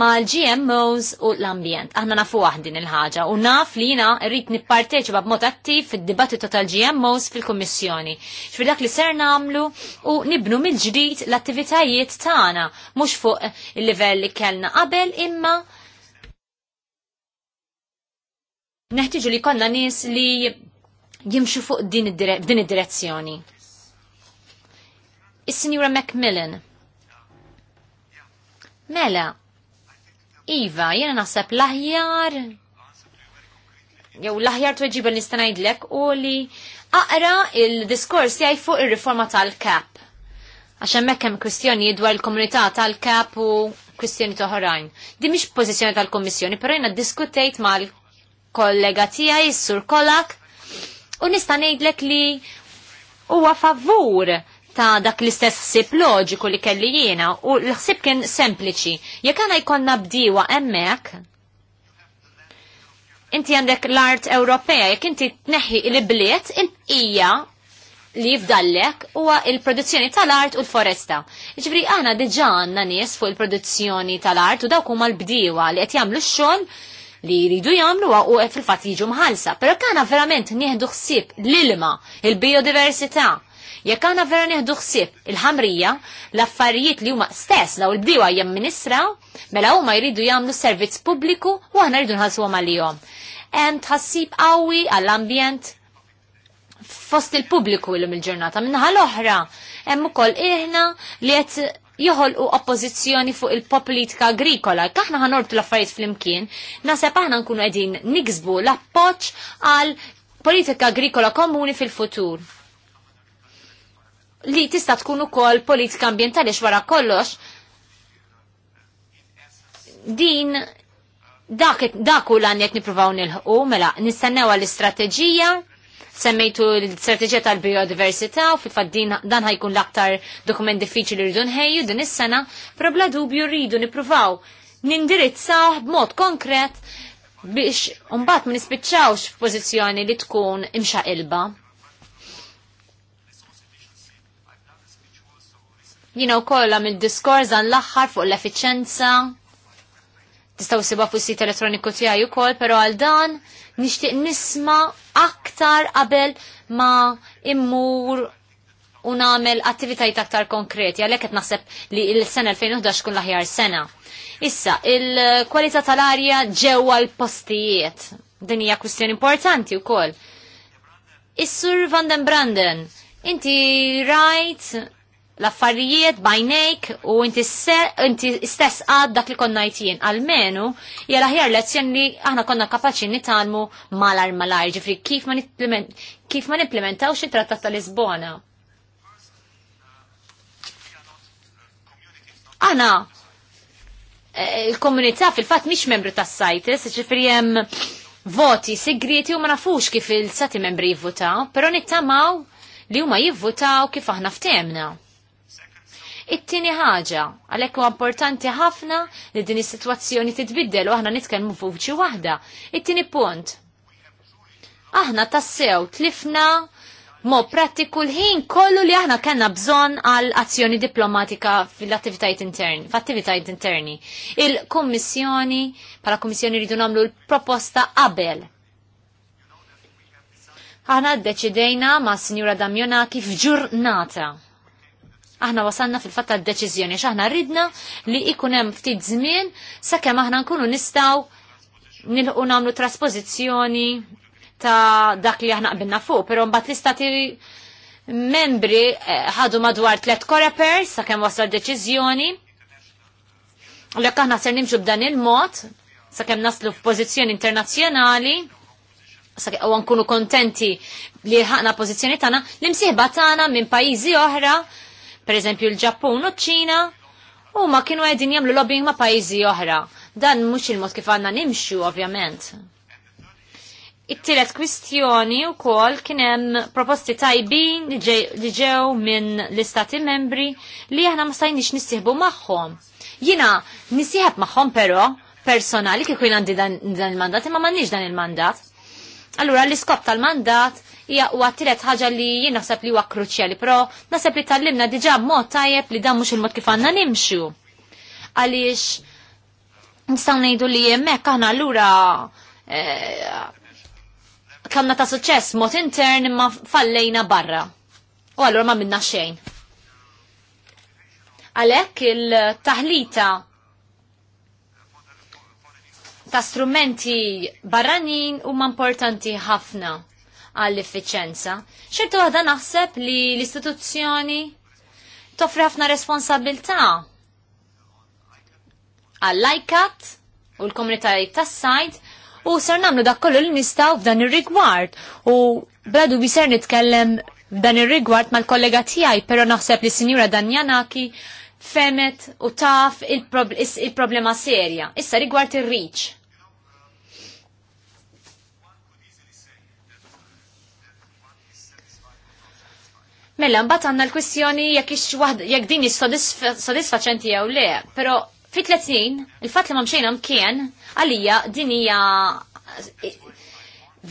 mal-GMOs u l-ambjent. Aħna nafu waħdin il-ħaġa u naf li jina rrit nipparteċipa b'mod attiv fid-dibattitu tal-GMOs fil-Kummissjoni. Xfir dak li ser namlu u nibnu mill-ġdid l-attivitajiet tagħna mhux fuq il-livell li kellna qabel imma neħtiġu li konna nies li jimxu fuq din id-direzzjoni. Is-Sinjura Macmillan. Mela, Iva, jena naħseb l-aħjar, jew l-aħjar tweġiba li ngħidlek u li aqra il-diskors jaj fuq ir-riforma tal-kap. Għaxem hemmhekk hemm kwistjoni dwar il-komunità tal-kap u kwistjoni toħrajn. Di mhix pozizjoni tal-Kummissjoni, però jiena ddiskutejt mal-kollega tiegħi, jissur sur Kolak, u nista' ngħidlek li huwa favur ta' dak l-istess ħsib loġiku li kelli jiena u l-ħsib kien sempliċi. Jekk għana jkollna bdiewa hemmhekk, inti għandek l-art Ewropea, jekk inti tneħħi l-bliet, hija li jifdallek huwa il-produzzjoni tal-art u l-foresta. Ġifri għana diġà għandna nies fuq il-produzzjoni tal-art u dawk huma l-bdiewa li qed jagħmlu x-xogħol li jridu jagħmlu u fil-fatt jiġu mħalsa. Però kana verament nieħdu ħsieb l-ilma, il-biodiversità, Jekk aħna vera neħdu ħsieb il-ħamrija, l-affarijiet li huma stess law il-bdiewa Ministra, mela huma jridu jagħmlu servizz pubbliku u aħna rridu nħallsuhom għalihom. Hemm tħassib qawwi għall-ambjent fost il-pubbliku il-lum il-ġurnata. minna l-oħra, hemm ukoll iħna li qed joħolqu oppożizzjoni fuq il-politika agrikola. Kaħna ħanortu l-affarijiet fl-imkien, naseb aħna nkunu qegħdin niksbu l-appoġġ għal politika agrikola komuni fil-futur li tista' tkun ukoll politika ambientali x'wara kollox din dak dak u lan jekk nippruvaw nilħqu mela nistennew għall-istrateġija semmejtu l-strateġija tal-biodiversità u fil-fatt din dan ħajkun l-aktar dokument diffiċli rridu nħejju din is-sena, probla dubju rridu nippruvaw nindirizzaw b'mod konkret biex mbagħad ma nispiċċawx f'pożizzjoni li tkun imxa ilba. you know, kolla mill diskors għan l-axħar fuq l-efficienza. Tistaw siba fuq sit elettroniku tijaj u kol, pero għal dan nishtiq nisma aktar qabel ma immur u namel attivitajt aktar konkreti, għalek naħseb li il sena 2011 kun laħjar aħjar sena. Issa, il-kwalità tal-arja ġewwa l-postijiet. Din hija kwistjoni importanti wkoll. Is-Sur Van den Branden, inti rajt l-affarijiet bajnejk u inti stess għad dak li konna jtijin. għalmenu jela ħjar lezzjoni li aħna konna kapaċi nitalmu malar malar, ġifri kif ma nimplementawx it-trattat tal Lisbona. Aħna, eh, il-komunità fil-fat miex membru ta' sajtis, ġifri jem voti segreti u ma nafux kif il-sati membri jivvutaw, pero nittamaw li huma jivvutaw kif aħna ftemna It-tieni ħaġa, għalhekk huwa importanti ħafna li din is-sitwazzjoni titbiddel u aħna nitkellmu f'vuċi waħda. It-tieni punt. Aħna tassew tlifna mo prattiku l-ħin kollu li aħna kellna bżonn għal azzjoni diplomatika fil-attivitajiet interni, fil-attivitajt interni. Il-Kummissjoni, bħala Kummissjoni rridu nagħmlu l-proposta qabel Aħna d-deċidejna ma' Sinjura Damjonaki f'ġurnata aħna wasalna fil-fatt d deċiżjoni x'aħna ridna li ikunem hemm ftit żmien sakemm aħna nkunu nistgħu nilħu nagħmlu traspożizzjoni ta' dak li aħna qbilna fuq, però mbagħad l-istati membri eh, ħadu madwar tlet korepers sakemm wasal deċiżjoni. Li aħna ser nimxu b'dan il-mod, sakemm naslu f'pożizzjoni internazzjonali, sakemm u nkunu kontenti li ħaqna pożizzjoni tagħna, li imsieħba tagħna minn pajjiżi oħra Per eżempju l-Ġappun u ċ-Ċina u ma kienu għedin jamlu lobbying ma' pajizi oħra. Dan mux il-mod kif għanna nimxu, ovvjament. It-tielet kwistjoni u kol kienem proposti tajbin li ġew minn l-istati membri li aħna ma stajniex nissieħbu magħhom. Jina nisihab magħhom però personali kif għandi dan il-mandat imma m'għandniex dan il-mandat. Allura l-iskop tal-mandat hija huwa tielet ħaġa li jien naħseb li huwa kruċjali, però naħseb li tallimna diġà mod tajjeb li dan mhux il-mod kif għandna nimxu. Għaliex nistgħu ngħidu li hemmhekk aħna allura eh, kamna ta' suċċess mod intern imma fallejna barra. U allura ma minna xejn. Għalhekk il-taħlita ta' strumenti barranin huma importanti ħafna għall-effiċenza. ċertu għada naħseb li l-istituzzjoni toffri ħafna responsabilta għall-lajkat u l-komunitajiet tas-sajt u ser namlu dak kollu li nistaw f'dan ir-rigward u bladu bi ser nitkellem f'dan ir-rigward mal-kollega tiegħi, però naħseb li sinjura Danjanaki femet u taf il-problema serja. Issa rigward ir-riċ. Mela, mbagħad għandna l ix jekk jek din sodisfaċenti jew le, però fi tliet il-fatt li ma mkien għalija din hija eh,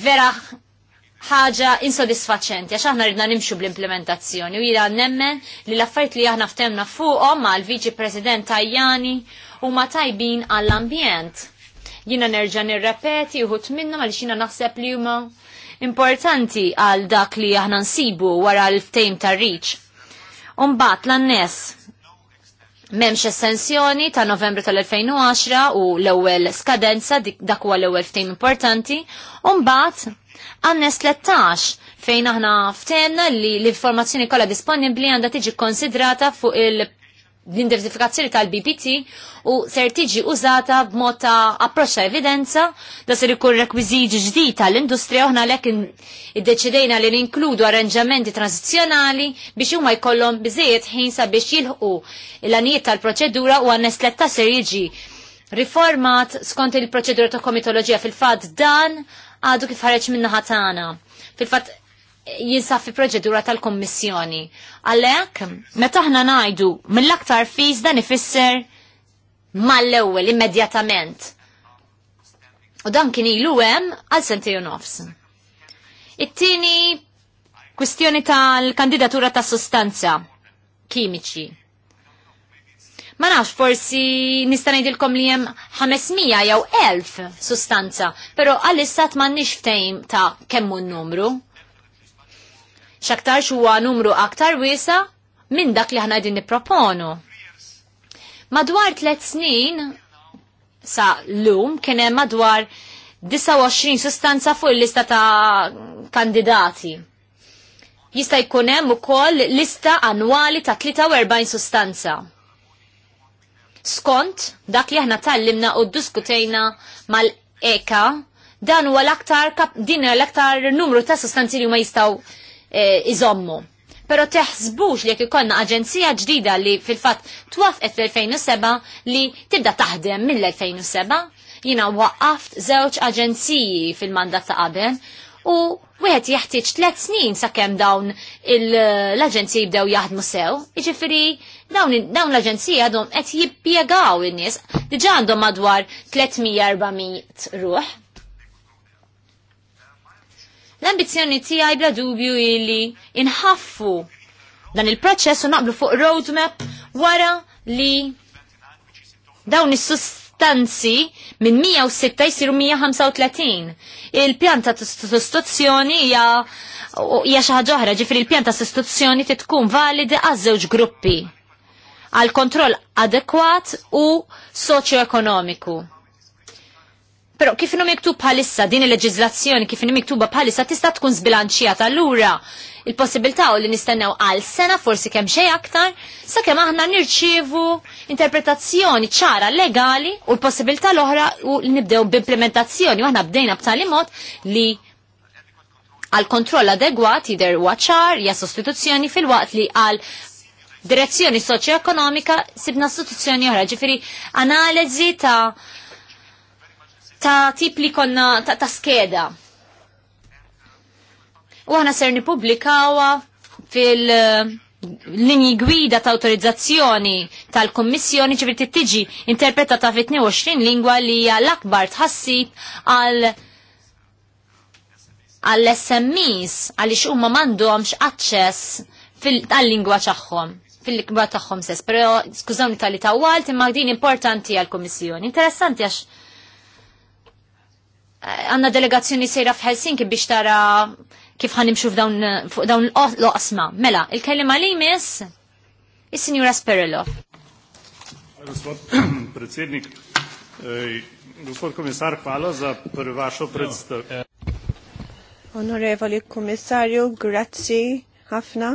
vera ħaġa insodisfaċenti għax aħna ridna nimxu bl-implementazzjoni u jira nemmen li l-affarijiet li aħna ftemna fuqhom mal viċi President Tajjani huma tajbin għall-ambjent. Jina nerġa' nirrepeti uħut minnu għaliex xina naħseb li huma importanti għal dak li aħna nsibu wara l-ftejm ta' riċ. Umbat l-annes memx essenzjoni ta' novembru tal-2010 u l-ewel skadenza dak huwa l-ewel ftejm importanti, umbat għannes 13 fejn aħna ftenna li l-informazzjoni kollha disponibbli għandha tiġi konsidrata fuq il- l-identifikazzjoni tal-BPT u ser tiġi użata b'mod ta' approċċa evidenza da ser ikun rekwiżiti ġdid tal-industrija oħna lek iddeċidejna li ninkludu arranġamenti tranzizzjonali biex huma jkollhom biżejjed ħin sabiex jilħqu l-anijiet tal-proċedura u ta' ser jiġi riformat skont il-proċedura ta' komitoloġija fil-fatt dan għadu kif ħareġ minna ħatana. Fil-fatt jinsab fi proċedura tal-Kommissjoni. Għalhekk, meta aħna ngħidu mill-aktar fiz dan ifisser mal-ewwel immedjatament. U dan kien ilu hemm għal sentejn nofs. It-tieni kwistjoni tal-kandidatura ta' sostanza kimiċi. Ma nafx forsi nista' ngħidilkom li hemm 500 jew 1000 sustanza, però għalissa m'għandniex ftehim ta' kemm hu n-numru xaktar huwa numru aktar wiesa minn dak li ħana din niproponu. Madwar tlet snin sa lum kien hemm madwar 29 sustanza fuq il-lista ta' kandidati. Jista' jkun hemm ukoll lista annwali ta' 43 sustanza. Skont dak li aħna tallimna u ddiskutejna mal-eka dan huwa l-aktar din l-aktar numru ta' sustanzi li ma jistgħu Eh, iżommu. Pero teħsbux li jekk ikollna aġenzija ġdida li fil-fatt twafqet fl-2007 li tibda taħdem mill-2007, jina waqqaft żewġ aġenziji fil-mandat ta' qabel u wieħed jeħtieġ tliet snin sakemm dawn l-aġenziji jibdew jaħdmu sew. Iġifieri dawn l-aġenziji għadhom qed jippjegaw in-nies diġà għandhom madwar 300-400 ruħ. L-ambizjoni tiegħi bla dubju illi inħaffu dan il-proċess u naqblu fuq roadmap wara li dawn is-sustanzi minn 106 jisiru 135. Il-pjanta sostituzzjoni hija hija xi ħaġa oħra, ġifieri il-pjanta sostituzzjoni tkun validi għaż-żewġ gruppi għal kontroll adekwat u soċjoekonomiku. Però kif inhom miktub bħalissa din il-leġiżlazzjoni kif inhom miktuba bħalissa tista' tkun zbilanċjata allura il-possibilità u li nistennew għal sena forsi kemm xejn aktar sakemm aħna nirċievu interpretazzjoni ċara legali u l-possibilità l-oħra u nibdew b'implementazzjoni u aħna bdejna b'tali mod li għal kontroll adegwat jider ċar ja sostituzzjoni fil-waqt li għal direzzjoni soċjoekonomika sibna sostituzzjoni oħra ġifieri analiżi ta' ta' tip li konna ta', ta skeda. U għana ser nipublikawa fil- eh, linji gwida ta' autorizzazzjoni tal-Kommissjoni ċivil tiġi interpretata fit 22 lingwa li hija l-akbar tħassib għal għall-SMEs għaliex huma m'għandhomx aċċess għal-lingwa tagħhom fil-lingwa tagħhom sess, però skużawni tal-li tawwalt imma din importanti għall-Kummissjoni. Interessanti għax għanna delegazzjoni sejra f'Helsinki biex tara kif ħanimxu f'dawn dawn l-oqsma. Mela, il kellima li jmiss, il-Sinjura Sperillo. Gospod (clears throat) predsednik, gospod komisar, hvala za vašo predstav. Onorevoli komissarju, grazzi ħafna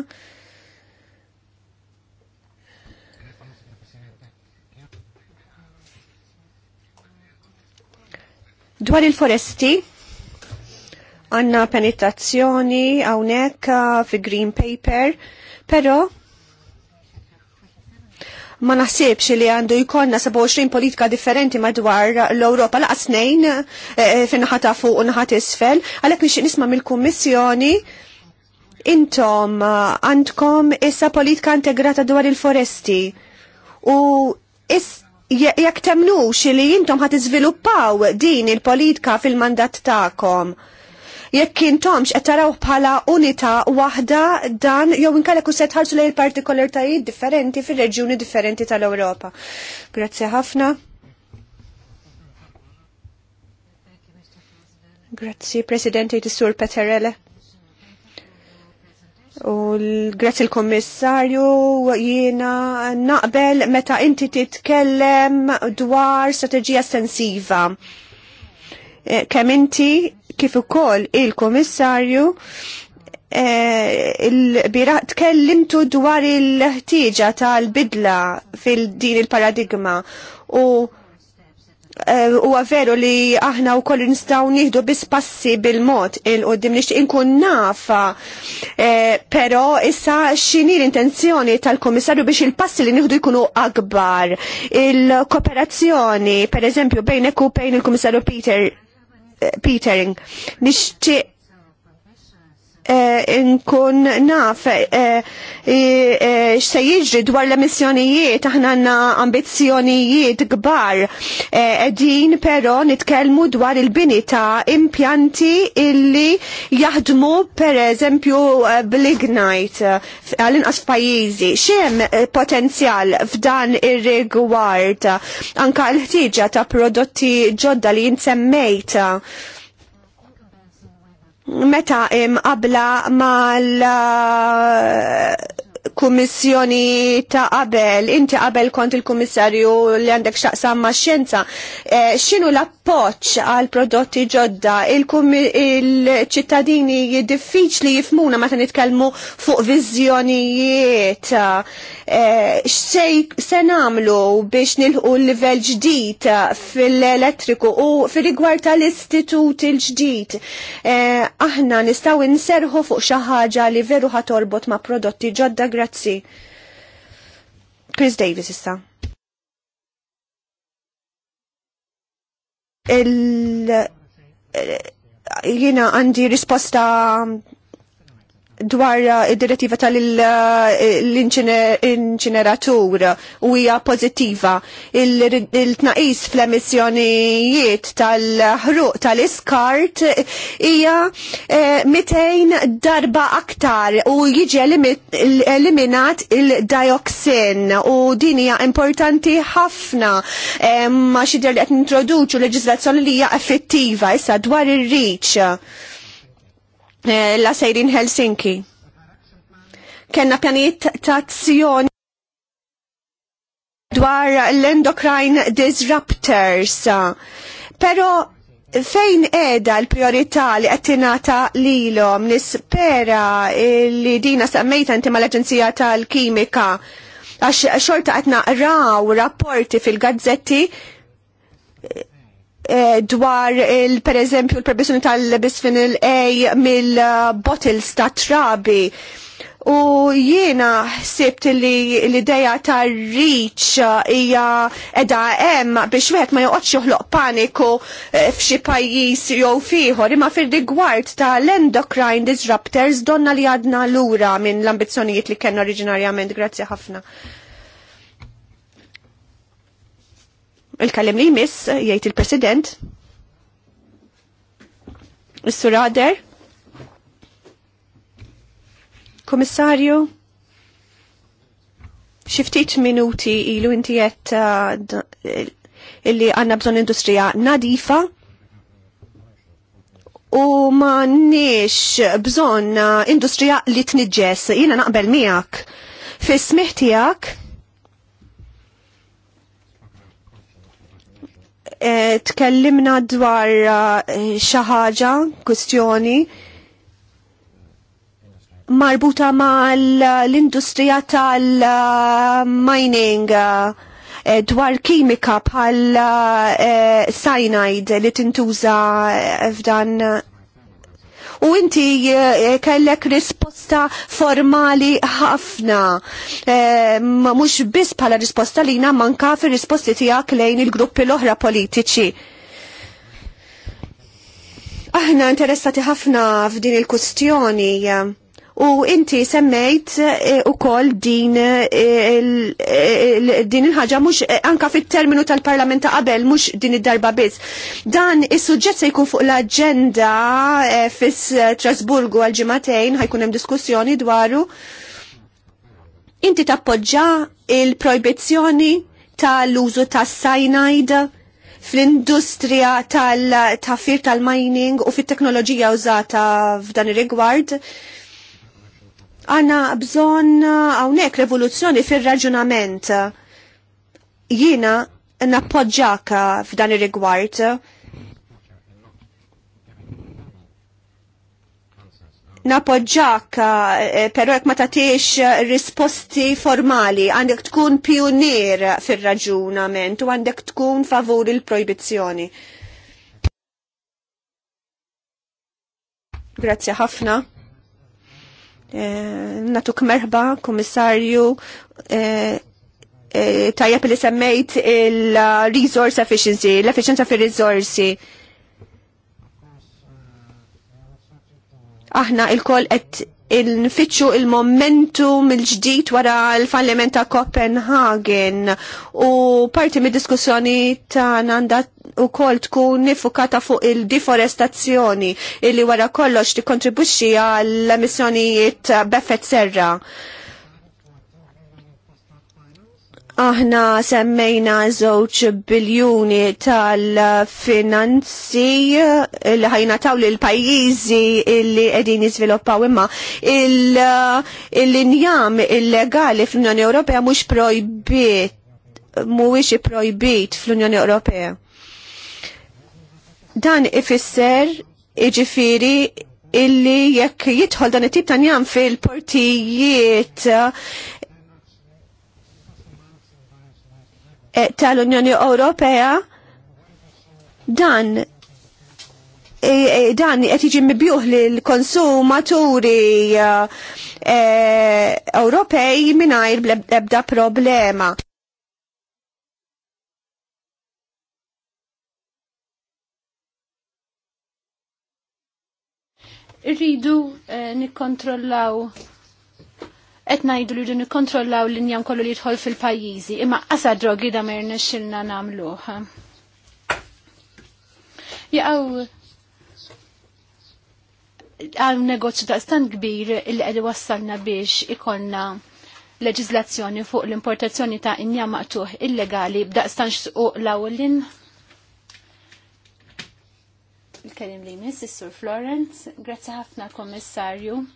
Dwar il-foresti, għanna penetrazzjoni għawnek uh, fi Green Paper, pero ma naħsibx li għandu jkonna 27 politika differenti madwar l-Europa laqas snejn e, eh, eh, fin-naħata fuq u naħat isfel, għalhekk nixtieq nisma' mill-Kummissjoni intom eh, għandkom issa politika integrata dwar il-foresti u jekk temnux li jintom ħat iżviluppaw din il-politika fil-mandat ta'kom. Jekk intomx qed taraw bħala unità waħda dan jew inkellek u se tħarsu lejn partikolaritajiet differenti fir-reġjuni differenti tal-Ewropa. Grazzi ħafna. Grazzi, Presidente, Sur Petarelle. U grazzi l-Kommissarju jiena naqbel meta inti titkellem dwar strategija sensiva. E, kemm inti kif ukoll il-Kommissarju e, il-bira tkellimtu dwar il-ħtieġa tal-bidla fil-din il-paradigma u Eh, huwa veru li aħna u koll nistaw nieħdu bis passi bil-mod il-qoddim nixtieq inkun nafa. Eh, però issa x'inhi l-intenzjoni tal-Komissarju biex il-passi li nieħdu jkunu akbar. Il-kooperazzjoni, per eżempju, bejnek u bejn il-Komissarju Peter eh, Petering, nixtieq Eh, nkun naf eh, eh, x'se jiġri dwar l-emissjonijiet aħna għanna ambizzjonijiet kbar qegħdin però nitkellmu dwar il-bini ta' impjanti illi jaħdmu pereżempju bl-ignite għal-inqas pajjiżi. X'hemm potenzjal f'dan ir-rigward anka l-ħtieġa ta' prodotti ġodda li jinsemmejta meta qabla mal kummissjoni ta' qabel, inti qabel kont il-kummissarju li għandek xaqsam ma' xjenza, e, eh, xinu l-appoċ għal prodotti ġodda, il-ċittadini il diffiċli jifmuna meta nitkellmu fuq vizjonijiet, e, eh, se namlu biex nilħu l-level ġdid fil-elettriku u fil-rigward tal-istitut il-ġdid. E, eh, aħna nistaw inserħu fuq xi ħaġa li veru ħatorbot ma' prodotti ġodda Grazzi. Chris Davis issa. Il... Jina għandi risposta dwar eh, id-direttiva tal-inċineratur u hija pożittiva il-tnaqis fl-emissjonijiet tal-ħruq tal-iskart hija 200 eh, darba aktar u jiġi eliminat il-dioxin u din hija importanti ħafna ma xi qed nintroduċu leġiżlazzjoni li hija effettiva issa dwar ir-riċ Eh, la sejrin Helsinki. Kenna pjanijiet ta' azzjoni dwar l-endocrine disruptors. Pero fejn edha l-priorità li għattinata lilom nispera li dina sammejta inti mal aġenzija tal-Kimika għax xorta għatna raw rapporti fil-gazzetti Eh, dwar il per eżempju l-prebissjoni tal il A mill-bottles ta' trabi. U jiena ħsibt li l-ideja ta' Reach hija edha hemm biex wieħed ma joqgħodx joħloq paniku eh, f'xi pajjiż jew fieħor, imma fir-rigward ta' l-endocrine disruptors donna li għadna lura minn l-ambizzjonijiet li kellna oriġinarjament. Grazzi ħafna. Il-kallim li jmiss, eh, jgħid il-President, il-Surader, Komissarju, xiftit minuti ilu inti jett eh, illi għanna bżon industrija nadifa u ma nix bżon industrija li tniġġess, jina naqbel miegħek. Fis-smih tiegħek Eh, tkellimna dwar eh, xi ħaġa, kwistjoni marbuta mal l-industrija tal-mining eh, dwar kimika bħal cyanide li tintuża f'dan u inti eh, kellek risposta formali ħafna. Eh, ma mux bis pala risposta li jina manka fi risposti tijak lejn il-gruppi l-oħra politiċi. Aħna interessati ħafna f'din il-kustjoni. Eh. U inti semmejt eh, u kol din eh, eh, din il-ħagġa mux anka fit-terminu tal parlamenta qabel mux din id-darba biz. Dan is-suġġett se jkun fuq l-agenda fis Strasburgu għal-ġimatejn ħajkun hemm diskussjoni dwaru. Inti tappoġġa il-projbizzjoni tal-użu tas-cyanide fl-industrija tal-tafir tal-mining u fit-teknoloġija użata f'dan ir-rigward Għanna bżon uh, għawnek revoluzzjoni fil-raġunament. Jina nappoġġaka uh, f'dan ir-rigward. napoġġak, uh, eh, pero jek ma tatiex risposti formali, għandek tkun pionier fil-raġunament u għandek tkun favur il-projbizzjoni. Grazie ħafna. Eh, natuk merħba, komissarju, eh, eh, tajjeb li semmejt il-resource efficiency, l-efficienza fi resorsi Aħna il-koll qed il-nfittxu il-momentum il-ġdijt wara l-falliment ta' Copenhagen u parti mid diskussjoni ta' nanda u kol tkun nifukata fuq il-deforestazzjoni illi wara kollox ti kontribuxi għall-emissjonijiet beffet serra. Aħna semmejna żewġ biljuni tal-finanzi li ħajna taw lil pajjiżi li qegħdin jiżviluppaw imma il injam illegali fl-Unjoni Ewropea mhux projbit mhuwiex projbit fl-Unjoni Ewropea. Dan ifisser iġifiri illi jekk jidħol dan it-tip tanjam fil-portijiet Eh, tal-Unjoni Ewropea dan eh, eh, dan qed jiġi mibjuħ lil konsumaturi Ewropej mingħajr ebda problema. Irridu nikkontrollaw qed ngħidu li nikkontrollaw l-injam kollu li jidħol fil-pajjiżi, imma qasa drogi da ma xilna namluħ. Jaqgħu għal negozju ta' stand kbir il qed wassalna biex ikonna leġizlazzjoni fuq l-importazzjoni ta' injam maqtuħ illegali b'daqstan xsuq l-awlin. Il-kelim li jmiss, Sur Florence, grazzi ħafna kommissarju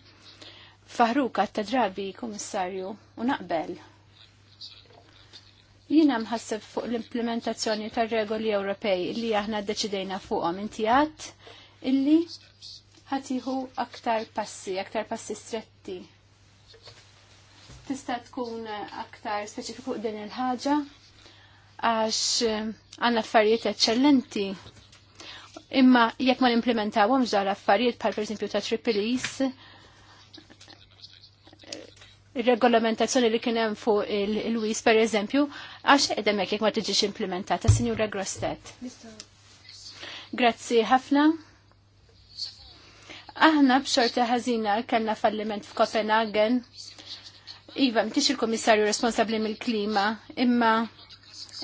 faħruka ta' drabi, komissarju, u naqbel. Jina mħasseb fuq l-implementazzjoni tar regoli Ewropej li aħna deċidejna fuqhom inti għadd illi ħatiħu aktar passi, aktar passi stretti. Tista' tkun aktar speċifiku din il-ħaġa għax eh, għanna affarijiet eccellenti imma jekk ma l-implementawom dar affarijiet bħal pereżempju ta' triple regolamentazzjoni li kien hemm fuq il-Luis per eżempju, għax edem jekk ma tiġix implementata, Signora Grostet. Grazzi ħafna. Aħna b'xorta ħażina kellna falliment f'Kopenhagen. Iva, mtix il-Komissarju responsabli mill-klima, imma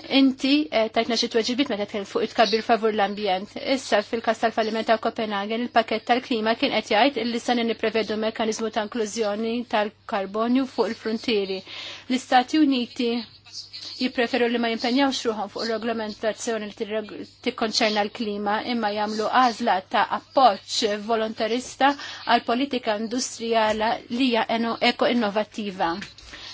Inti eh, tajtna xi tweġibiet meta tkellem fuq it-kabbir favur l-ambjent. Issa fil-kas tal-falliment ta' Copenhagen il-pakett tal-klima kien qed jgħid illi se nipprevedu mekkaniżmu ta' inklużjoni tal-karbonju fuq il-frontieri. L-Istati Uniti jippreferu li ma jimpenjawx ruħom fuq ir-reglamentazzjoni li tikkonċerna l-klima imma jagħmlu għażla ta' appoġġ volontarista għal politika industrijala li hija eko innovattiva.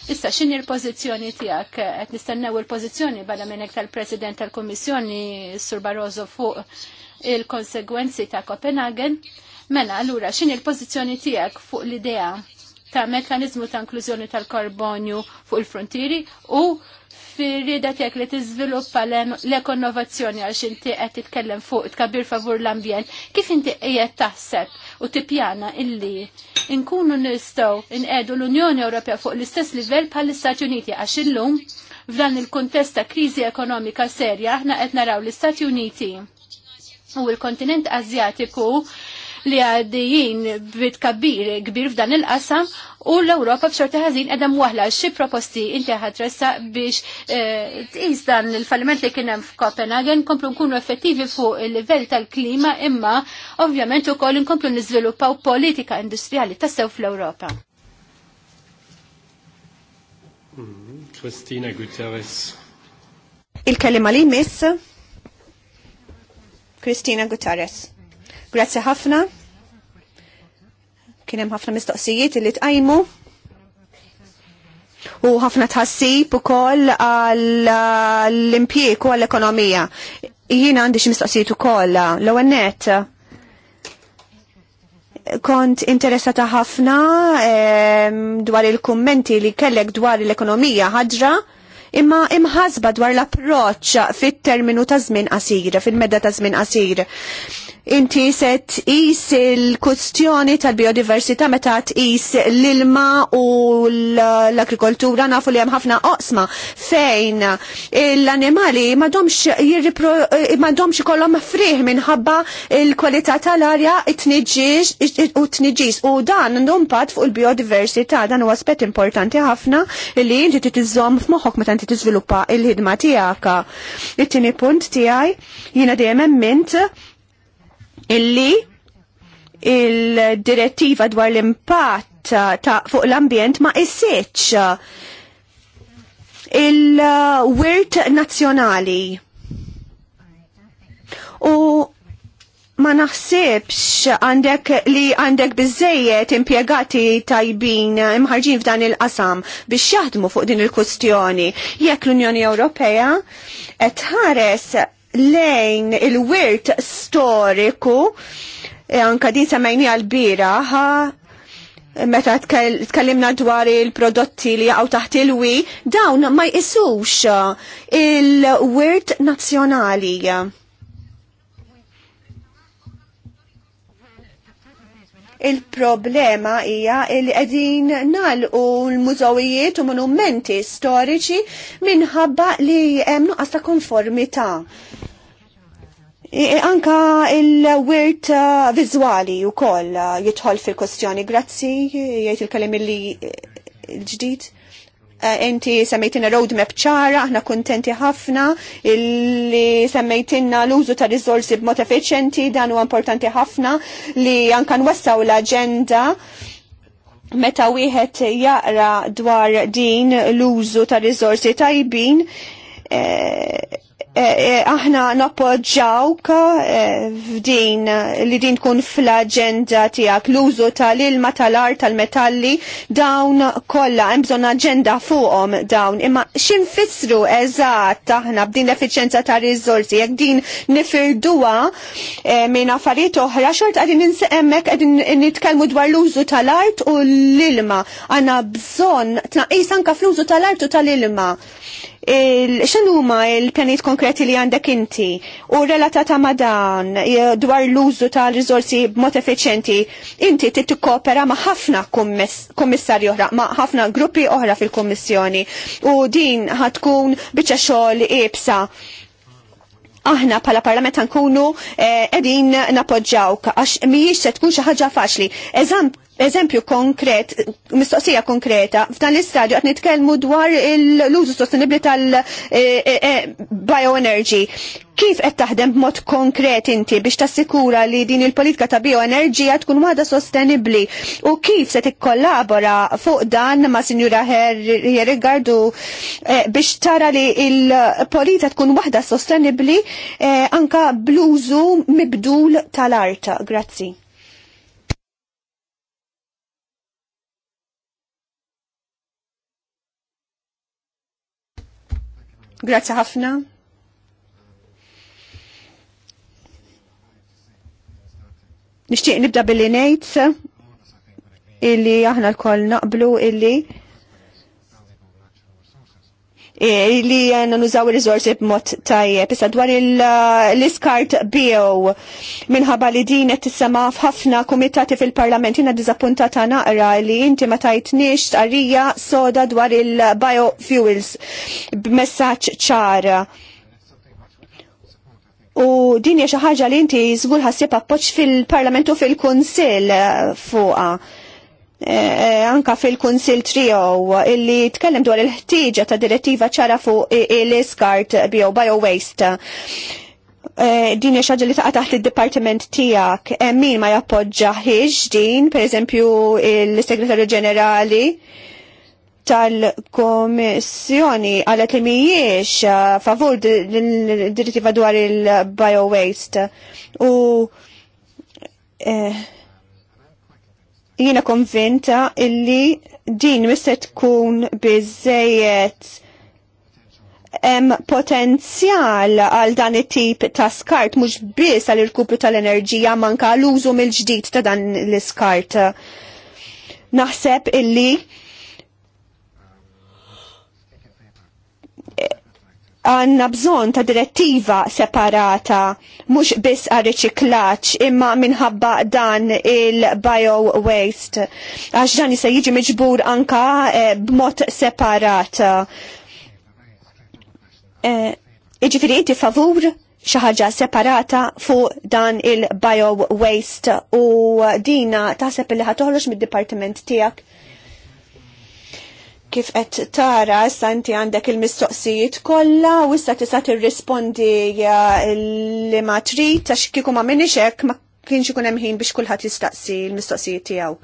Issa x'inhi l-pożizzjoni tiegħek qed nistennew il-pożizzjoni bada minn tal-President tal-Kummissjoni Sur Barroso fuq il-konsegwenzi ta' Copenhagen. Mena allura x'inhi l-pożizzjoni tiegħek fuq l-idea ta' mekanizmu ta' inklużjoni tal-karbonju fuq il-frontieri u firrida tiegħek li tiżviluppa l-ekonnovazzjoni għax inti qed titkellem fuq tkabbir favur l-ambjent, kif inti qiegħed taħseb u tippjana illi nkunu nistgħu inqedu l-Unjoni Ewropea fuq l-istess livell bħall-Istati Uniti għax illum f'dan il-kuntest ta' kriżi ekonomika serja aħna qed naraw l-Istati Uniti u l-kontinent Azjatiku li għaddijin bit kabir kbir f'dan il-qasam u l-Ewropa b'xorta ħażin edha waħla xi proposti inti ħadressa biex eh, tqis dan il-falliment li kien hemm f'Copenhagen komplu nkunu effettivi fuq il-livell tal-klima imma ovvjament ukoll inkomplu niżviluppaw politika industrijali tassew fl-Ewropa. Kristina mm-hmm. Guterres. Il-kelima li miss Kristina Guterres. Grazzi ħafna. Kien hemm ħafna mistoqsijiet li tqajmu. U ħafna tħassib ukoll għall-impjieg uh, u għall-ekonomija. Jiena għandi xi mistoqsijiet ukoll l-ewwel net kont interessata ħafna ehm, dwar il-kummenti li kellek dwar l-ekonomija ħadra imma imħasba dwar l-approċċ fit-terminu ta' żmien qasir, fil-medda ta' żmien qasir inti se tqis il-kustjoni tal-biodiversità meta tqis l-ilma u l-agrikoltura nafu li hemm ħafna oqsma fejn l-annimali m'għadhomx ikollhom friħ minħabba l-kwalità tal-arja u t tniġis u dan numpat fuq il-biodiversità dan huwa aspett importanti ħafna li inti f f'moħħok meta inti tiżviluppa il-ħidma tiegħek. It-tieni punt tiegħi jiena dejjem mint illi il-direttiva dwar l-impatt ta' fuq l-ambjent ma' isseċ il-wirt nazjonali. U ma naħsibx għandek li għandek bizzejiet impiegati tajbin imħarġin f'dan il-qasam biex jaħdmu fuq din il-kustjoni. Jekk l-Unjoni Ewropea qed ħares lejn il-wirt storiku, e anka din semajni għal-biraħ, meta tkellimna dwar il-prodotti li għaw taħt il-wi, dawn ma jisux il-wirt nazzjonali Il-problema hija il qegħdin nagħlqu l-mużawijiet u monumenti storiċi minħabba li hemm nuqqas ta' konformità. Anka il-wirt uh, viżwali wkoll uh, jidħol fil-kwestjoni. Grazzi, jgħid il-kelim li uh, l-ġdid. Eh, inti semmejtina roadmap ċara, aħna kontenti ħafna, li semmejtina l-użu ta' rizorsi b'mod effiċenti, dan huwa importanti ħafna li anka nwassaw l-agenda meta wieħed jaqra dwar din l-użu ta' rizorsi tajbin. E Eh, eh, aħna nappoġġawk eh, f'din li din tkun fl-aġenda tiegħek l-użu tal-ilma tal-art tal-metalli dawn kollha hemm bżonn aġenda fuqhom dawn. Imma x'infissru eżatt aħna b'din l-effiċenza ta' riżorsi jekk din nifirduha minn affarijiet oħra xort qegħdin hemmhekk qegħdin nitkellmu dwar l-użu tal-art u l-ilma. Għandna bżonn tnaqqis anke fl-użu tal-art u tal-ilma huma il pjanijiet konkreti li għandek inti u relatata ma' dan dwar l-użu ta' rizorsi b'mod effiċenti, inti titkopera ma' ħafna kummissarju oħra, ma' ħafna gruppi oħra fil-kommissjoni u din ħatkun biċa xogħol ibsa aħna pala parlament nkunu eh, edin napoġġawk, għax miħiċ se tkun xaħġa faċli. Eżamp Eżempju konkret, mistoqsija konkreta, f'dan l-istadju qed nitkellmu dwar l-użu sostenibbli tal-bioenergy. Kif qed taħdem b'mod konkret inti biex tassikura li din il-politika ta' bioenerġija tkun waħda sostenibbli u kif se tikkollabora fuq dan ma' Sinjura Herrigardu eh, biex tara li il-politika tkun waħda sostenibbli eh, anka bluzu mibdul tal arta Grazzi. Grazzi ħafna. Nixtieq nibda billi nejt illi aħna lkoll naqblu illi E, li jenna eh, nużaw il-rizorsi b'mod tajjeb. Issa dwar eh, l-iskart bio minħabba li din qed tissema f'ħafna kumitati fil-Parlament jiena diżappuntata naqra li inti ma tajtniex tqarrija soda dwar il-biofuels b'messaġġ ċar. U din hija xi ħaġa li inti żgur ħassib appoġġ fil-Parlament u fil-Kunsill fuqha Eh, eh, anka fil-Kunsil Trio illi tkellem dwar il-ħtieġa ta' direttiva ċara fuq il-iskart bio bio waste. Eh, din xaġa li taqa' taħt id-dipartiment tiegħek. Min ma ħiġ din, pereżempju il-Segretarju Ġenerali tal-Komissjoni għalet li mhijiex favur direttiva dwar il-bio waste u eh, Jiena konvinta illi din mister tkun biżejjed hemm potenzjal għal dan it-tip ta' skart mhux biss għal irkupru tal-enerġija manka l-użu mill-ġdid ta' dan l-iskart. Naħseb illi għanna bżon ta' direttiva separata, mux biss għal reċiklaċ imma minħabba dan il-bio waste. Għax dan jisa jiġi miġbur anka eh, b'mod separat. Eh, Iġifiri, inti favur xaħġa separata fuq dan il-bio waste u dina taħseb li ħatoħroġ mid-departiment tijak kif qed tara issa inti għandek il-mistoqsijiet kollha u issa tista' tirrispondi li ma trid għax kieku ma minix hekk ma kienx ikun hemm ħin biex kulħadd jistaqsi l-mistoqsijiet tiegħu.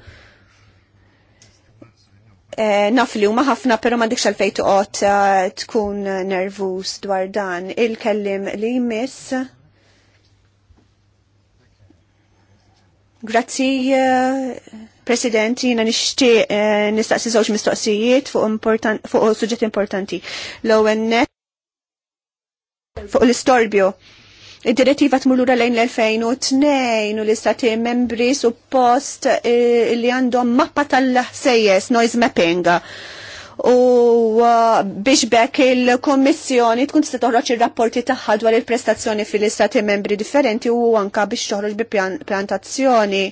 Eh, naf li huma ħafna però m'għandekx għalfejn toqgħod eh, tkun nervuż dwar dan. Il-kellim li jmiss. Grazzi eh, President, jina nishti eh, nistaqsi zoċ mistoqsijiet fuq suġġet importanti. L-ONN fuq l-istorbju. Id-direttiva tmulura lejn l-2002 u l-istati membri suppost eh, li għandhom mappa tal-sejjes, noise mapping u eh, biex bekk il-Kommissjoni tkun tista' toħroġ ir-rapporti tagħha dwar il-prestazzjoni fil-istati membri differenti u anka biex toħroġ bi pjantazzjoni.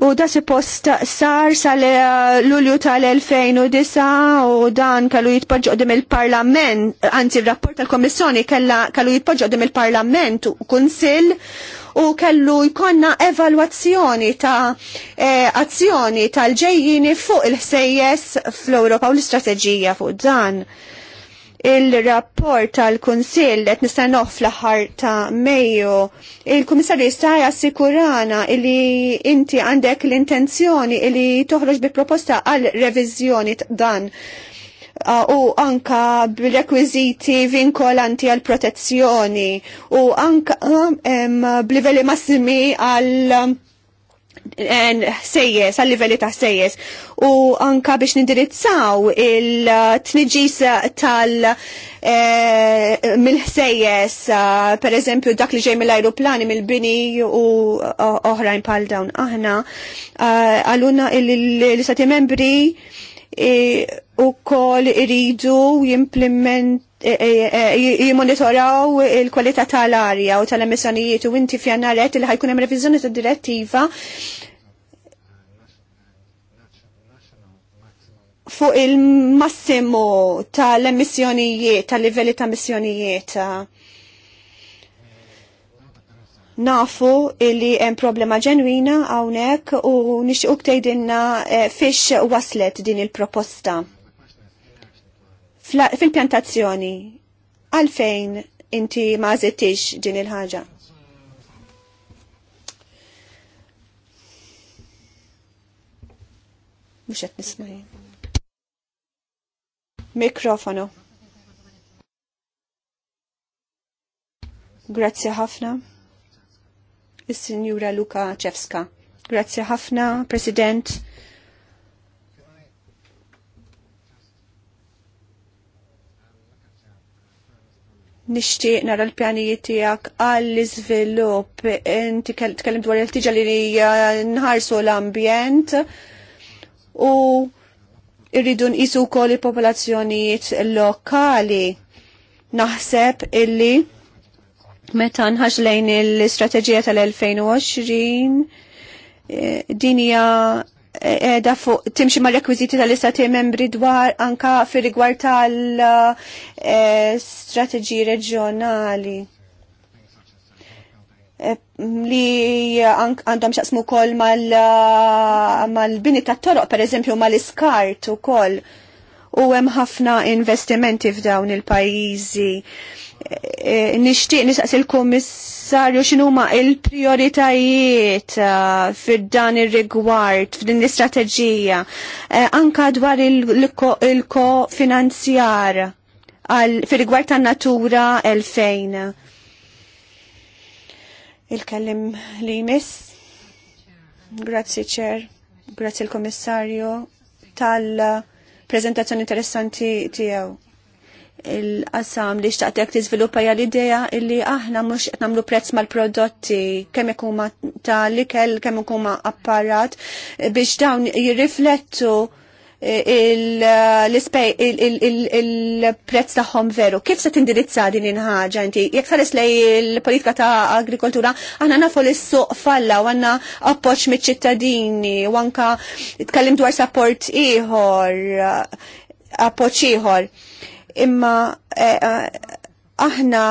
U da si post sar sal-Lulju eh, tal-2009 u dan kellu jitpoġġodim il-Parlament, anzi il-rapport tal-Komissjoni kellu jitpoġġodim il-Parlament u Kunsill u kellu jkonna evalwazzjoni ta' eh, azzjoni tal-ġejjini fuq il-ħsejjes fl-Europa u l-istrateġija fuq dan il-rapport tal-Kunsill qed nistennoh fl-aħħar ta' Mejju, il-Kummissarju jista' jassikurana li inti għandek l-intenzjoni li toħroġ bi proposta għal reviżjoni dan u anka bil-rekwiziti vinkolanti għal protezzjoni u anka um, um, massimi għal um, sejjes, għal livelli ta' sejjes u anka biex nindirizzaw il-tniġis tal- eh, mill sejjes eh, per eżempju, dak li ġej mill-ajruplani, mill-bini u eh, oħrajn pal dawn. Aħna għaluna l-istati membri u kol iridu jimplement jimonitoraw il-kwalità tal-arja u tal-emissjonijiet u inti fjannaret il ħajkunem hemm reviżjoni tad-direttiva fuq il massimo tal-emissjonijiet, tal-livelli ta' emissjonijiet. Nafu illi hemm problema ġenwina hawnhekk u nixtiequ tgħidilna eh, fiex waslet din il-proposta. Fil-pjantazzjoni, għalfejn inti ma żittix din il-ħaġa? Mhux qed nismajn. Mikrofonu. Grazzi ħafna. Is-Sinjura Luka Ċevska. Grazzi ħafna, President. nishtiq nara l-pjanijiet tiegħek għall-iżvilupp. Inti tkellem dwar il-tiġa li uh, nħarsu l-ambjent u irridu nqisu wkoll il-popolazzjonijiet lokali. Naħseb illi meta nħaxlejn il l-istrateġija tal-2020 eh, dinja eh, edha fuq timxi ma' rekwiziti tal-istati membri dwar anka fir rigward tal-strateġiji eh, reġjonali li għandhom xaqsmu kol mal-bini ta' toroq, per eżempju, mal-iskart u kol. U hemm ħafna investimenti f'dawn il-pajjiżi. E, nixtieq nisaqs il-Kummissarju x'inhuma il-prioritajiet e, fid-dan ir-rigward f'din l-istrateġija e, anka dwar il-kofinanzjar il fir-rigward tan-natura 2000 il-kellim li jmiss. Grazzi ċer, grazzi l-komissarju tal-prezentazzjoni interessanti tiegħu. Il-qasam li xtaqtek tiżviluppa hija l-idea illi aħna mhux qed nagħmlu prezz mal-prodotti kemm ikuma tal-ikel, kemm ikuma apparat biex dawn jirriflettu il-prezz tagħhom veru. Kif se tindirizza din inħagġa ħaġa inti? Jekk tħares lej il-politika ta' agrikoltura, aħna nafu li s-suq falla u għandna appoġġ miċ-ċittadini u anka tkallim dwar support ieħor, appoġġ ieħor. Imma eh, eh, aħna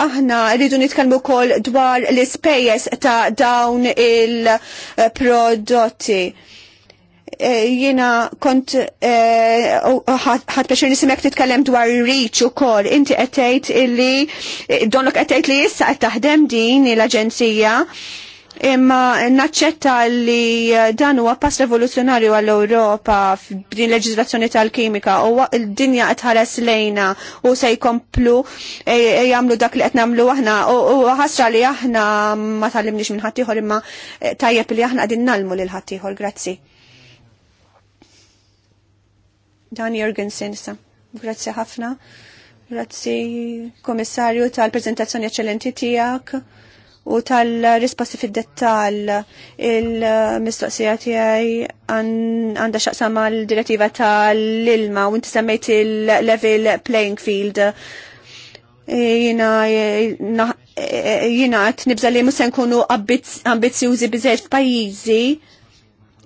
aħna rridu nitkellmu wkoll dwar l-ispejjeż ta' dawn il-prodotti. E, jiena kont e, ħad biex nisimek titkellem dwar reach u kol, inti qed tgħid illi donok qed tgħid li issa qed taħdem din l-aġenzija imma naċċetta li eh, dan huwa pass revoluzzjonarju għall-Ewropa f'din leġiżlazzjoni tal-kimika u d-dinja qed ħares lejna u se jkomplu e, e, jagħmlu dak li qed nagħmlu aħna u ħasra li aħna ma tallimniex minn ħaddieħor imma e, tajjeb li aħna qegħdin nagħmlu lil ħaddieħor. Grazzi. Dan Jorgensen sa. Grazzi ħafna. Grazzi komissarju tal-prezentazzjoni eccellenti tiegħek u tal-risposti fid-dettal il-mistoqsija tiegħi għandha xaqsam mal-direttiva tal-ilma u inti semmejt il-level playing field. E, jina e, e, jina għat nibżal li musen kunu ambizjużi bizzejt f'pajjiżi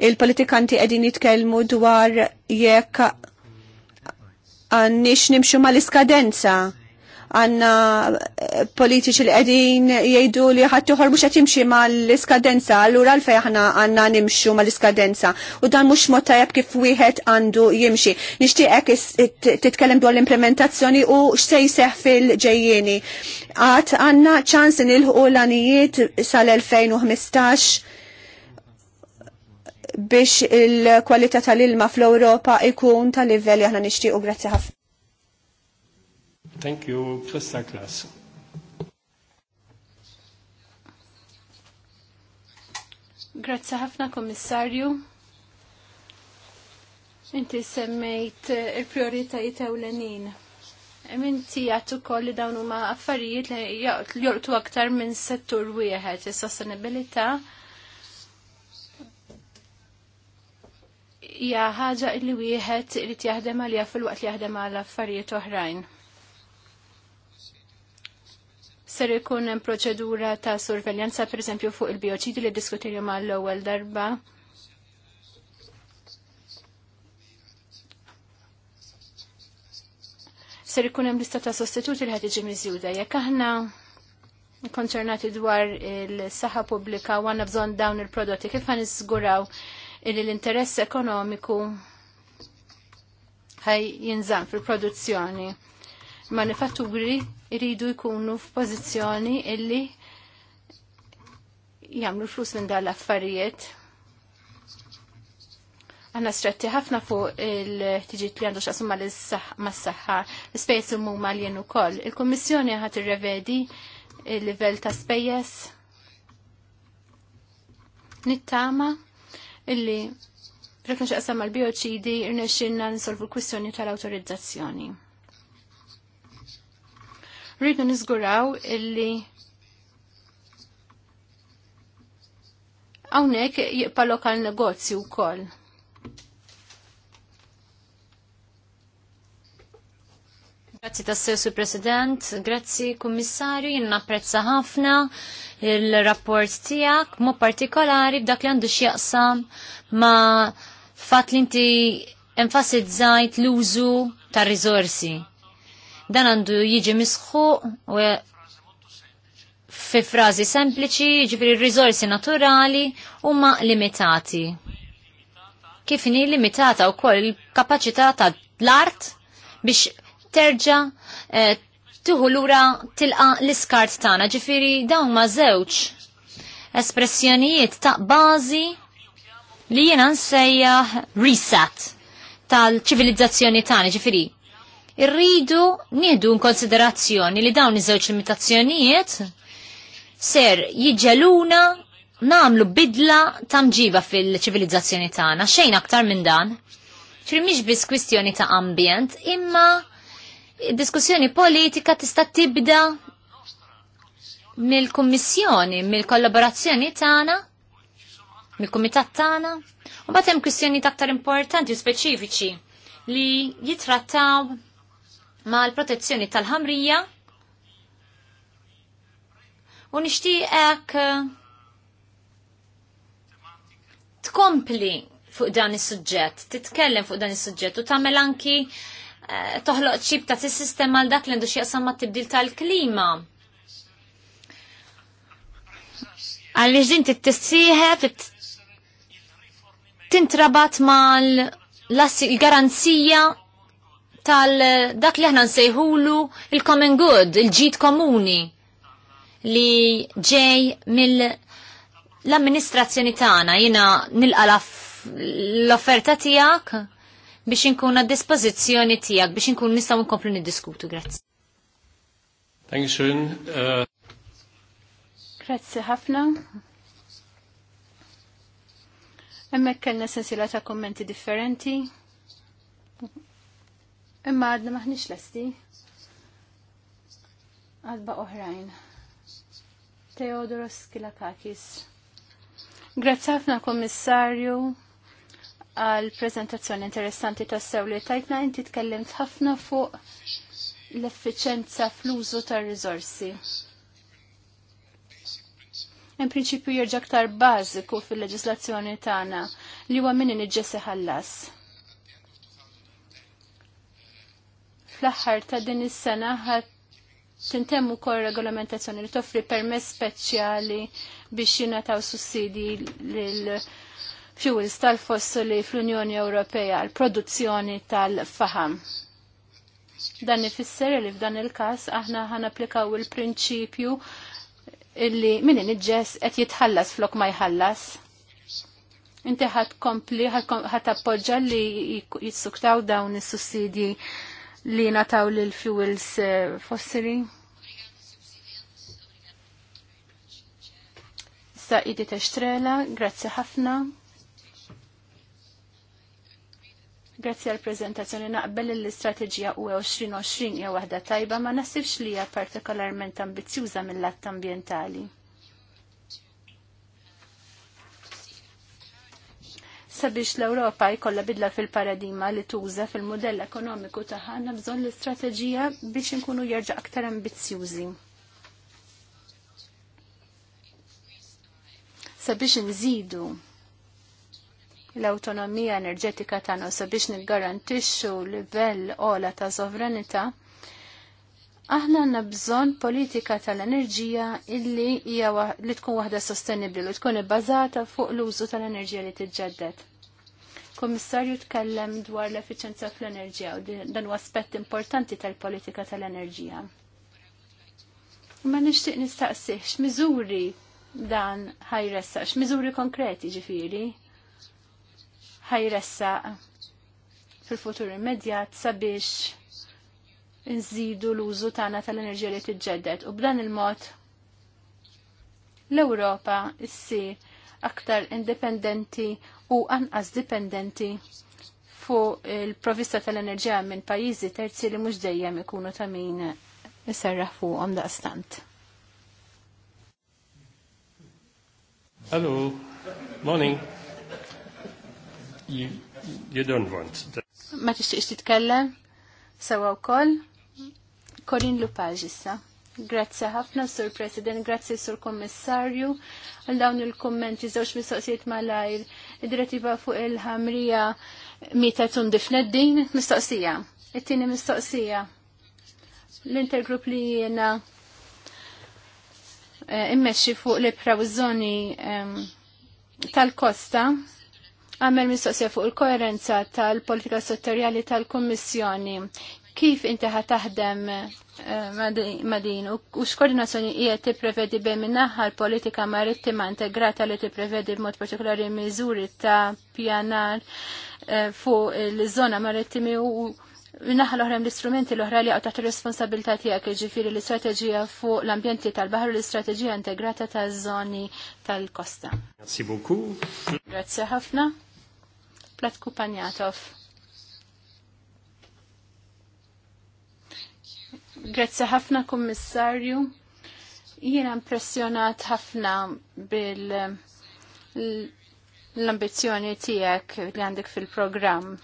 il-politikanti għedin jitkelmu dwar jekk għannix nimxu mal-iskadenza għanna eh, politiċi li għedin jgħidu li ħattuħor mux għatimxi ma l-iskadenza, allura l-fej ħana għanna nimxu ma l-iskadenza. U dan mux mod jab kif wieħed għandu jimxi. għek titkellem dwar l-implementazzjoni u xsej seħ fil-ġejjeni. Għat għanna ċans nil-ħu l-anijiet sal-2015 biex il-kwalità tal-ilma fl-Europa ikun tal-livell li aħna nixtiequ grazzi ħafna. Thank you, Krista Klaas. Grazzi ħafna, Kommissarju. Inti semmejt eh, il-prioritajiet ewlenin. Minti għattu koll li dawn huma affarijiet li jortu aktar minn settur wieħed, is-sostenibilità, hija ħaġa li wieħed irid jaħdem għalija fil-waqt li jaħdem għal affarijiet oħrajn ser ikun hemm proċedura ta' sorveljanza pereżempju fuq il-bioċidi li diskutirju l ewwel darba. Ser ikun hemm lista ta' sostituti li ħad iġi miżjuda jekk aħna konċernati dwar il-saħħa pubblika u għandna bżonn dawn il-prodotti kif ħan niżguraw li l-interess ekonomiku ħaj jinżamm fil-produzzjoni. Manifatturi iridu jkunu f'pożizzjoni illi jagħmlu flus minn dal l-affarijiet. Għanna stretti ħafna fuq il-tiġit li għandu xasumma mas-saħħa, l-spejs huma li jenu kol. Il-Kommissjoni ħat il-revedi il-livell ta' spejjes. Nittama illi Rekna xaqsam għal-bioċidi, irnexxinna nisolvu l-kwistjoni tal-autorizzazzjoni. l-kwistjoni tal-autorizzazzjoni rridu niżguraw illi hawnhekk jibqa' lokal negozju wkoll. Grazzi ta' sessu President, grazzi Kummissarju, prezza ħafna il-rapport tijak, mu partikolari b'dak li għandu xjaqsam ma fat li inti enfasizzajt l-użu ta' rizorsi. Dan għandu jiġi misħu u fi frażi sempliċi, ġifri r-rizorsi naturali huma limitati. Kif inhi limitata wkoll il-kapaċità tal-art biex terġa' eh, tuħu lura tilqa l-iskart tagħna. Ġifiri dawn ma żewġ espressjonijiet ta' bażi li jiena nsejja reset tal-ċivilizzazzjoni tagħna, ġifiri irridu nieħdu konsiderazzjoni li dawn iż-żewġ limitazzjonijiet ser jiġġeluna namlu bidla tamġiba fil-ċivilizzazzjoni tagħna xejn aktar minn dan. Ċri miex biss kwistjoni ta' ambjent, imma diskussjoni politika tista' tibda mill-kummissjoni, mill-kollaborazzjoni tagħna, mill-kumitat tagħna, u bagħad hemm kwistjoni aktar importanti u speċifiċi li jitrattaw ma' l-protezzjoni tal-ħamrija u nixtieqek eh, tkompli fuq dan is-suġġett, titkellem fuq dan is-suġġett u tagħmel anki eh, toħloq ċib ta' sistema għal dak l-indu xieqsam ma' tibdil tal-klima. Għalli ġdin t t tintrabat mal l-garanzija tal-dak li aħna nsejħulu il-common good, il-ġid komuni li ġej mill l-amministrazzjoni tagħna jiena nilqa l-offerta tiegħek biex inkun għad dispożizzjoni tiegħek biex inkun nistgħu nkomplu niddiskutu. Grazzi. Thank you. Uh, Grazzi ħafna. Hemmhekk kellna sensiela ta' kommenti differenti. Imma għadna maħnix lesti. Għadba oħrajn. Teodoros Kilakakis. Grazzafna komissarju għal prezentazzjoni interessanti tas sew li tajtna inti tkellimt ħafna fuq l-effiċenza fl-użu tar risorsi In prinċipju jerġa' aktar bażiku fil-leġislazzjoni tagħna li huwa min iġġesi ħallas. fl-aħħar ta' din is-sena ħadd tintemm ukoll regolamentazzjoni li toffri permess speċjali biex jinataw sussidi lill fuels tal-fossili fl-Unjoni Ewropea għal produzzjoni tal-faham. Dan ifisser li f'dan il-każ aħna ħan applikaw il-prinċipju illi min inġess qed jitħallas flok ma jħallas inti ħat kompli, ħat appoġġa li jissuktaw dawn is sussidji li nataw l fuels eh, fossili. Sa' idi teċtrela, grazzi ħafna. Grazzi għal prezentazzjoni naqbel l-istrateġija u 2020 e hija waħda tajba ma nasibx li hija partikolarment ambizzjuża mill-att ambjentali. sabiex l-Ewropa jkollha bidla fil-paradigma li tuża fil-modell ekonomiku tagħha għandna bżonn l-istrateġija biex inkunu jerġa' aktar ambizzjużi. Sabiex nżidu l-autonomija enerġetika tagħna sabiex niggarantixxu livell ola ta' sovranità, aħna għandna bżonn politika tal-enerġija illi hija li tkun waħda sostenibbli li tkun ibbażata fuq l-użu tal-enerġija li tiġġedded. Komissarju tkellem dwar l-efficienza fl-enerġija u dan huwa aspett importanti tal-politika tal-enerġija. Ma nixtieq nistaqsih x'miżuri dan ħajressa, x'miżuri konkreti ġifieri ħajressa fil-futur immedjat sabiex nżidu l-użu tagħna tal-enerġija li tiġġedded u b'dan il-mod l-Ewropa issi aktar indipendenti u anqas dipendenti fuq il-provista tal-enerġija minn pajjiżi terzi li mhux dejjem ikunu ta' min iserraħ fuqhom daqstant. Hello, morning. You, you don't want to. Ma tixtieqx titkellem? Sewa wkoll? Corinne Lupage issa. Grazzi ħafna, Sur President, grazzi Sur Kommissarju, għal dawn il-kommenti żewġ mistoqsijiet malajr id-direttiva fuq il-ħamrija mita tundif neddin, mistoqsija. It-tieni mistoqsija. L-intergrupp li jiena eh, immexxi fuq li prawżoni tal-kosta għamel mistoqsija fuq il-koerenza tal-politika settorjali tal-Kommissjoni kif inti ħa taħdem eh, Madin, din u x'koordinazzjoni hija tipprevedi bejn minnaħħa l-politika marittima integrata li tipprevedi b'mod partikolari miżuri ta' pjanar eh, fuq l-żona marittimi u minnaħħa l ohrem l-istrumenti l-oħra li għaw taħt ir-responsabilità tiegħek jiġifieri l-istrateġija fuq l-ambjenti tal bahru u l-istrateġija integrata taż-żoni tal-kosta. Grazie beaucoup. Grazzi ħafna. Platku Panjatov. Grazzi ħafna kummissarju. Jiena impressjonat ħafna bil l-ambizjoni tiegħek li għandek fil-programm.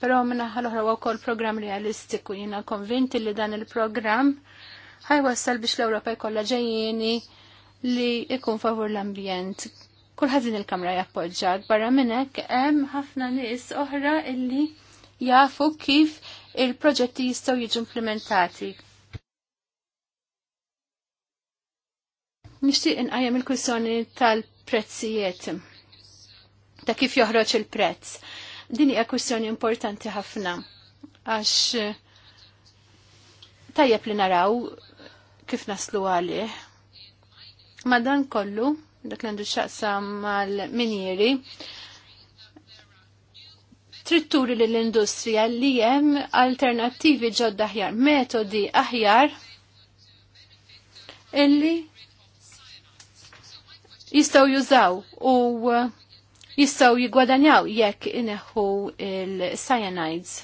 però minna ħal-ħra wkoll programm realistiku jiena konvinti li dan il-programm ħajwassal biex l-Ewropa jkollha ġejjieni li ikun favur l-ambjent. Kulħadd din il-kamra jappoġġat barra minn hekk hemm ħafna nies oħra illi jafu kif il-proġetti jistgħu jiġu implementati. Nixtieq inqajjem il-kwissjoni tal-prezzijiet ta' kif joħroġ il-prezz. Din hija kwissjoni importanti ħafna għax tajjeb li naraw kif naslu għalih. Ma dan kollu, dak l-għandu xaqsam mal-minjeri, tritturi li l-industrija li jem alternativi ġodda aħjar, metodi aħjar illi jistaw jużaw u uh, jistaw jigwadanjaw jekk ineħu il-cyanides.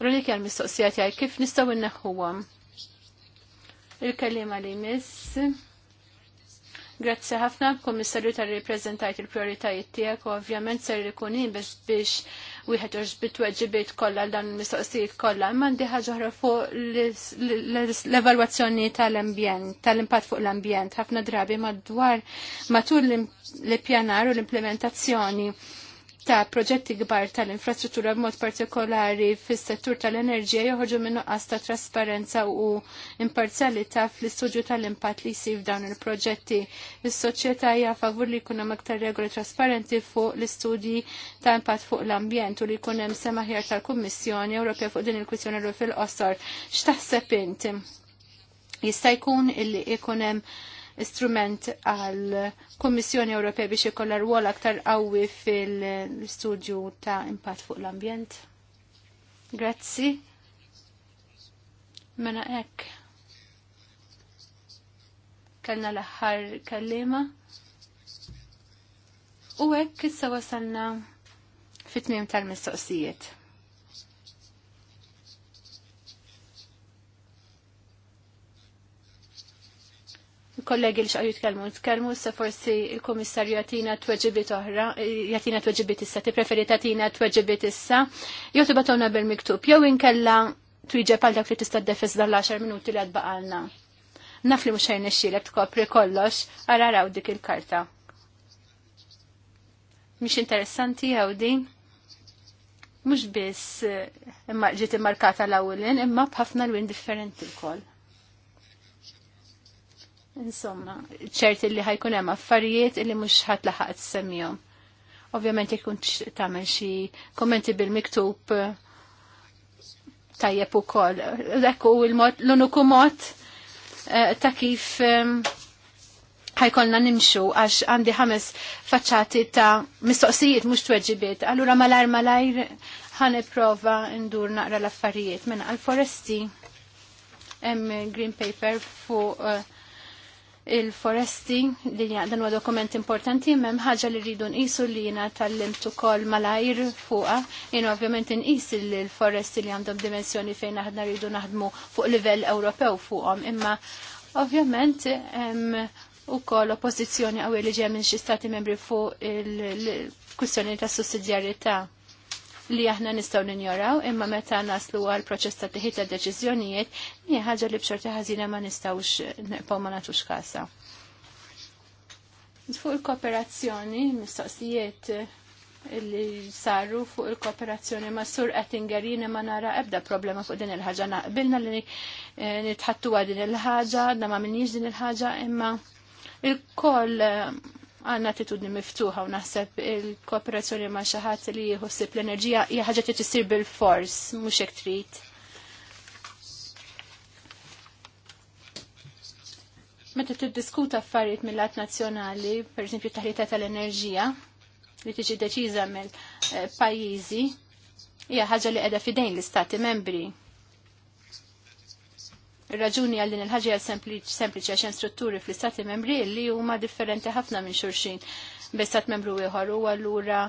Rulik għal mistoqsijat jgħal kif nistaw inneħuwam. Il-kalima li miss. Grazzi ħafna, komissarju tal-reprezentajt il-prioritajiet tijak u ovvjament ser ikun biex biex wieħed jorġ bit-tweġibiet kollha dan il-mistoqsijiet kollha, imma għandi ħaġa oħra fuq l-evalwazzjoni tal-ambjent, tal-impatt fuq l-ambjent, ħafna drabi madwar matul l-ippjanar u l-implementazzjoni ta' proġetti kbar tal-infrastruttura b'mod partikolari fis-settur tal-enerġija joħorġu minnu ta' trasparenza u imparzjalità fl-istudju tal-impatt li jsir f'dawn il-proġetti. Is-soċjetà hija favur li jkun hemm aktar regoli trasparenti fuq l-istudji ta' impatt fuq l-ambjent u li jkun hemm sema ħjar tal-Kummissjoni Ewropea fuq din il-kwistjoni fil-qosor. X'taħseb inti? Jista' jkun illi jkun hemm strument għal Kommissjoni Ewropea biex ikollha rwol aktar qawwi fil-studju ta' impatt fuq l-ambjent. Grazzi. Mena hekk. Kellna l-aħħar kallima. U hekk issa wasalna fit-tmiem tal-mistoqsijiet. kollegi li xaqju jitkellmu, jitkellmu se forsi il-komissarju jatina tweġibit oħra, jatina tweġibit issa, ti preferi tatina tweġibit issa, jew batawna bil-miktub, jew inkella twiġeb għal dak li tista' defis dal-10 minuti li għadbaqalna. Naf li mhux ħajn t tkopri kollox, ara raw dik il-karta. Mhix interessanti għaw din? Mhux biss eh, imma ġiet immarkata l-awlin, imma b'ħafna l-win differenti wkoll. Insomma, ċert li ħajkun hemm affarijiet li mhux laħaq semmihom. Ovvjament jekk tagħmel xi kommenti bil-miktub eh, tajjeb ukoll. Dak hu l-mod l-uniku mod eh, ta' kif eh, ħajkolna nimxu għax għandi ħames faċċati ta' mistoqsijiet mhux tweġibiet. Allura malajr malajr ħan prova ndur naqra l-affarijiet minn għal-foresti hemm green paper fuq uh, il-foresti li dan huwa dokument importanti m'hemm ħaġa li rridu nqisu li jiena tallimt ukoll malajr fuqha jiena ovvjament inqis il-foresti li għandhom dimensjoni fejn aħna rridu naħdmu fuq livell Ewropew fuqhom imma ovvjament u koll oppożizzjoni qawwi li minn xi stati membri fuq il-kwistjoni ta' sussidjarjetà li aħna nistgħu ninjoraw imma meta naslu għal proċess ta' tiħita deċiżjonijiet hija ħaġa li b'xorti ħażina ma nistgħux neqgħu ma nagħtux kasa. Fuq il-kooperazzjoni, mistoqsijiet li saru fuq il-kooperazzjoni ma' Sur Ettinger ma nara ebda problema fuq din il-ħaġa naqbilna li nitħattu din il-ħaġa, da ma minniex din il-ħaġa imma il-koll għanna attitudni miftuħa u naħseb il-kooperazzjoni ma' xi ħadd li jħossib l-enerġija hija ħaġa trid issir bil-fors mhux hekk trid. Meta tiddiskuta affarijiet mill nazjonali, nazzjonali, pereżempju taħlita tal-enerġija li tiġi deċiża mill eh, pajizi hija ħaġa li qiegħda fidejn l-istati membri raġuni għallin il għal sempliċi għaxen strutturi fl-istati membri li huma differenti ħafna minn xurxin b'istat membru ieħor u allura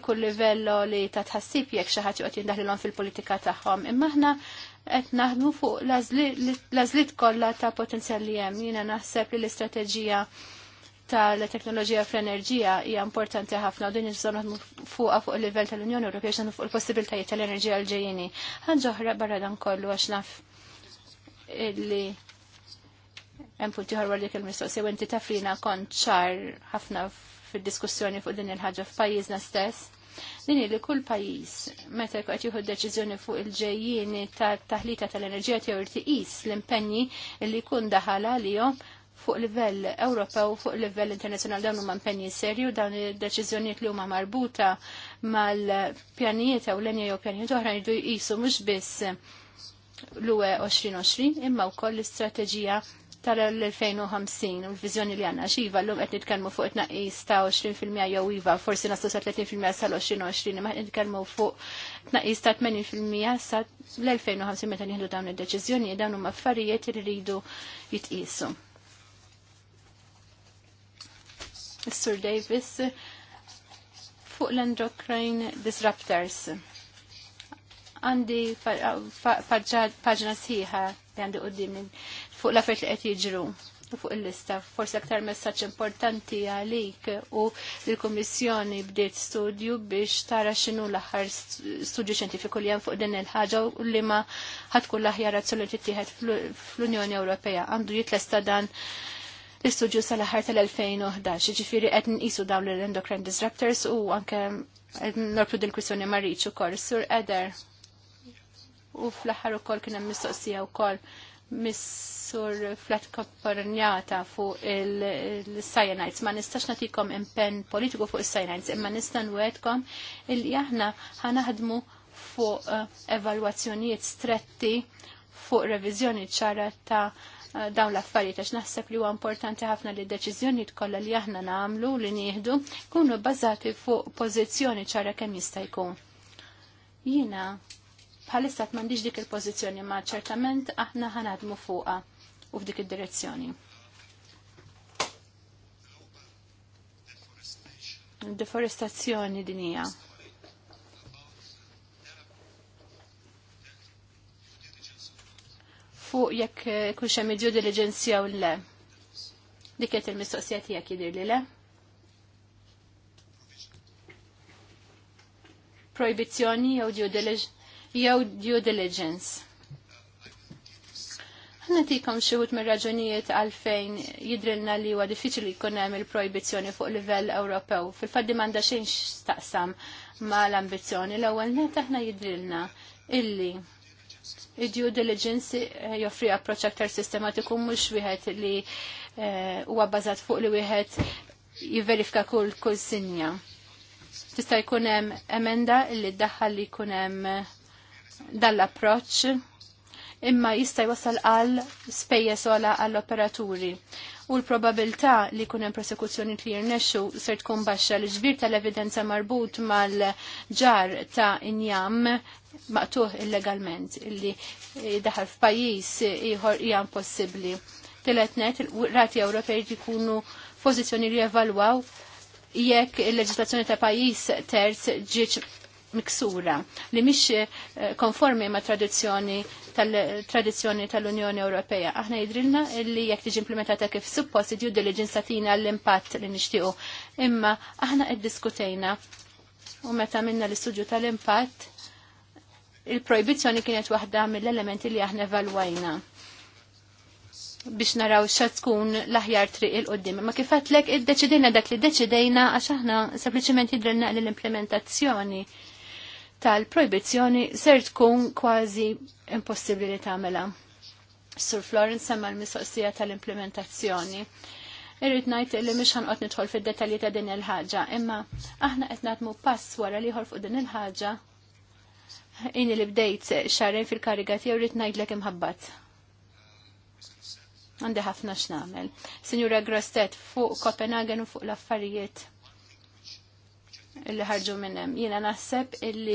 ikun livello li ta' tħassib jekk xi ħadd joqgħod jindaħlilhom fil-politika tagħhom. Imma aħna qed naħdmu fuq l-għażliet kollha ta' potenzjal li hemm. Jiena naħseb li l-istrateġija tal-teknoloġija fl-enerġija hija importanti ħafna u din iżżon fuqha fuq il-livell tal-Unjoni Ewropea x'għandu fuq il-possibiltajiet tal-enerġija l-ġejjini. Ħanġoħra barra dan kollu għax naf illi hemm punti ħarwar dik il-mistoqsija inti taf li kont ċar ħafna fid-diskussjoni fuq din il-ħaġa f'pajjiżna stess. Din li kull pajjiż meta qed jieħu deċiżjoni fuq il-ġejjieni tat-taħlita tal-enerġija tiegħu irtiqis l-impenji li jkun daħal għalihom fuq livell Ewropew fuq livell internazzjonali dawn huma impenji serju dawn id-deċiżjonijiet li huma marbuta mal-pjanijiet ew ewlenja jew pjanijiet oħra jridu jqisu mhux biss l 2020 imma wkoll l-istrateġija tal-2050 u l-vizjoni li għanna xiva l-lum għet nitkelmu fuq tnaqis ta' 20% jew iva, forsi nasu sa' 30% sal-2020, imma għet nitkelmu fuq tnaqis ta' 80% sa' l-2050 meta nieħdu dawn id-deċizjoni, dawn huma affarijiet li rridu jitqisu. Sir Davis fuq l-endocrine disruptors għandi paġna sħiħa li għandi qoddim fuq l-affert li qed jiġru fuq il-lista. Forse aktar messaċ importanti għalik u l-Komissjoni bdiet studju biex tara xinu l-aħħar studju xjentifiku li fuq din il-ħaġa u li ma ħatkun l-aħjar azzjoni li fl-Unjoni Ewropea. Għandu jitlesta dan l-istudju sal-aħħar tal-2011, ġifiri qed nqisu dawn l-endocrine disruptors u anke norplu din kwistjoni ma' Kor. Sur Eder, u fl-aħħar ukoll kien hemm mistoqsija wkoll missur flat kopparnjata fuq il sajanajts Ma nistax natikom impen politiku fuq il sajanajts imma nistan wetkom il-li aħna ħanaħdmu fuq eh, evalwazzjonijiet stretti fuq revizjoni ċara ta' eh, dawn l-affarijiet għax naħseb li huwa importanti ħafna li d-deċiżjoni kollha li aħna nagħmlu li nieħdu kunu bbażati fuq pożizzjoni ċara kemm jista' jkun. Jiena bħalissa m'għandix dik il-pożizzjoni ma ċertament aħna ħanadmu fuqha u f'dik id-direzzjoni. Deforestazzjoni dinija. Fuq jekk kuxem xemmi due diligence jew le. Diket il-mistoqsija tiegħek jidhirli le. Proibizzjoni jew due diligence jew due diligence. Natikom xiħut mir raġunijiet għalfejn jidrilna li huwa diffiċli jkun hemm il-projbizzjoni fuq livell Ewropew. Fil-fatt m'għandha xejn staqsam ma l-ambizzjoni. L-ewwel net aħna jidrilna illi id-due diligence eh, joffri approċċ aktar sistematiku mhux wieħed li eh, huwa bbażat fuq li wieħed jiverifika kull kull sinja. Tista' jkun hemm emenda illi ddaħħal li jkun hemm dan l-approċ imma jista' jwassal għal spejjeż sola għall-operaturi. U l-probabilità li jkun hemm prosekuzzjoni li jirnexxu ser tkun baxxa l ġbir tal-evidenza marbut mal-ġar ta' injam maqtuħ illegalment illi daħal f'pajjiż ieħor hija impossibbli. Tilet net rati Ewropej jkunu pożizzjoni li jekk il-leġislazzjoni ta' pajjiż terz ġiġ miksura li mhix eh, konformi ma' tradizzjoni tal-tradizzjoni tal-Unjoni Ewropea. Aħna jidrilna li jekk tiġi implementata kif suppost due diligence tatina l-impatt li nixtiequ. Imma aħna qed diskutejna u meta minna l-istudju tal-impatt il-projbizzjoni kienet waħda mill-elementi li aħna evalwajna biex naraw xa tkun l-aħjar triq il-qoddim. Ma lek id-deċidejna dak li deċidejna għax aħna sempliċement jidrilna l-implementazzjoni tal-proibizzjoni ser tkun kważi impossibbli li tagħmilha. Sur Florence semma l-mistoqsija tal-implementazzjoni. Irrid ngħid li mhux ħanqod nidħol fid-dettalji ta' din il-ħaġa, imma aħna qed nagħmu pass wara li ieħor fuq din il-ħaġa. Ini li bdejt xarrejn fil-kariga tiegħu rrid ngħidlek imħabbat għandi ħafna x'namel. Sinjura Grostet fuq Copenhagen u fuq l-affarijiet illi ħarġu minnem. Jina naħseb illi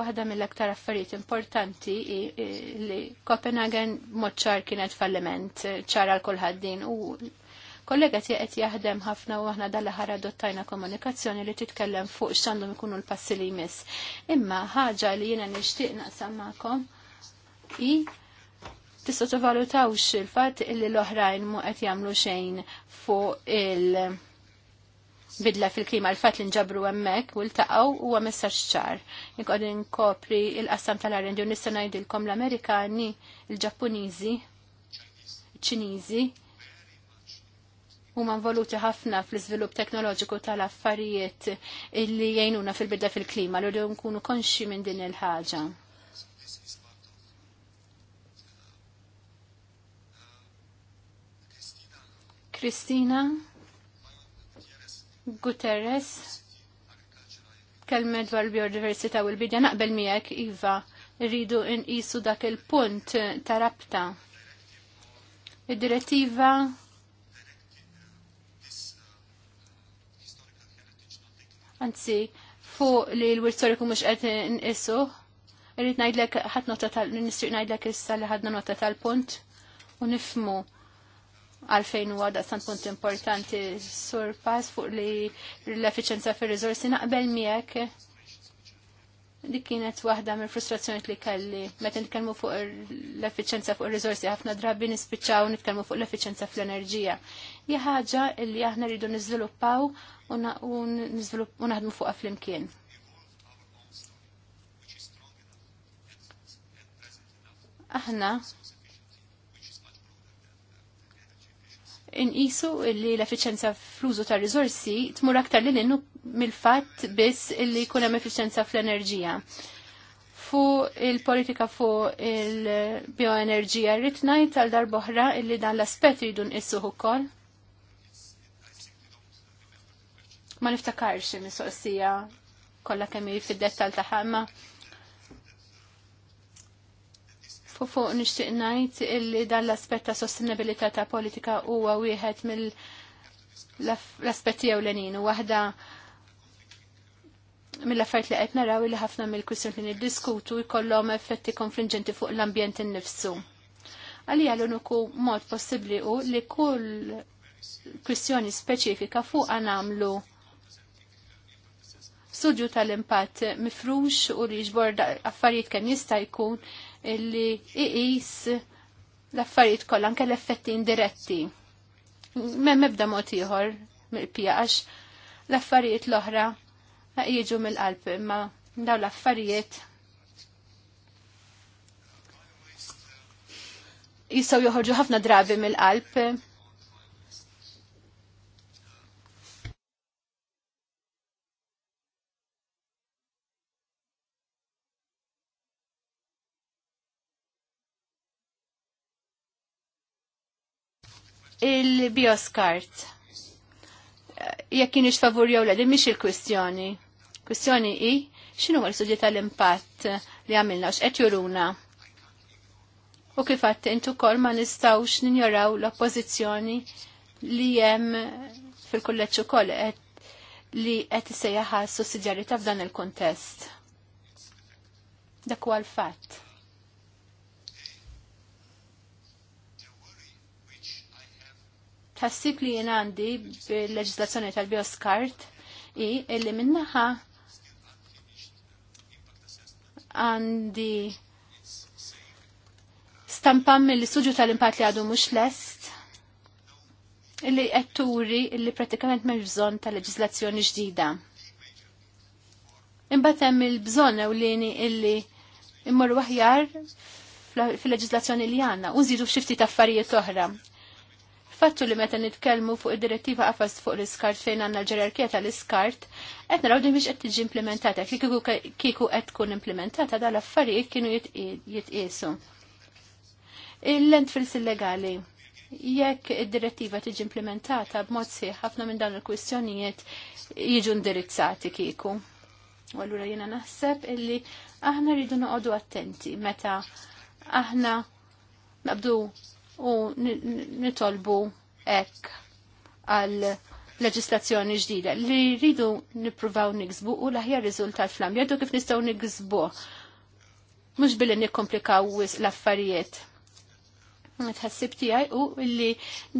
waħda mill-aktar affarijiet importanti li Copenhagen moċċar kienet falliment ċara għal kulħaddin u kollega qed jaħdem ħafna u aħna dalla ħara adottajna komunikazzjoni li titkellem fuq x'għandhom ikunu l-passi li jmiss. Imma ħaġa li jiena nixtieq naqsam magħkom i tista' tivalutawx il-fatt illi l-oħrajn mu qed jagħmlu xejn fuq il- bidla fil-klima l-fat li nġabru għemmek u l-taqaw u għamessa xċar. Nikodin nkopri il-qassam tal arendi u nissa najdilkom l-Amerikani, l ġappuniżi ċiniżi, huma involuti ħafna fl-iżvilupp teknoloġiku tal-affarijiet illi jgħinuna fil-bidla fil-klima l nkunu konxi minn din il-ħaġa. Kristina? Guterres kelmet dwar biodiversita u l-bidja naqbel miegħek iva rridu nqisu dak il-punt ta' rabta. Id-direttiva anzi fuq li l-wirstoriku mhux qed nqisu irrid ngħidlek ħadd nota tal-Ministri ngħidlek issa li ħadna nota tal-punt u nifmu għalfejn huwa daqstan punt importanti surpass fuq li l-efficienza fir rizorsi naqbel miegħek dik kienet waħda mill frustrazzjoni li kelli meta nitkellmu fuq l-efficienza fuq ir-riżorsi ħafna drabi nispiċċaw nitkellmu fuq l-efficienza fl-enerġija. Hi ħaġa li aħna rridu niżviluppaw u naħdmu fuqha flimkien. Aħna inqisu li l-efficienza fl-użu ta' riżorsi tmur aktar li ninnu mill fat biss li jkun hemm efficienza fl-enerġija. Fu il-politika fu il-bioenerġija rrid ngħid għal darb'oħra li dan l-aspett jridu nqissuh ukoll. Ma niftakarx mistoqsija kollha kemm fid-dettall ħamma. Fuq nixtieq ngħid illi dan l-aspett ta' sostenibilità ta' politika huwa wieħed mill-aspetti ewlenin u waħda mill-affarijiet li qed naraw li ħafna mill-kwistjoni li niddiskutu jkollhom effetti konfringenti fuq l-ambjent innifsu. Għalija l-uniku mod possibbli hu li kull kwistjoni speċifika fuq għanamlu studju tal-impatt mifrux u li ġbor affarijiet kemm jista' jkun illi iqis l-affarijiet kollha anke l-effetti indiretti. Mem mebda mod ieħor mill-pjax, l-affarijiet l-oħra jiġu mill-qalb imma daw l-affarijiet jistgħu joħorġu ħafna drabi mill-qalb il-bioskart. Jekk kienx favur jew le, din il-kwistjoni. Kwistjoni hi x'inhu l suġi tal-impatt li għamilna x'qed juruna. U kif intu kol ma nistgħux ninjoraw l-oppożizzjoni li hemm fil-kulleġġ ukoll li qed issejjaħ sussidjarita f'dan il-kuntest. Dak huwa l-fatt. Tassib li jien għandi bil-leġislazzjoni tal-bioskart i illi minnaħa għandi stampam mill-istudju tal-impat li għadu mux lest illi għetturi illi pratikament ma' bżon tal-leġislazzjoni ġdida. Imbatem il-bżon ewlieni illi immur waħjar fil-leġislazzjoni li għanna, użidu xifti taffarijiet oħra. Fattu li meta nitkellmu fuq id-direttiva qafas fuq l-iskart fejn għandna l-ġerarkija tal-iskart, qed naraw din biex qed tiġi implementata, kieku qed tkun implementata dal affarijiet kienu jitqiesu. Il-landfills illegali. Jekk id-direttiva tiġi implementata b'mod sieħ ħafna minn dawn il-kwistjonijiet jiġu indirizzati kieku. U allura jiena naħseb illi aħna rridu noqogħdu attenti meta aħna nabdu u nitolbu ek għal leġislazzjoni ġdida li rridu nipruvaw niksbu u laħja riżultat fl Jaddu kif nistgħu niksbu. Mhux billi nikomplikaw l-affarijiet. Tħassib tiegħi u li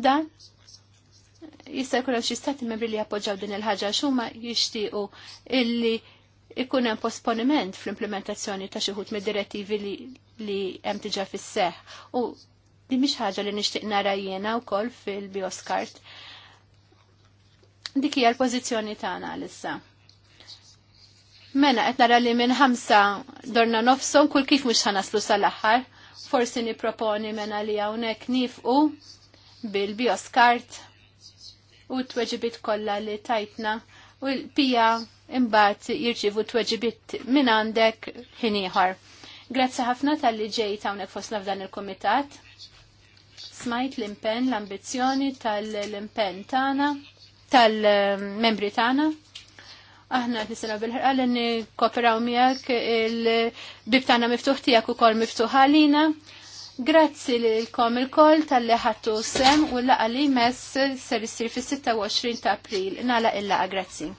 dan jista' jkun hemm xi stati membri li jappoġġaw din il-ħaġa xuma jixtiequ illi ikun hemm posponiment fl-implementazzjoni ta' xi ħut mid-direttivi li hemm tiġa fis u di mish ħaġa li nixtieq nara jiena wkoll fil-bioskart. Dik hija l-pożizzjoni tagħna issa. Mena qed nara li minn ħamsa dorna nofshom kull kif mhux ħanaslu sal-aħħar. Forsi proponi mena li hawnhekk nifqu bil-bioskart u t-tweġibit kollha li tajtna u l-pija imbagħad jirċivu t-tweġibit minn għandek ħin ieħor. Grazzi ħafna tal-li ġejt hawnhekk fosna f'dan il-kumitat smajt l-impen, l-ambizjoni tal-impen tana, tal-membri tana. Aħna nisena bil-ħarqa li kooperaw miegħek il-bib tana miftuħ tiegħek ukoll miftuħa għalina. Grazzi lilkom il kol tal-li ħattu sem u l-laqa li mess ser sir fis-26 ta' April. Nala il-laqa, grazzi.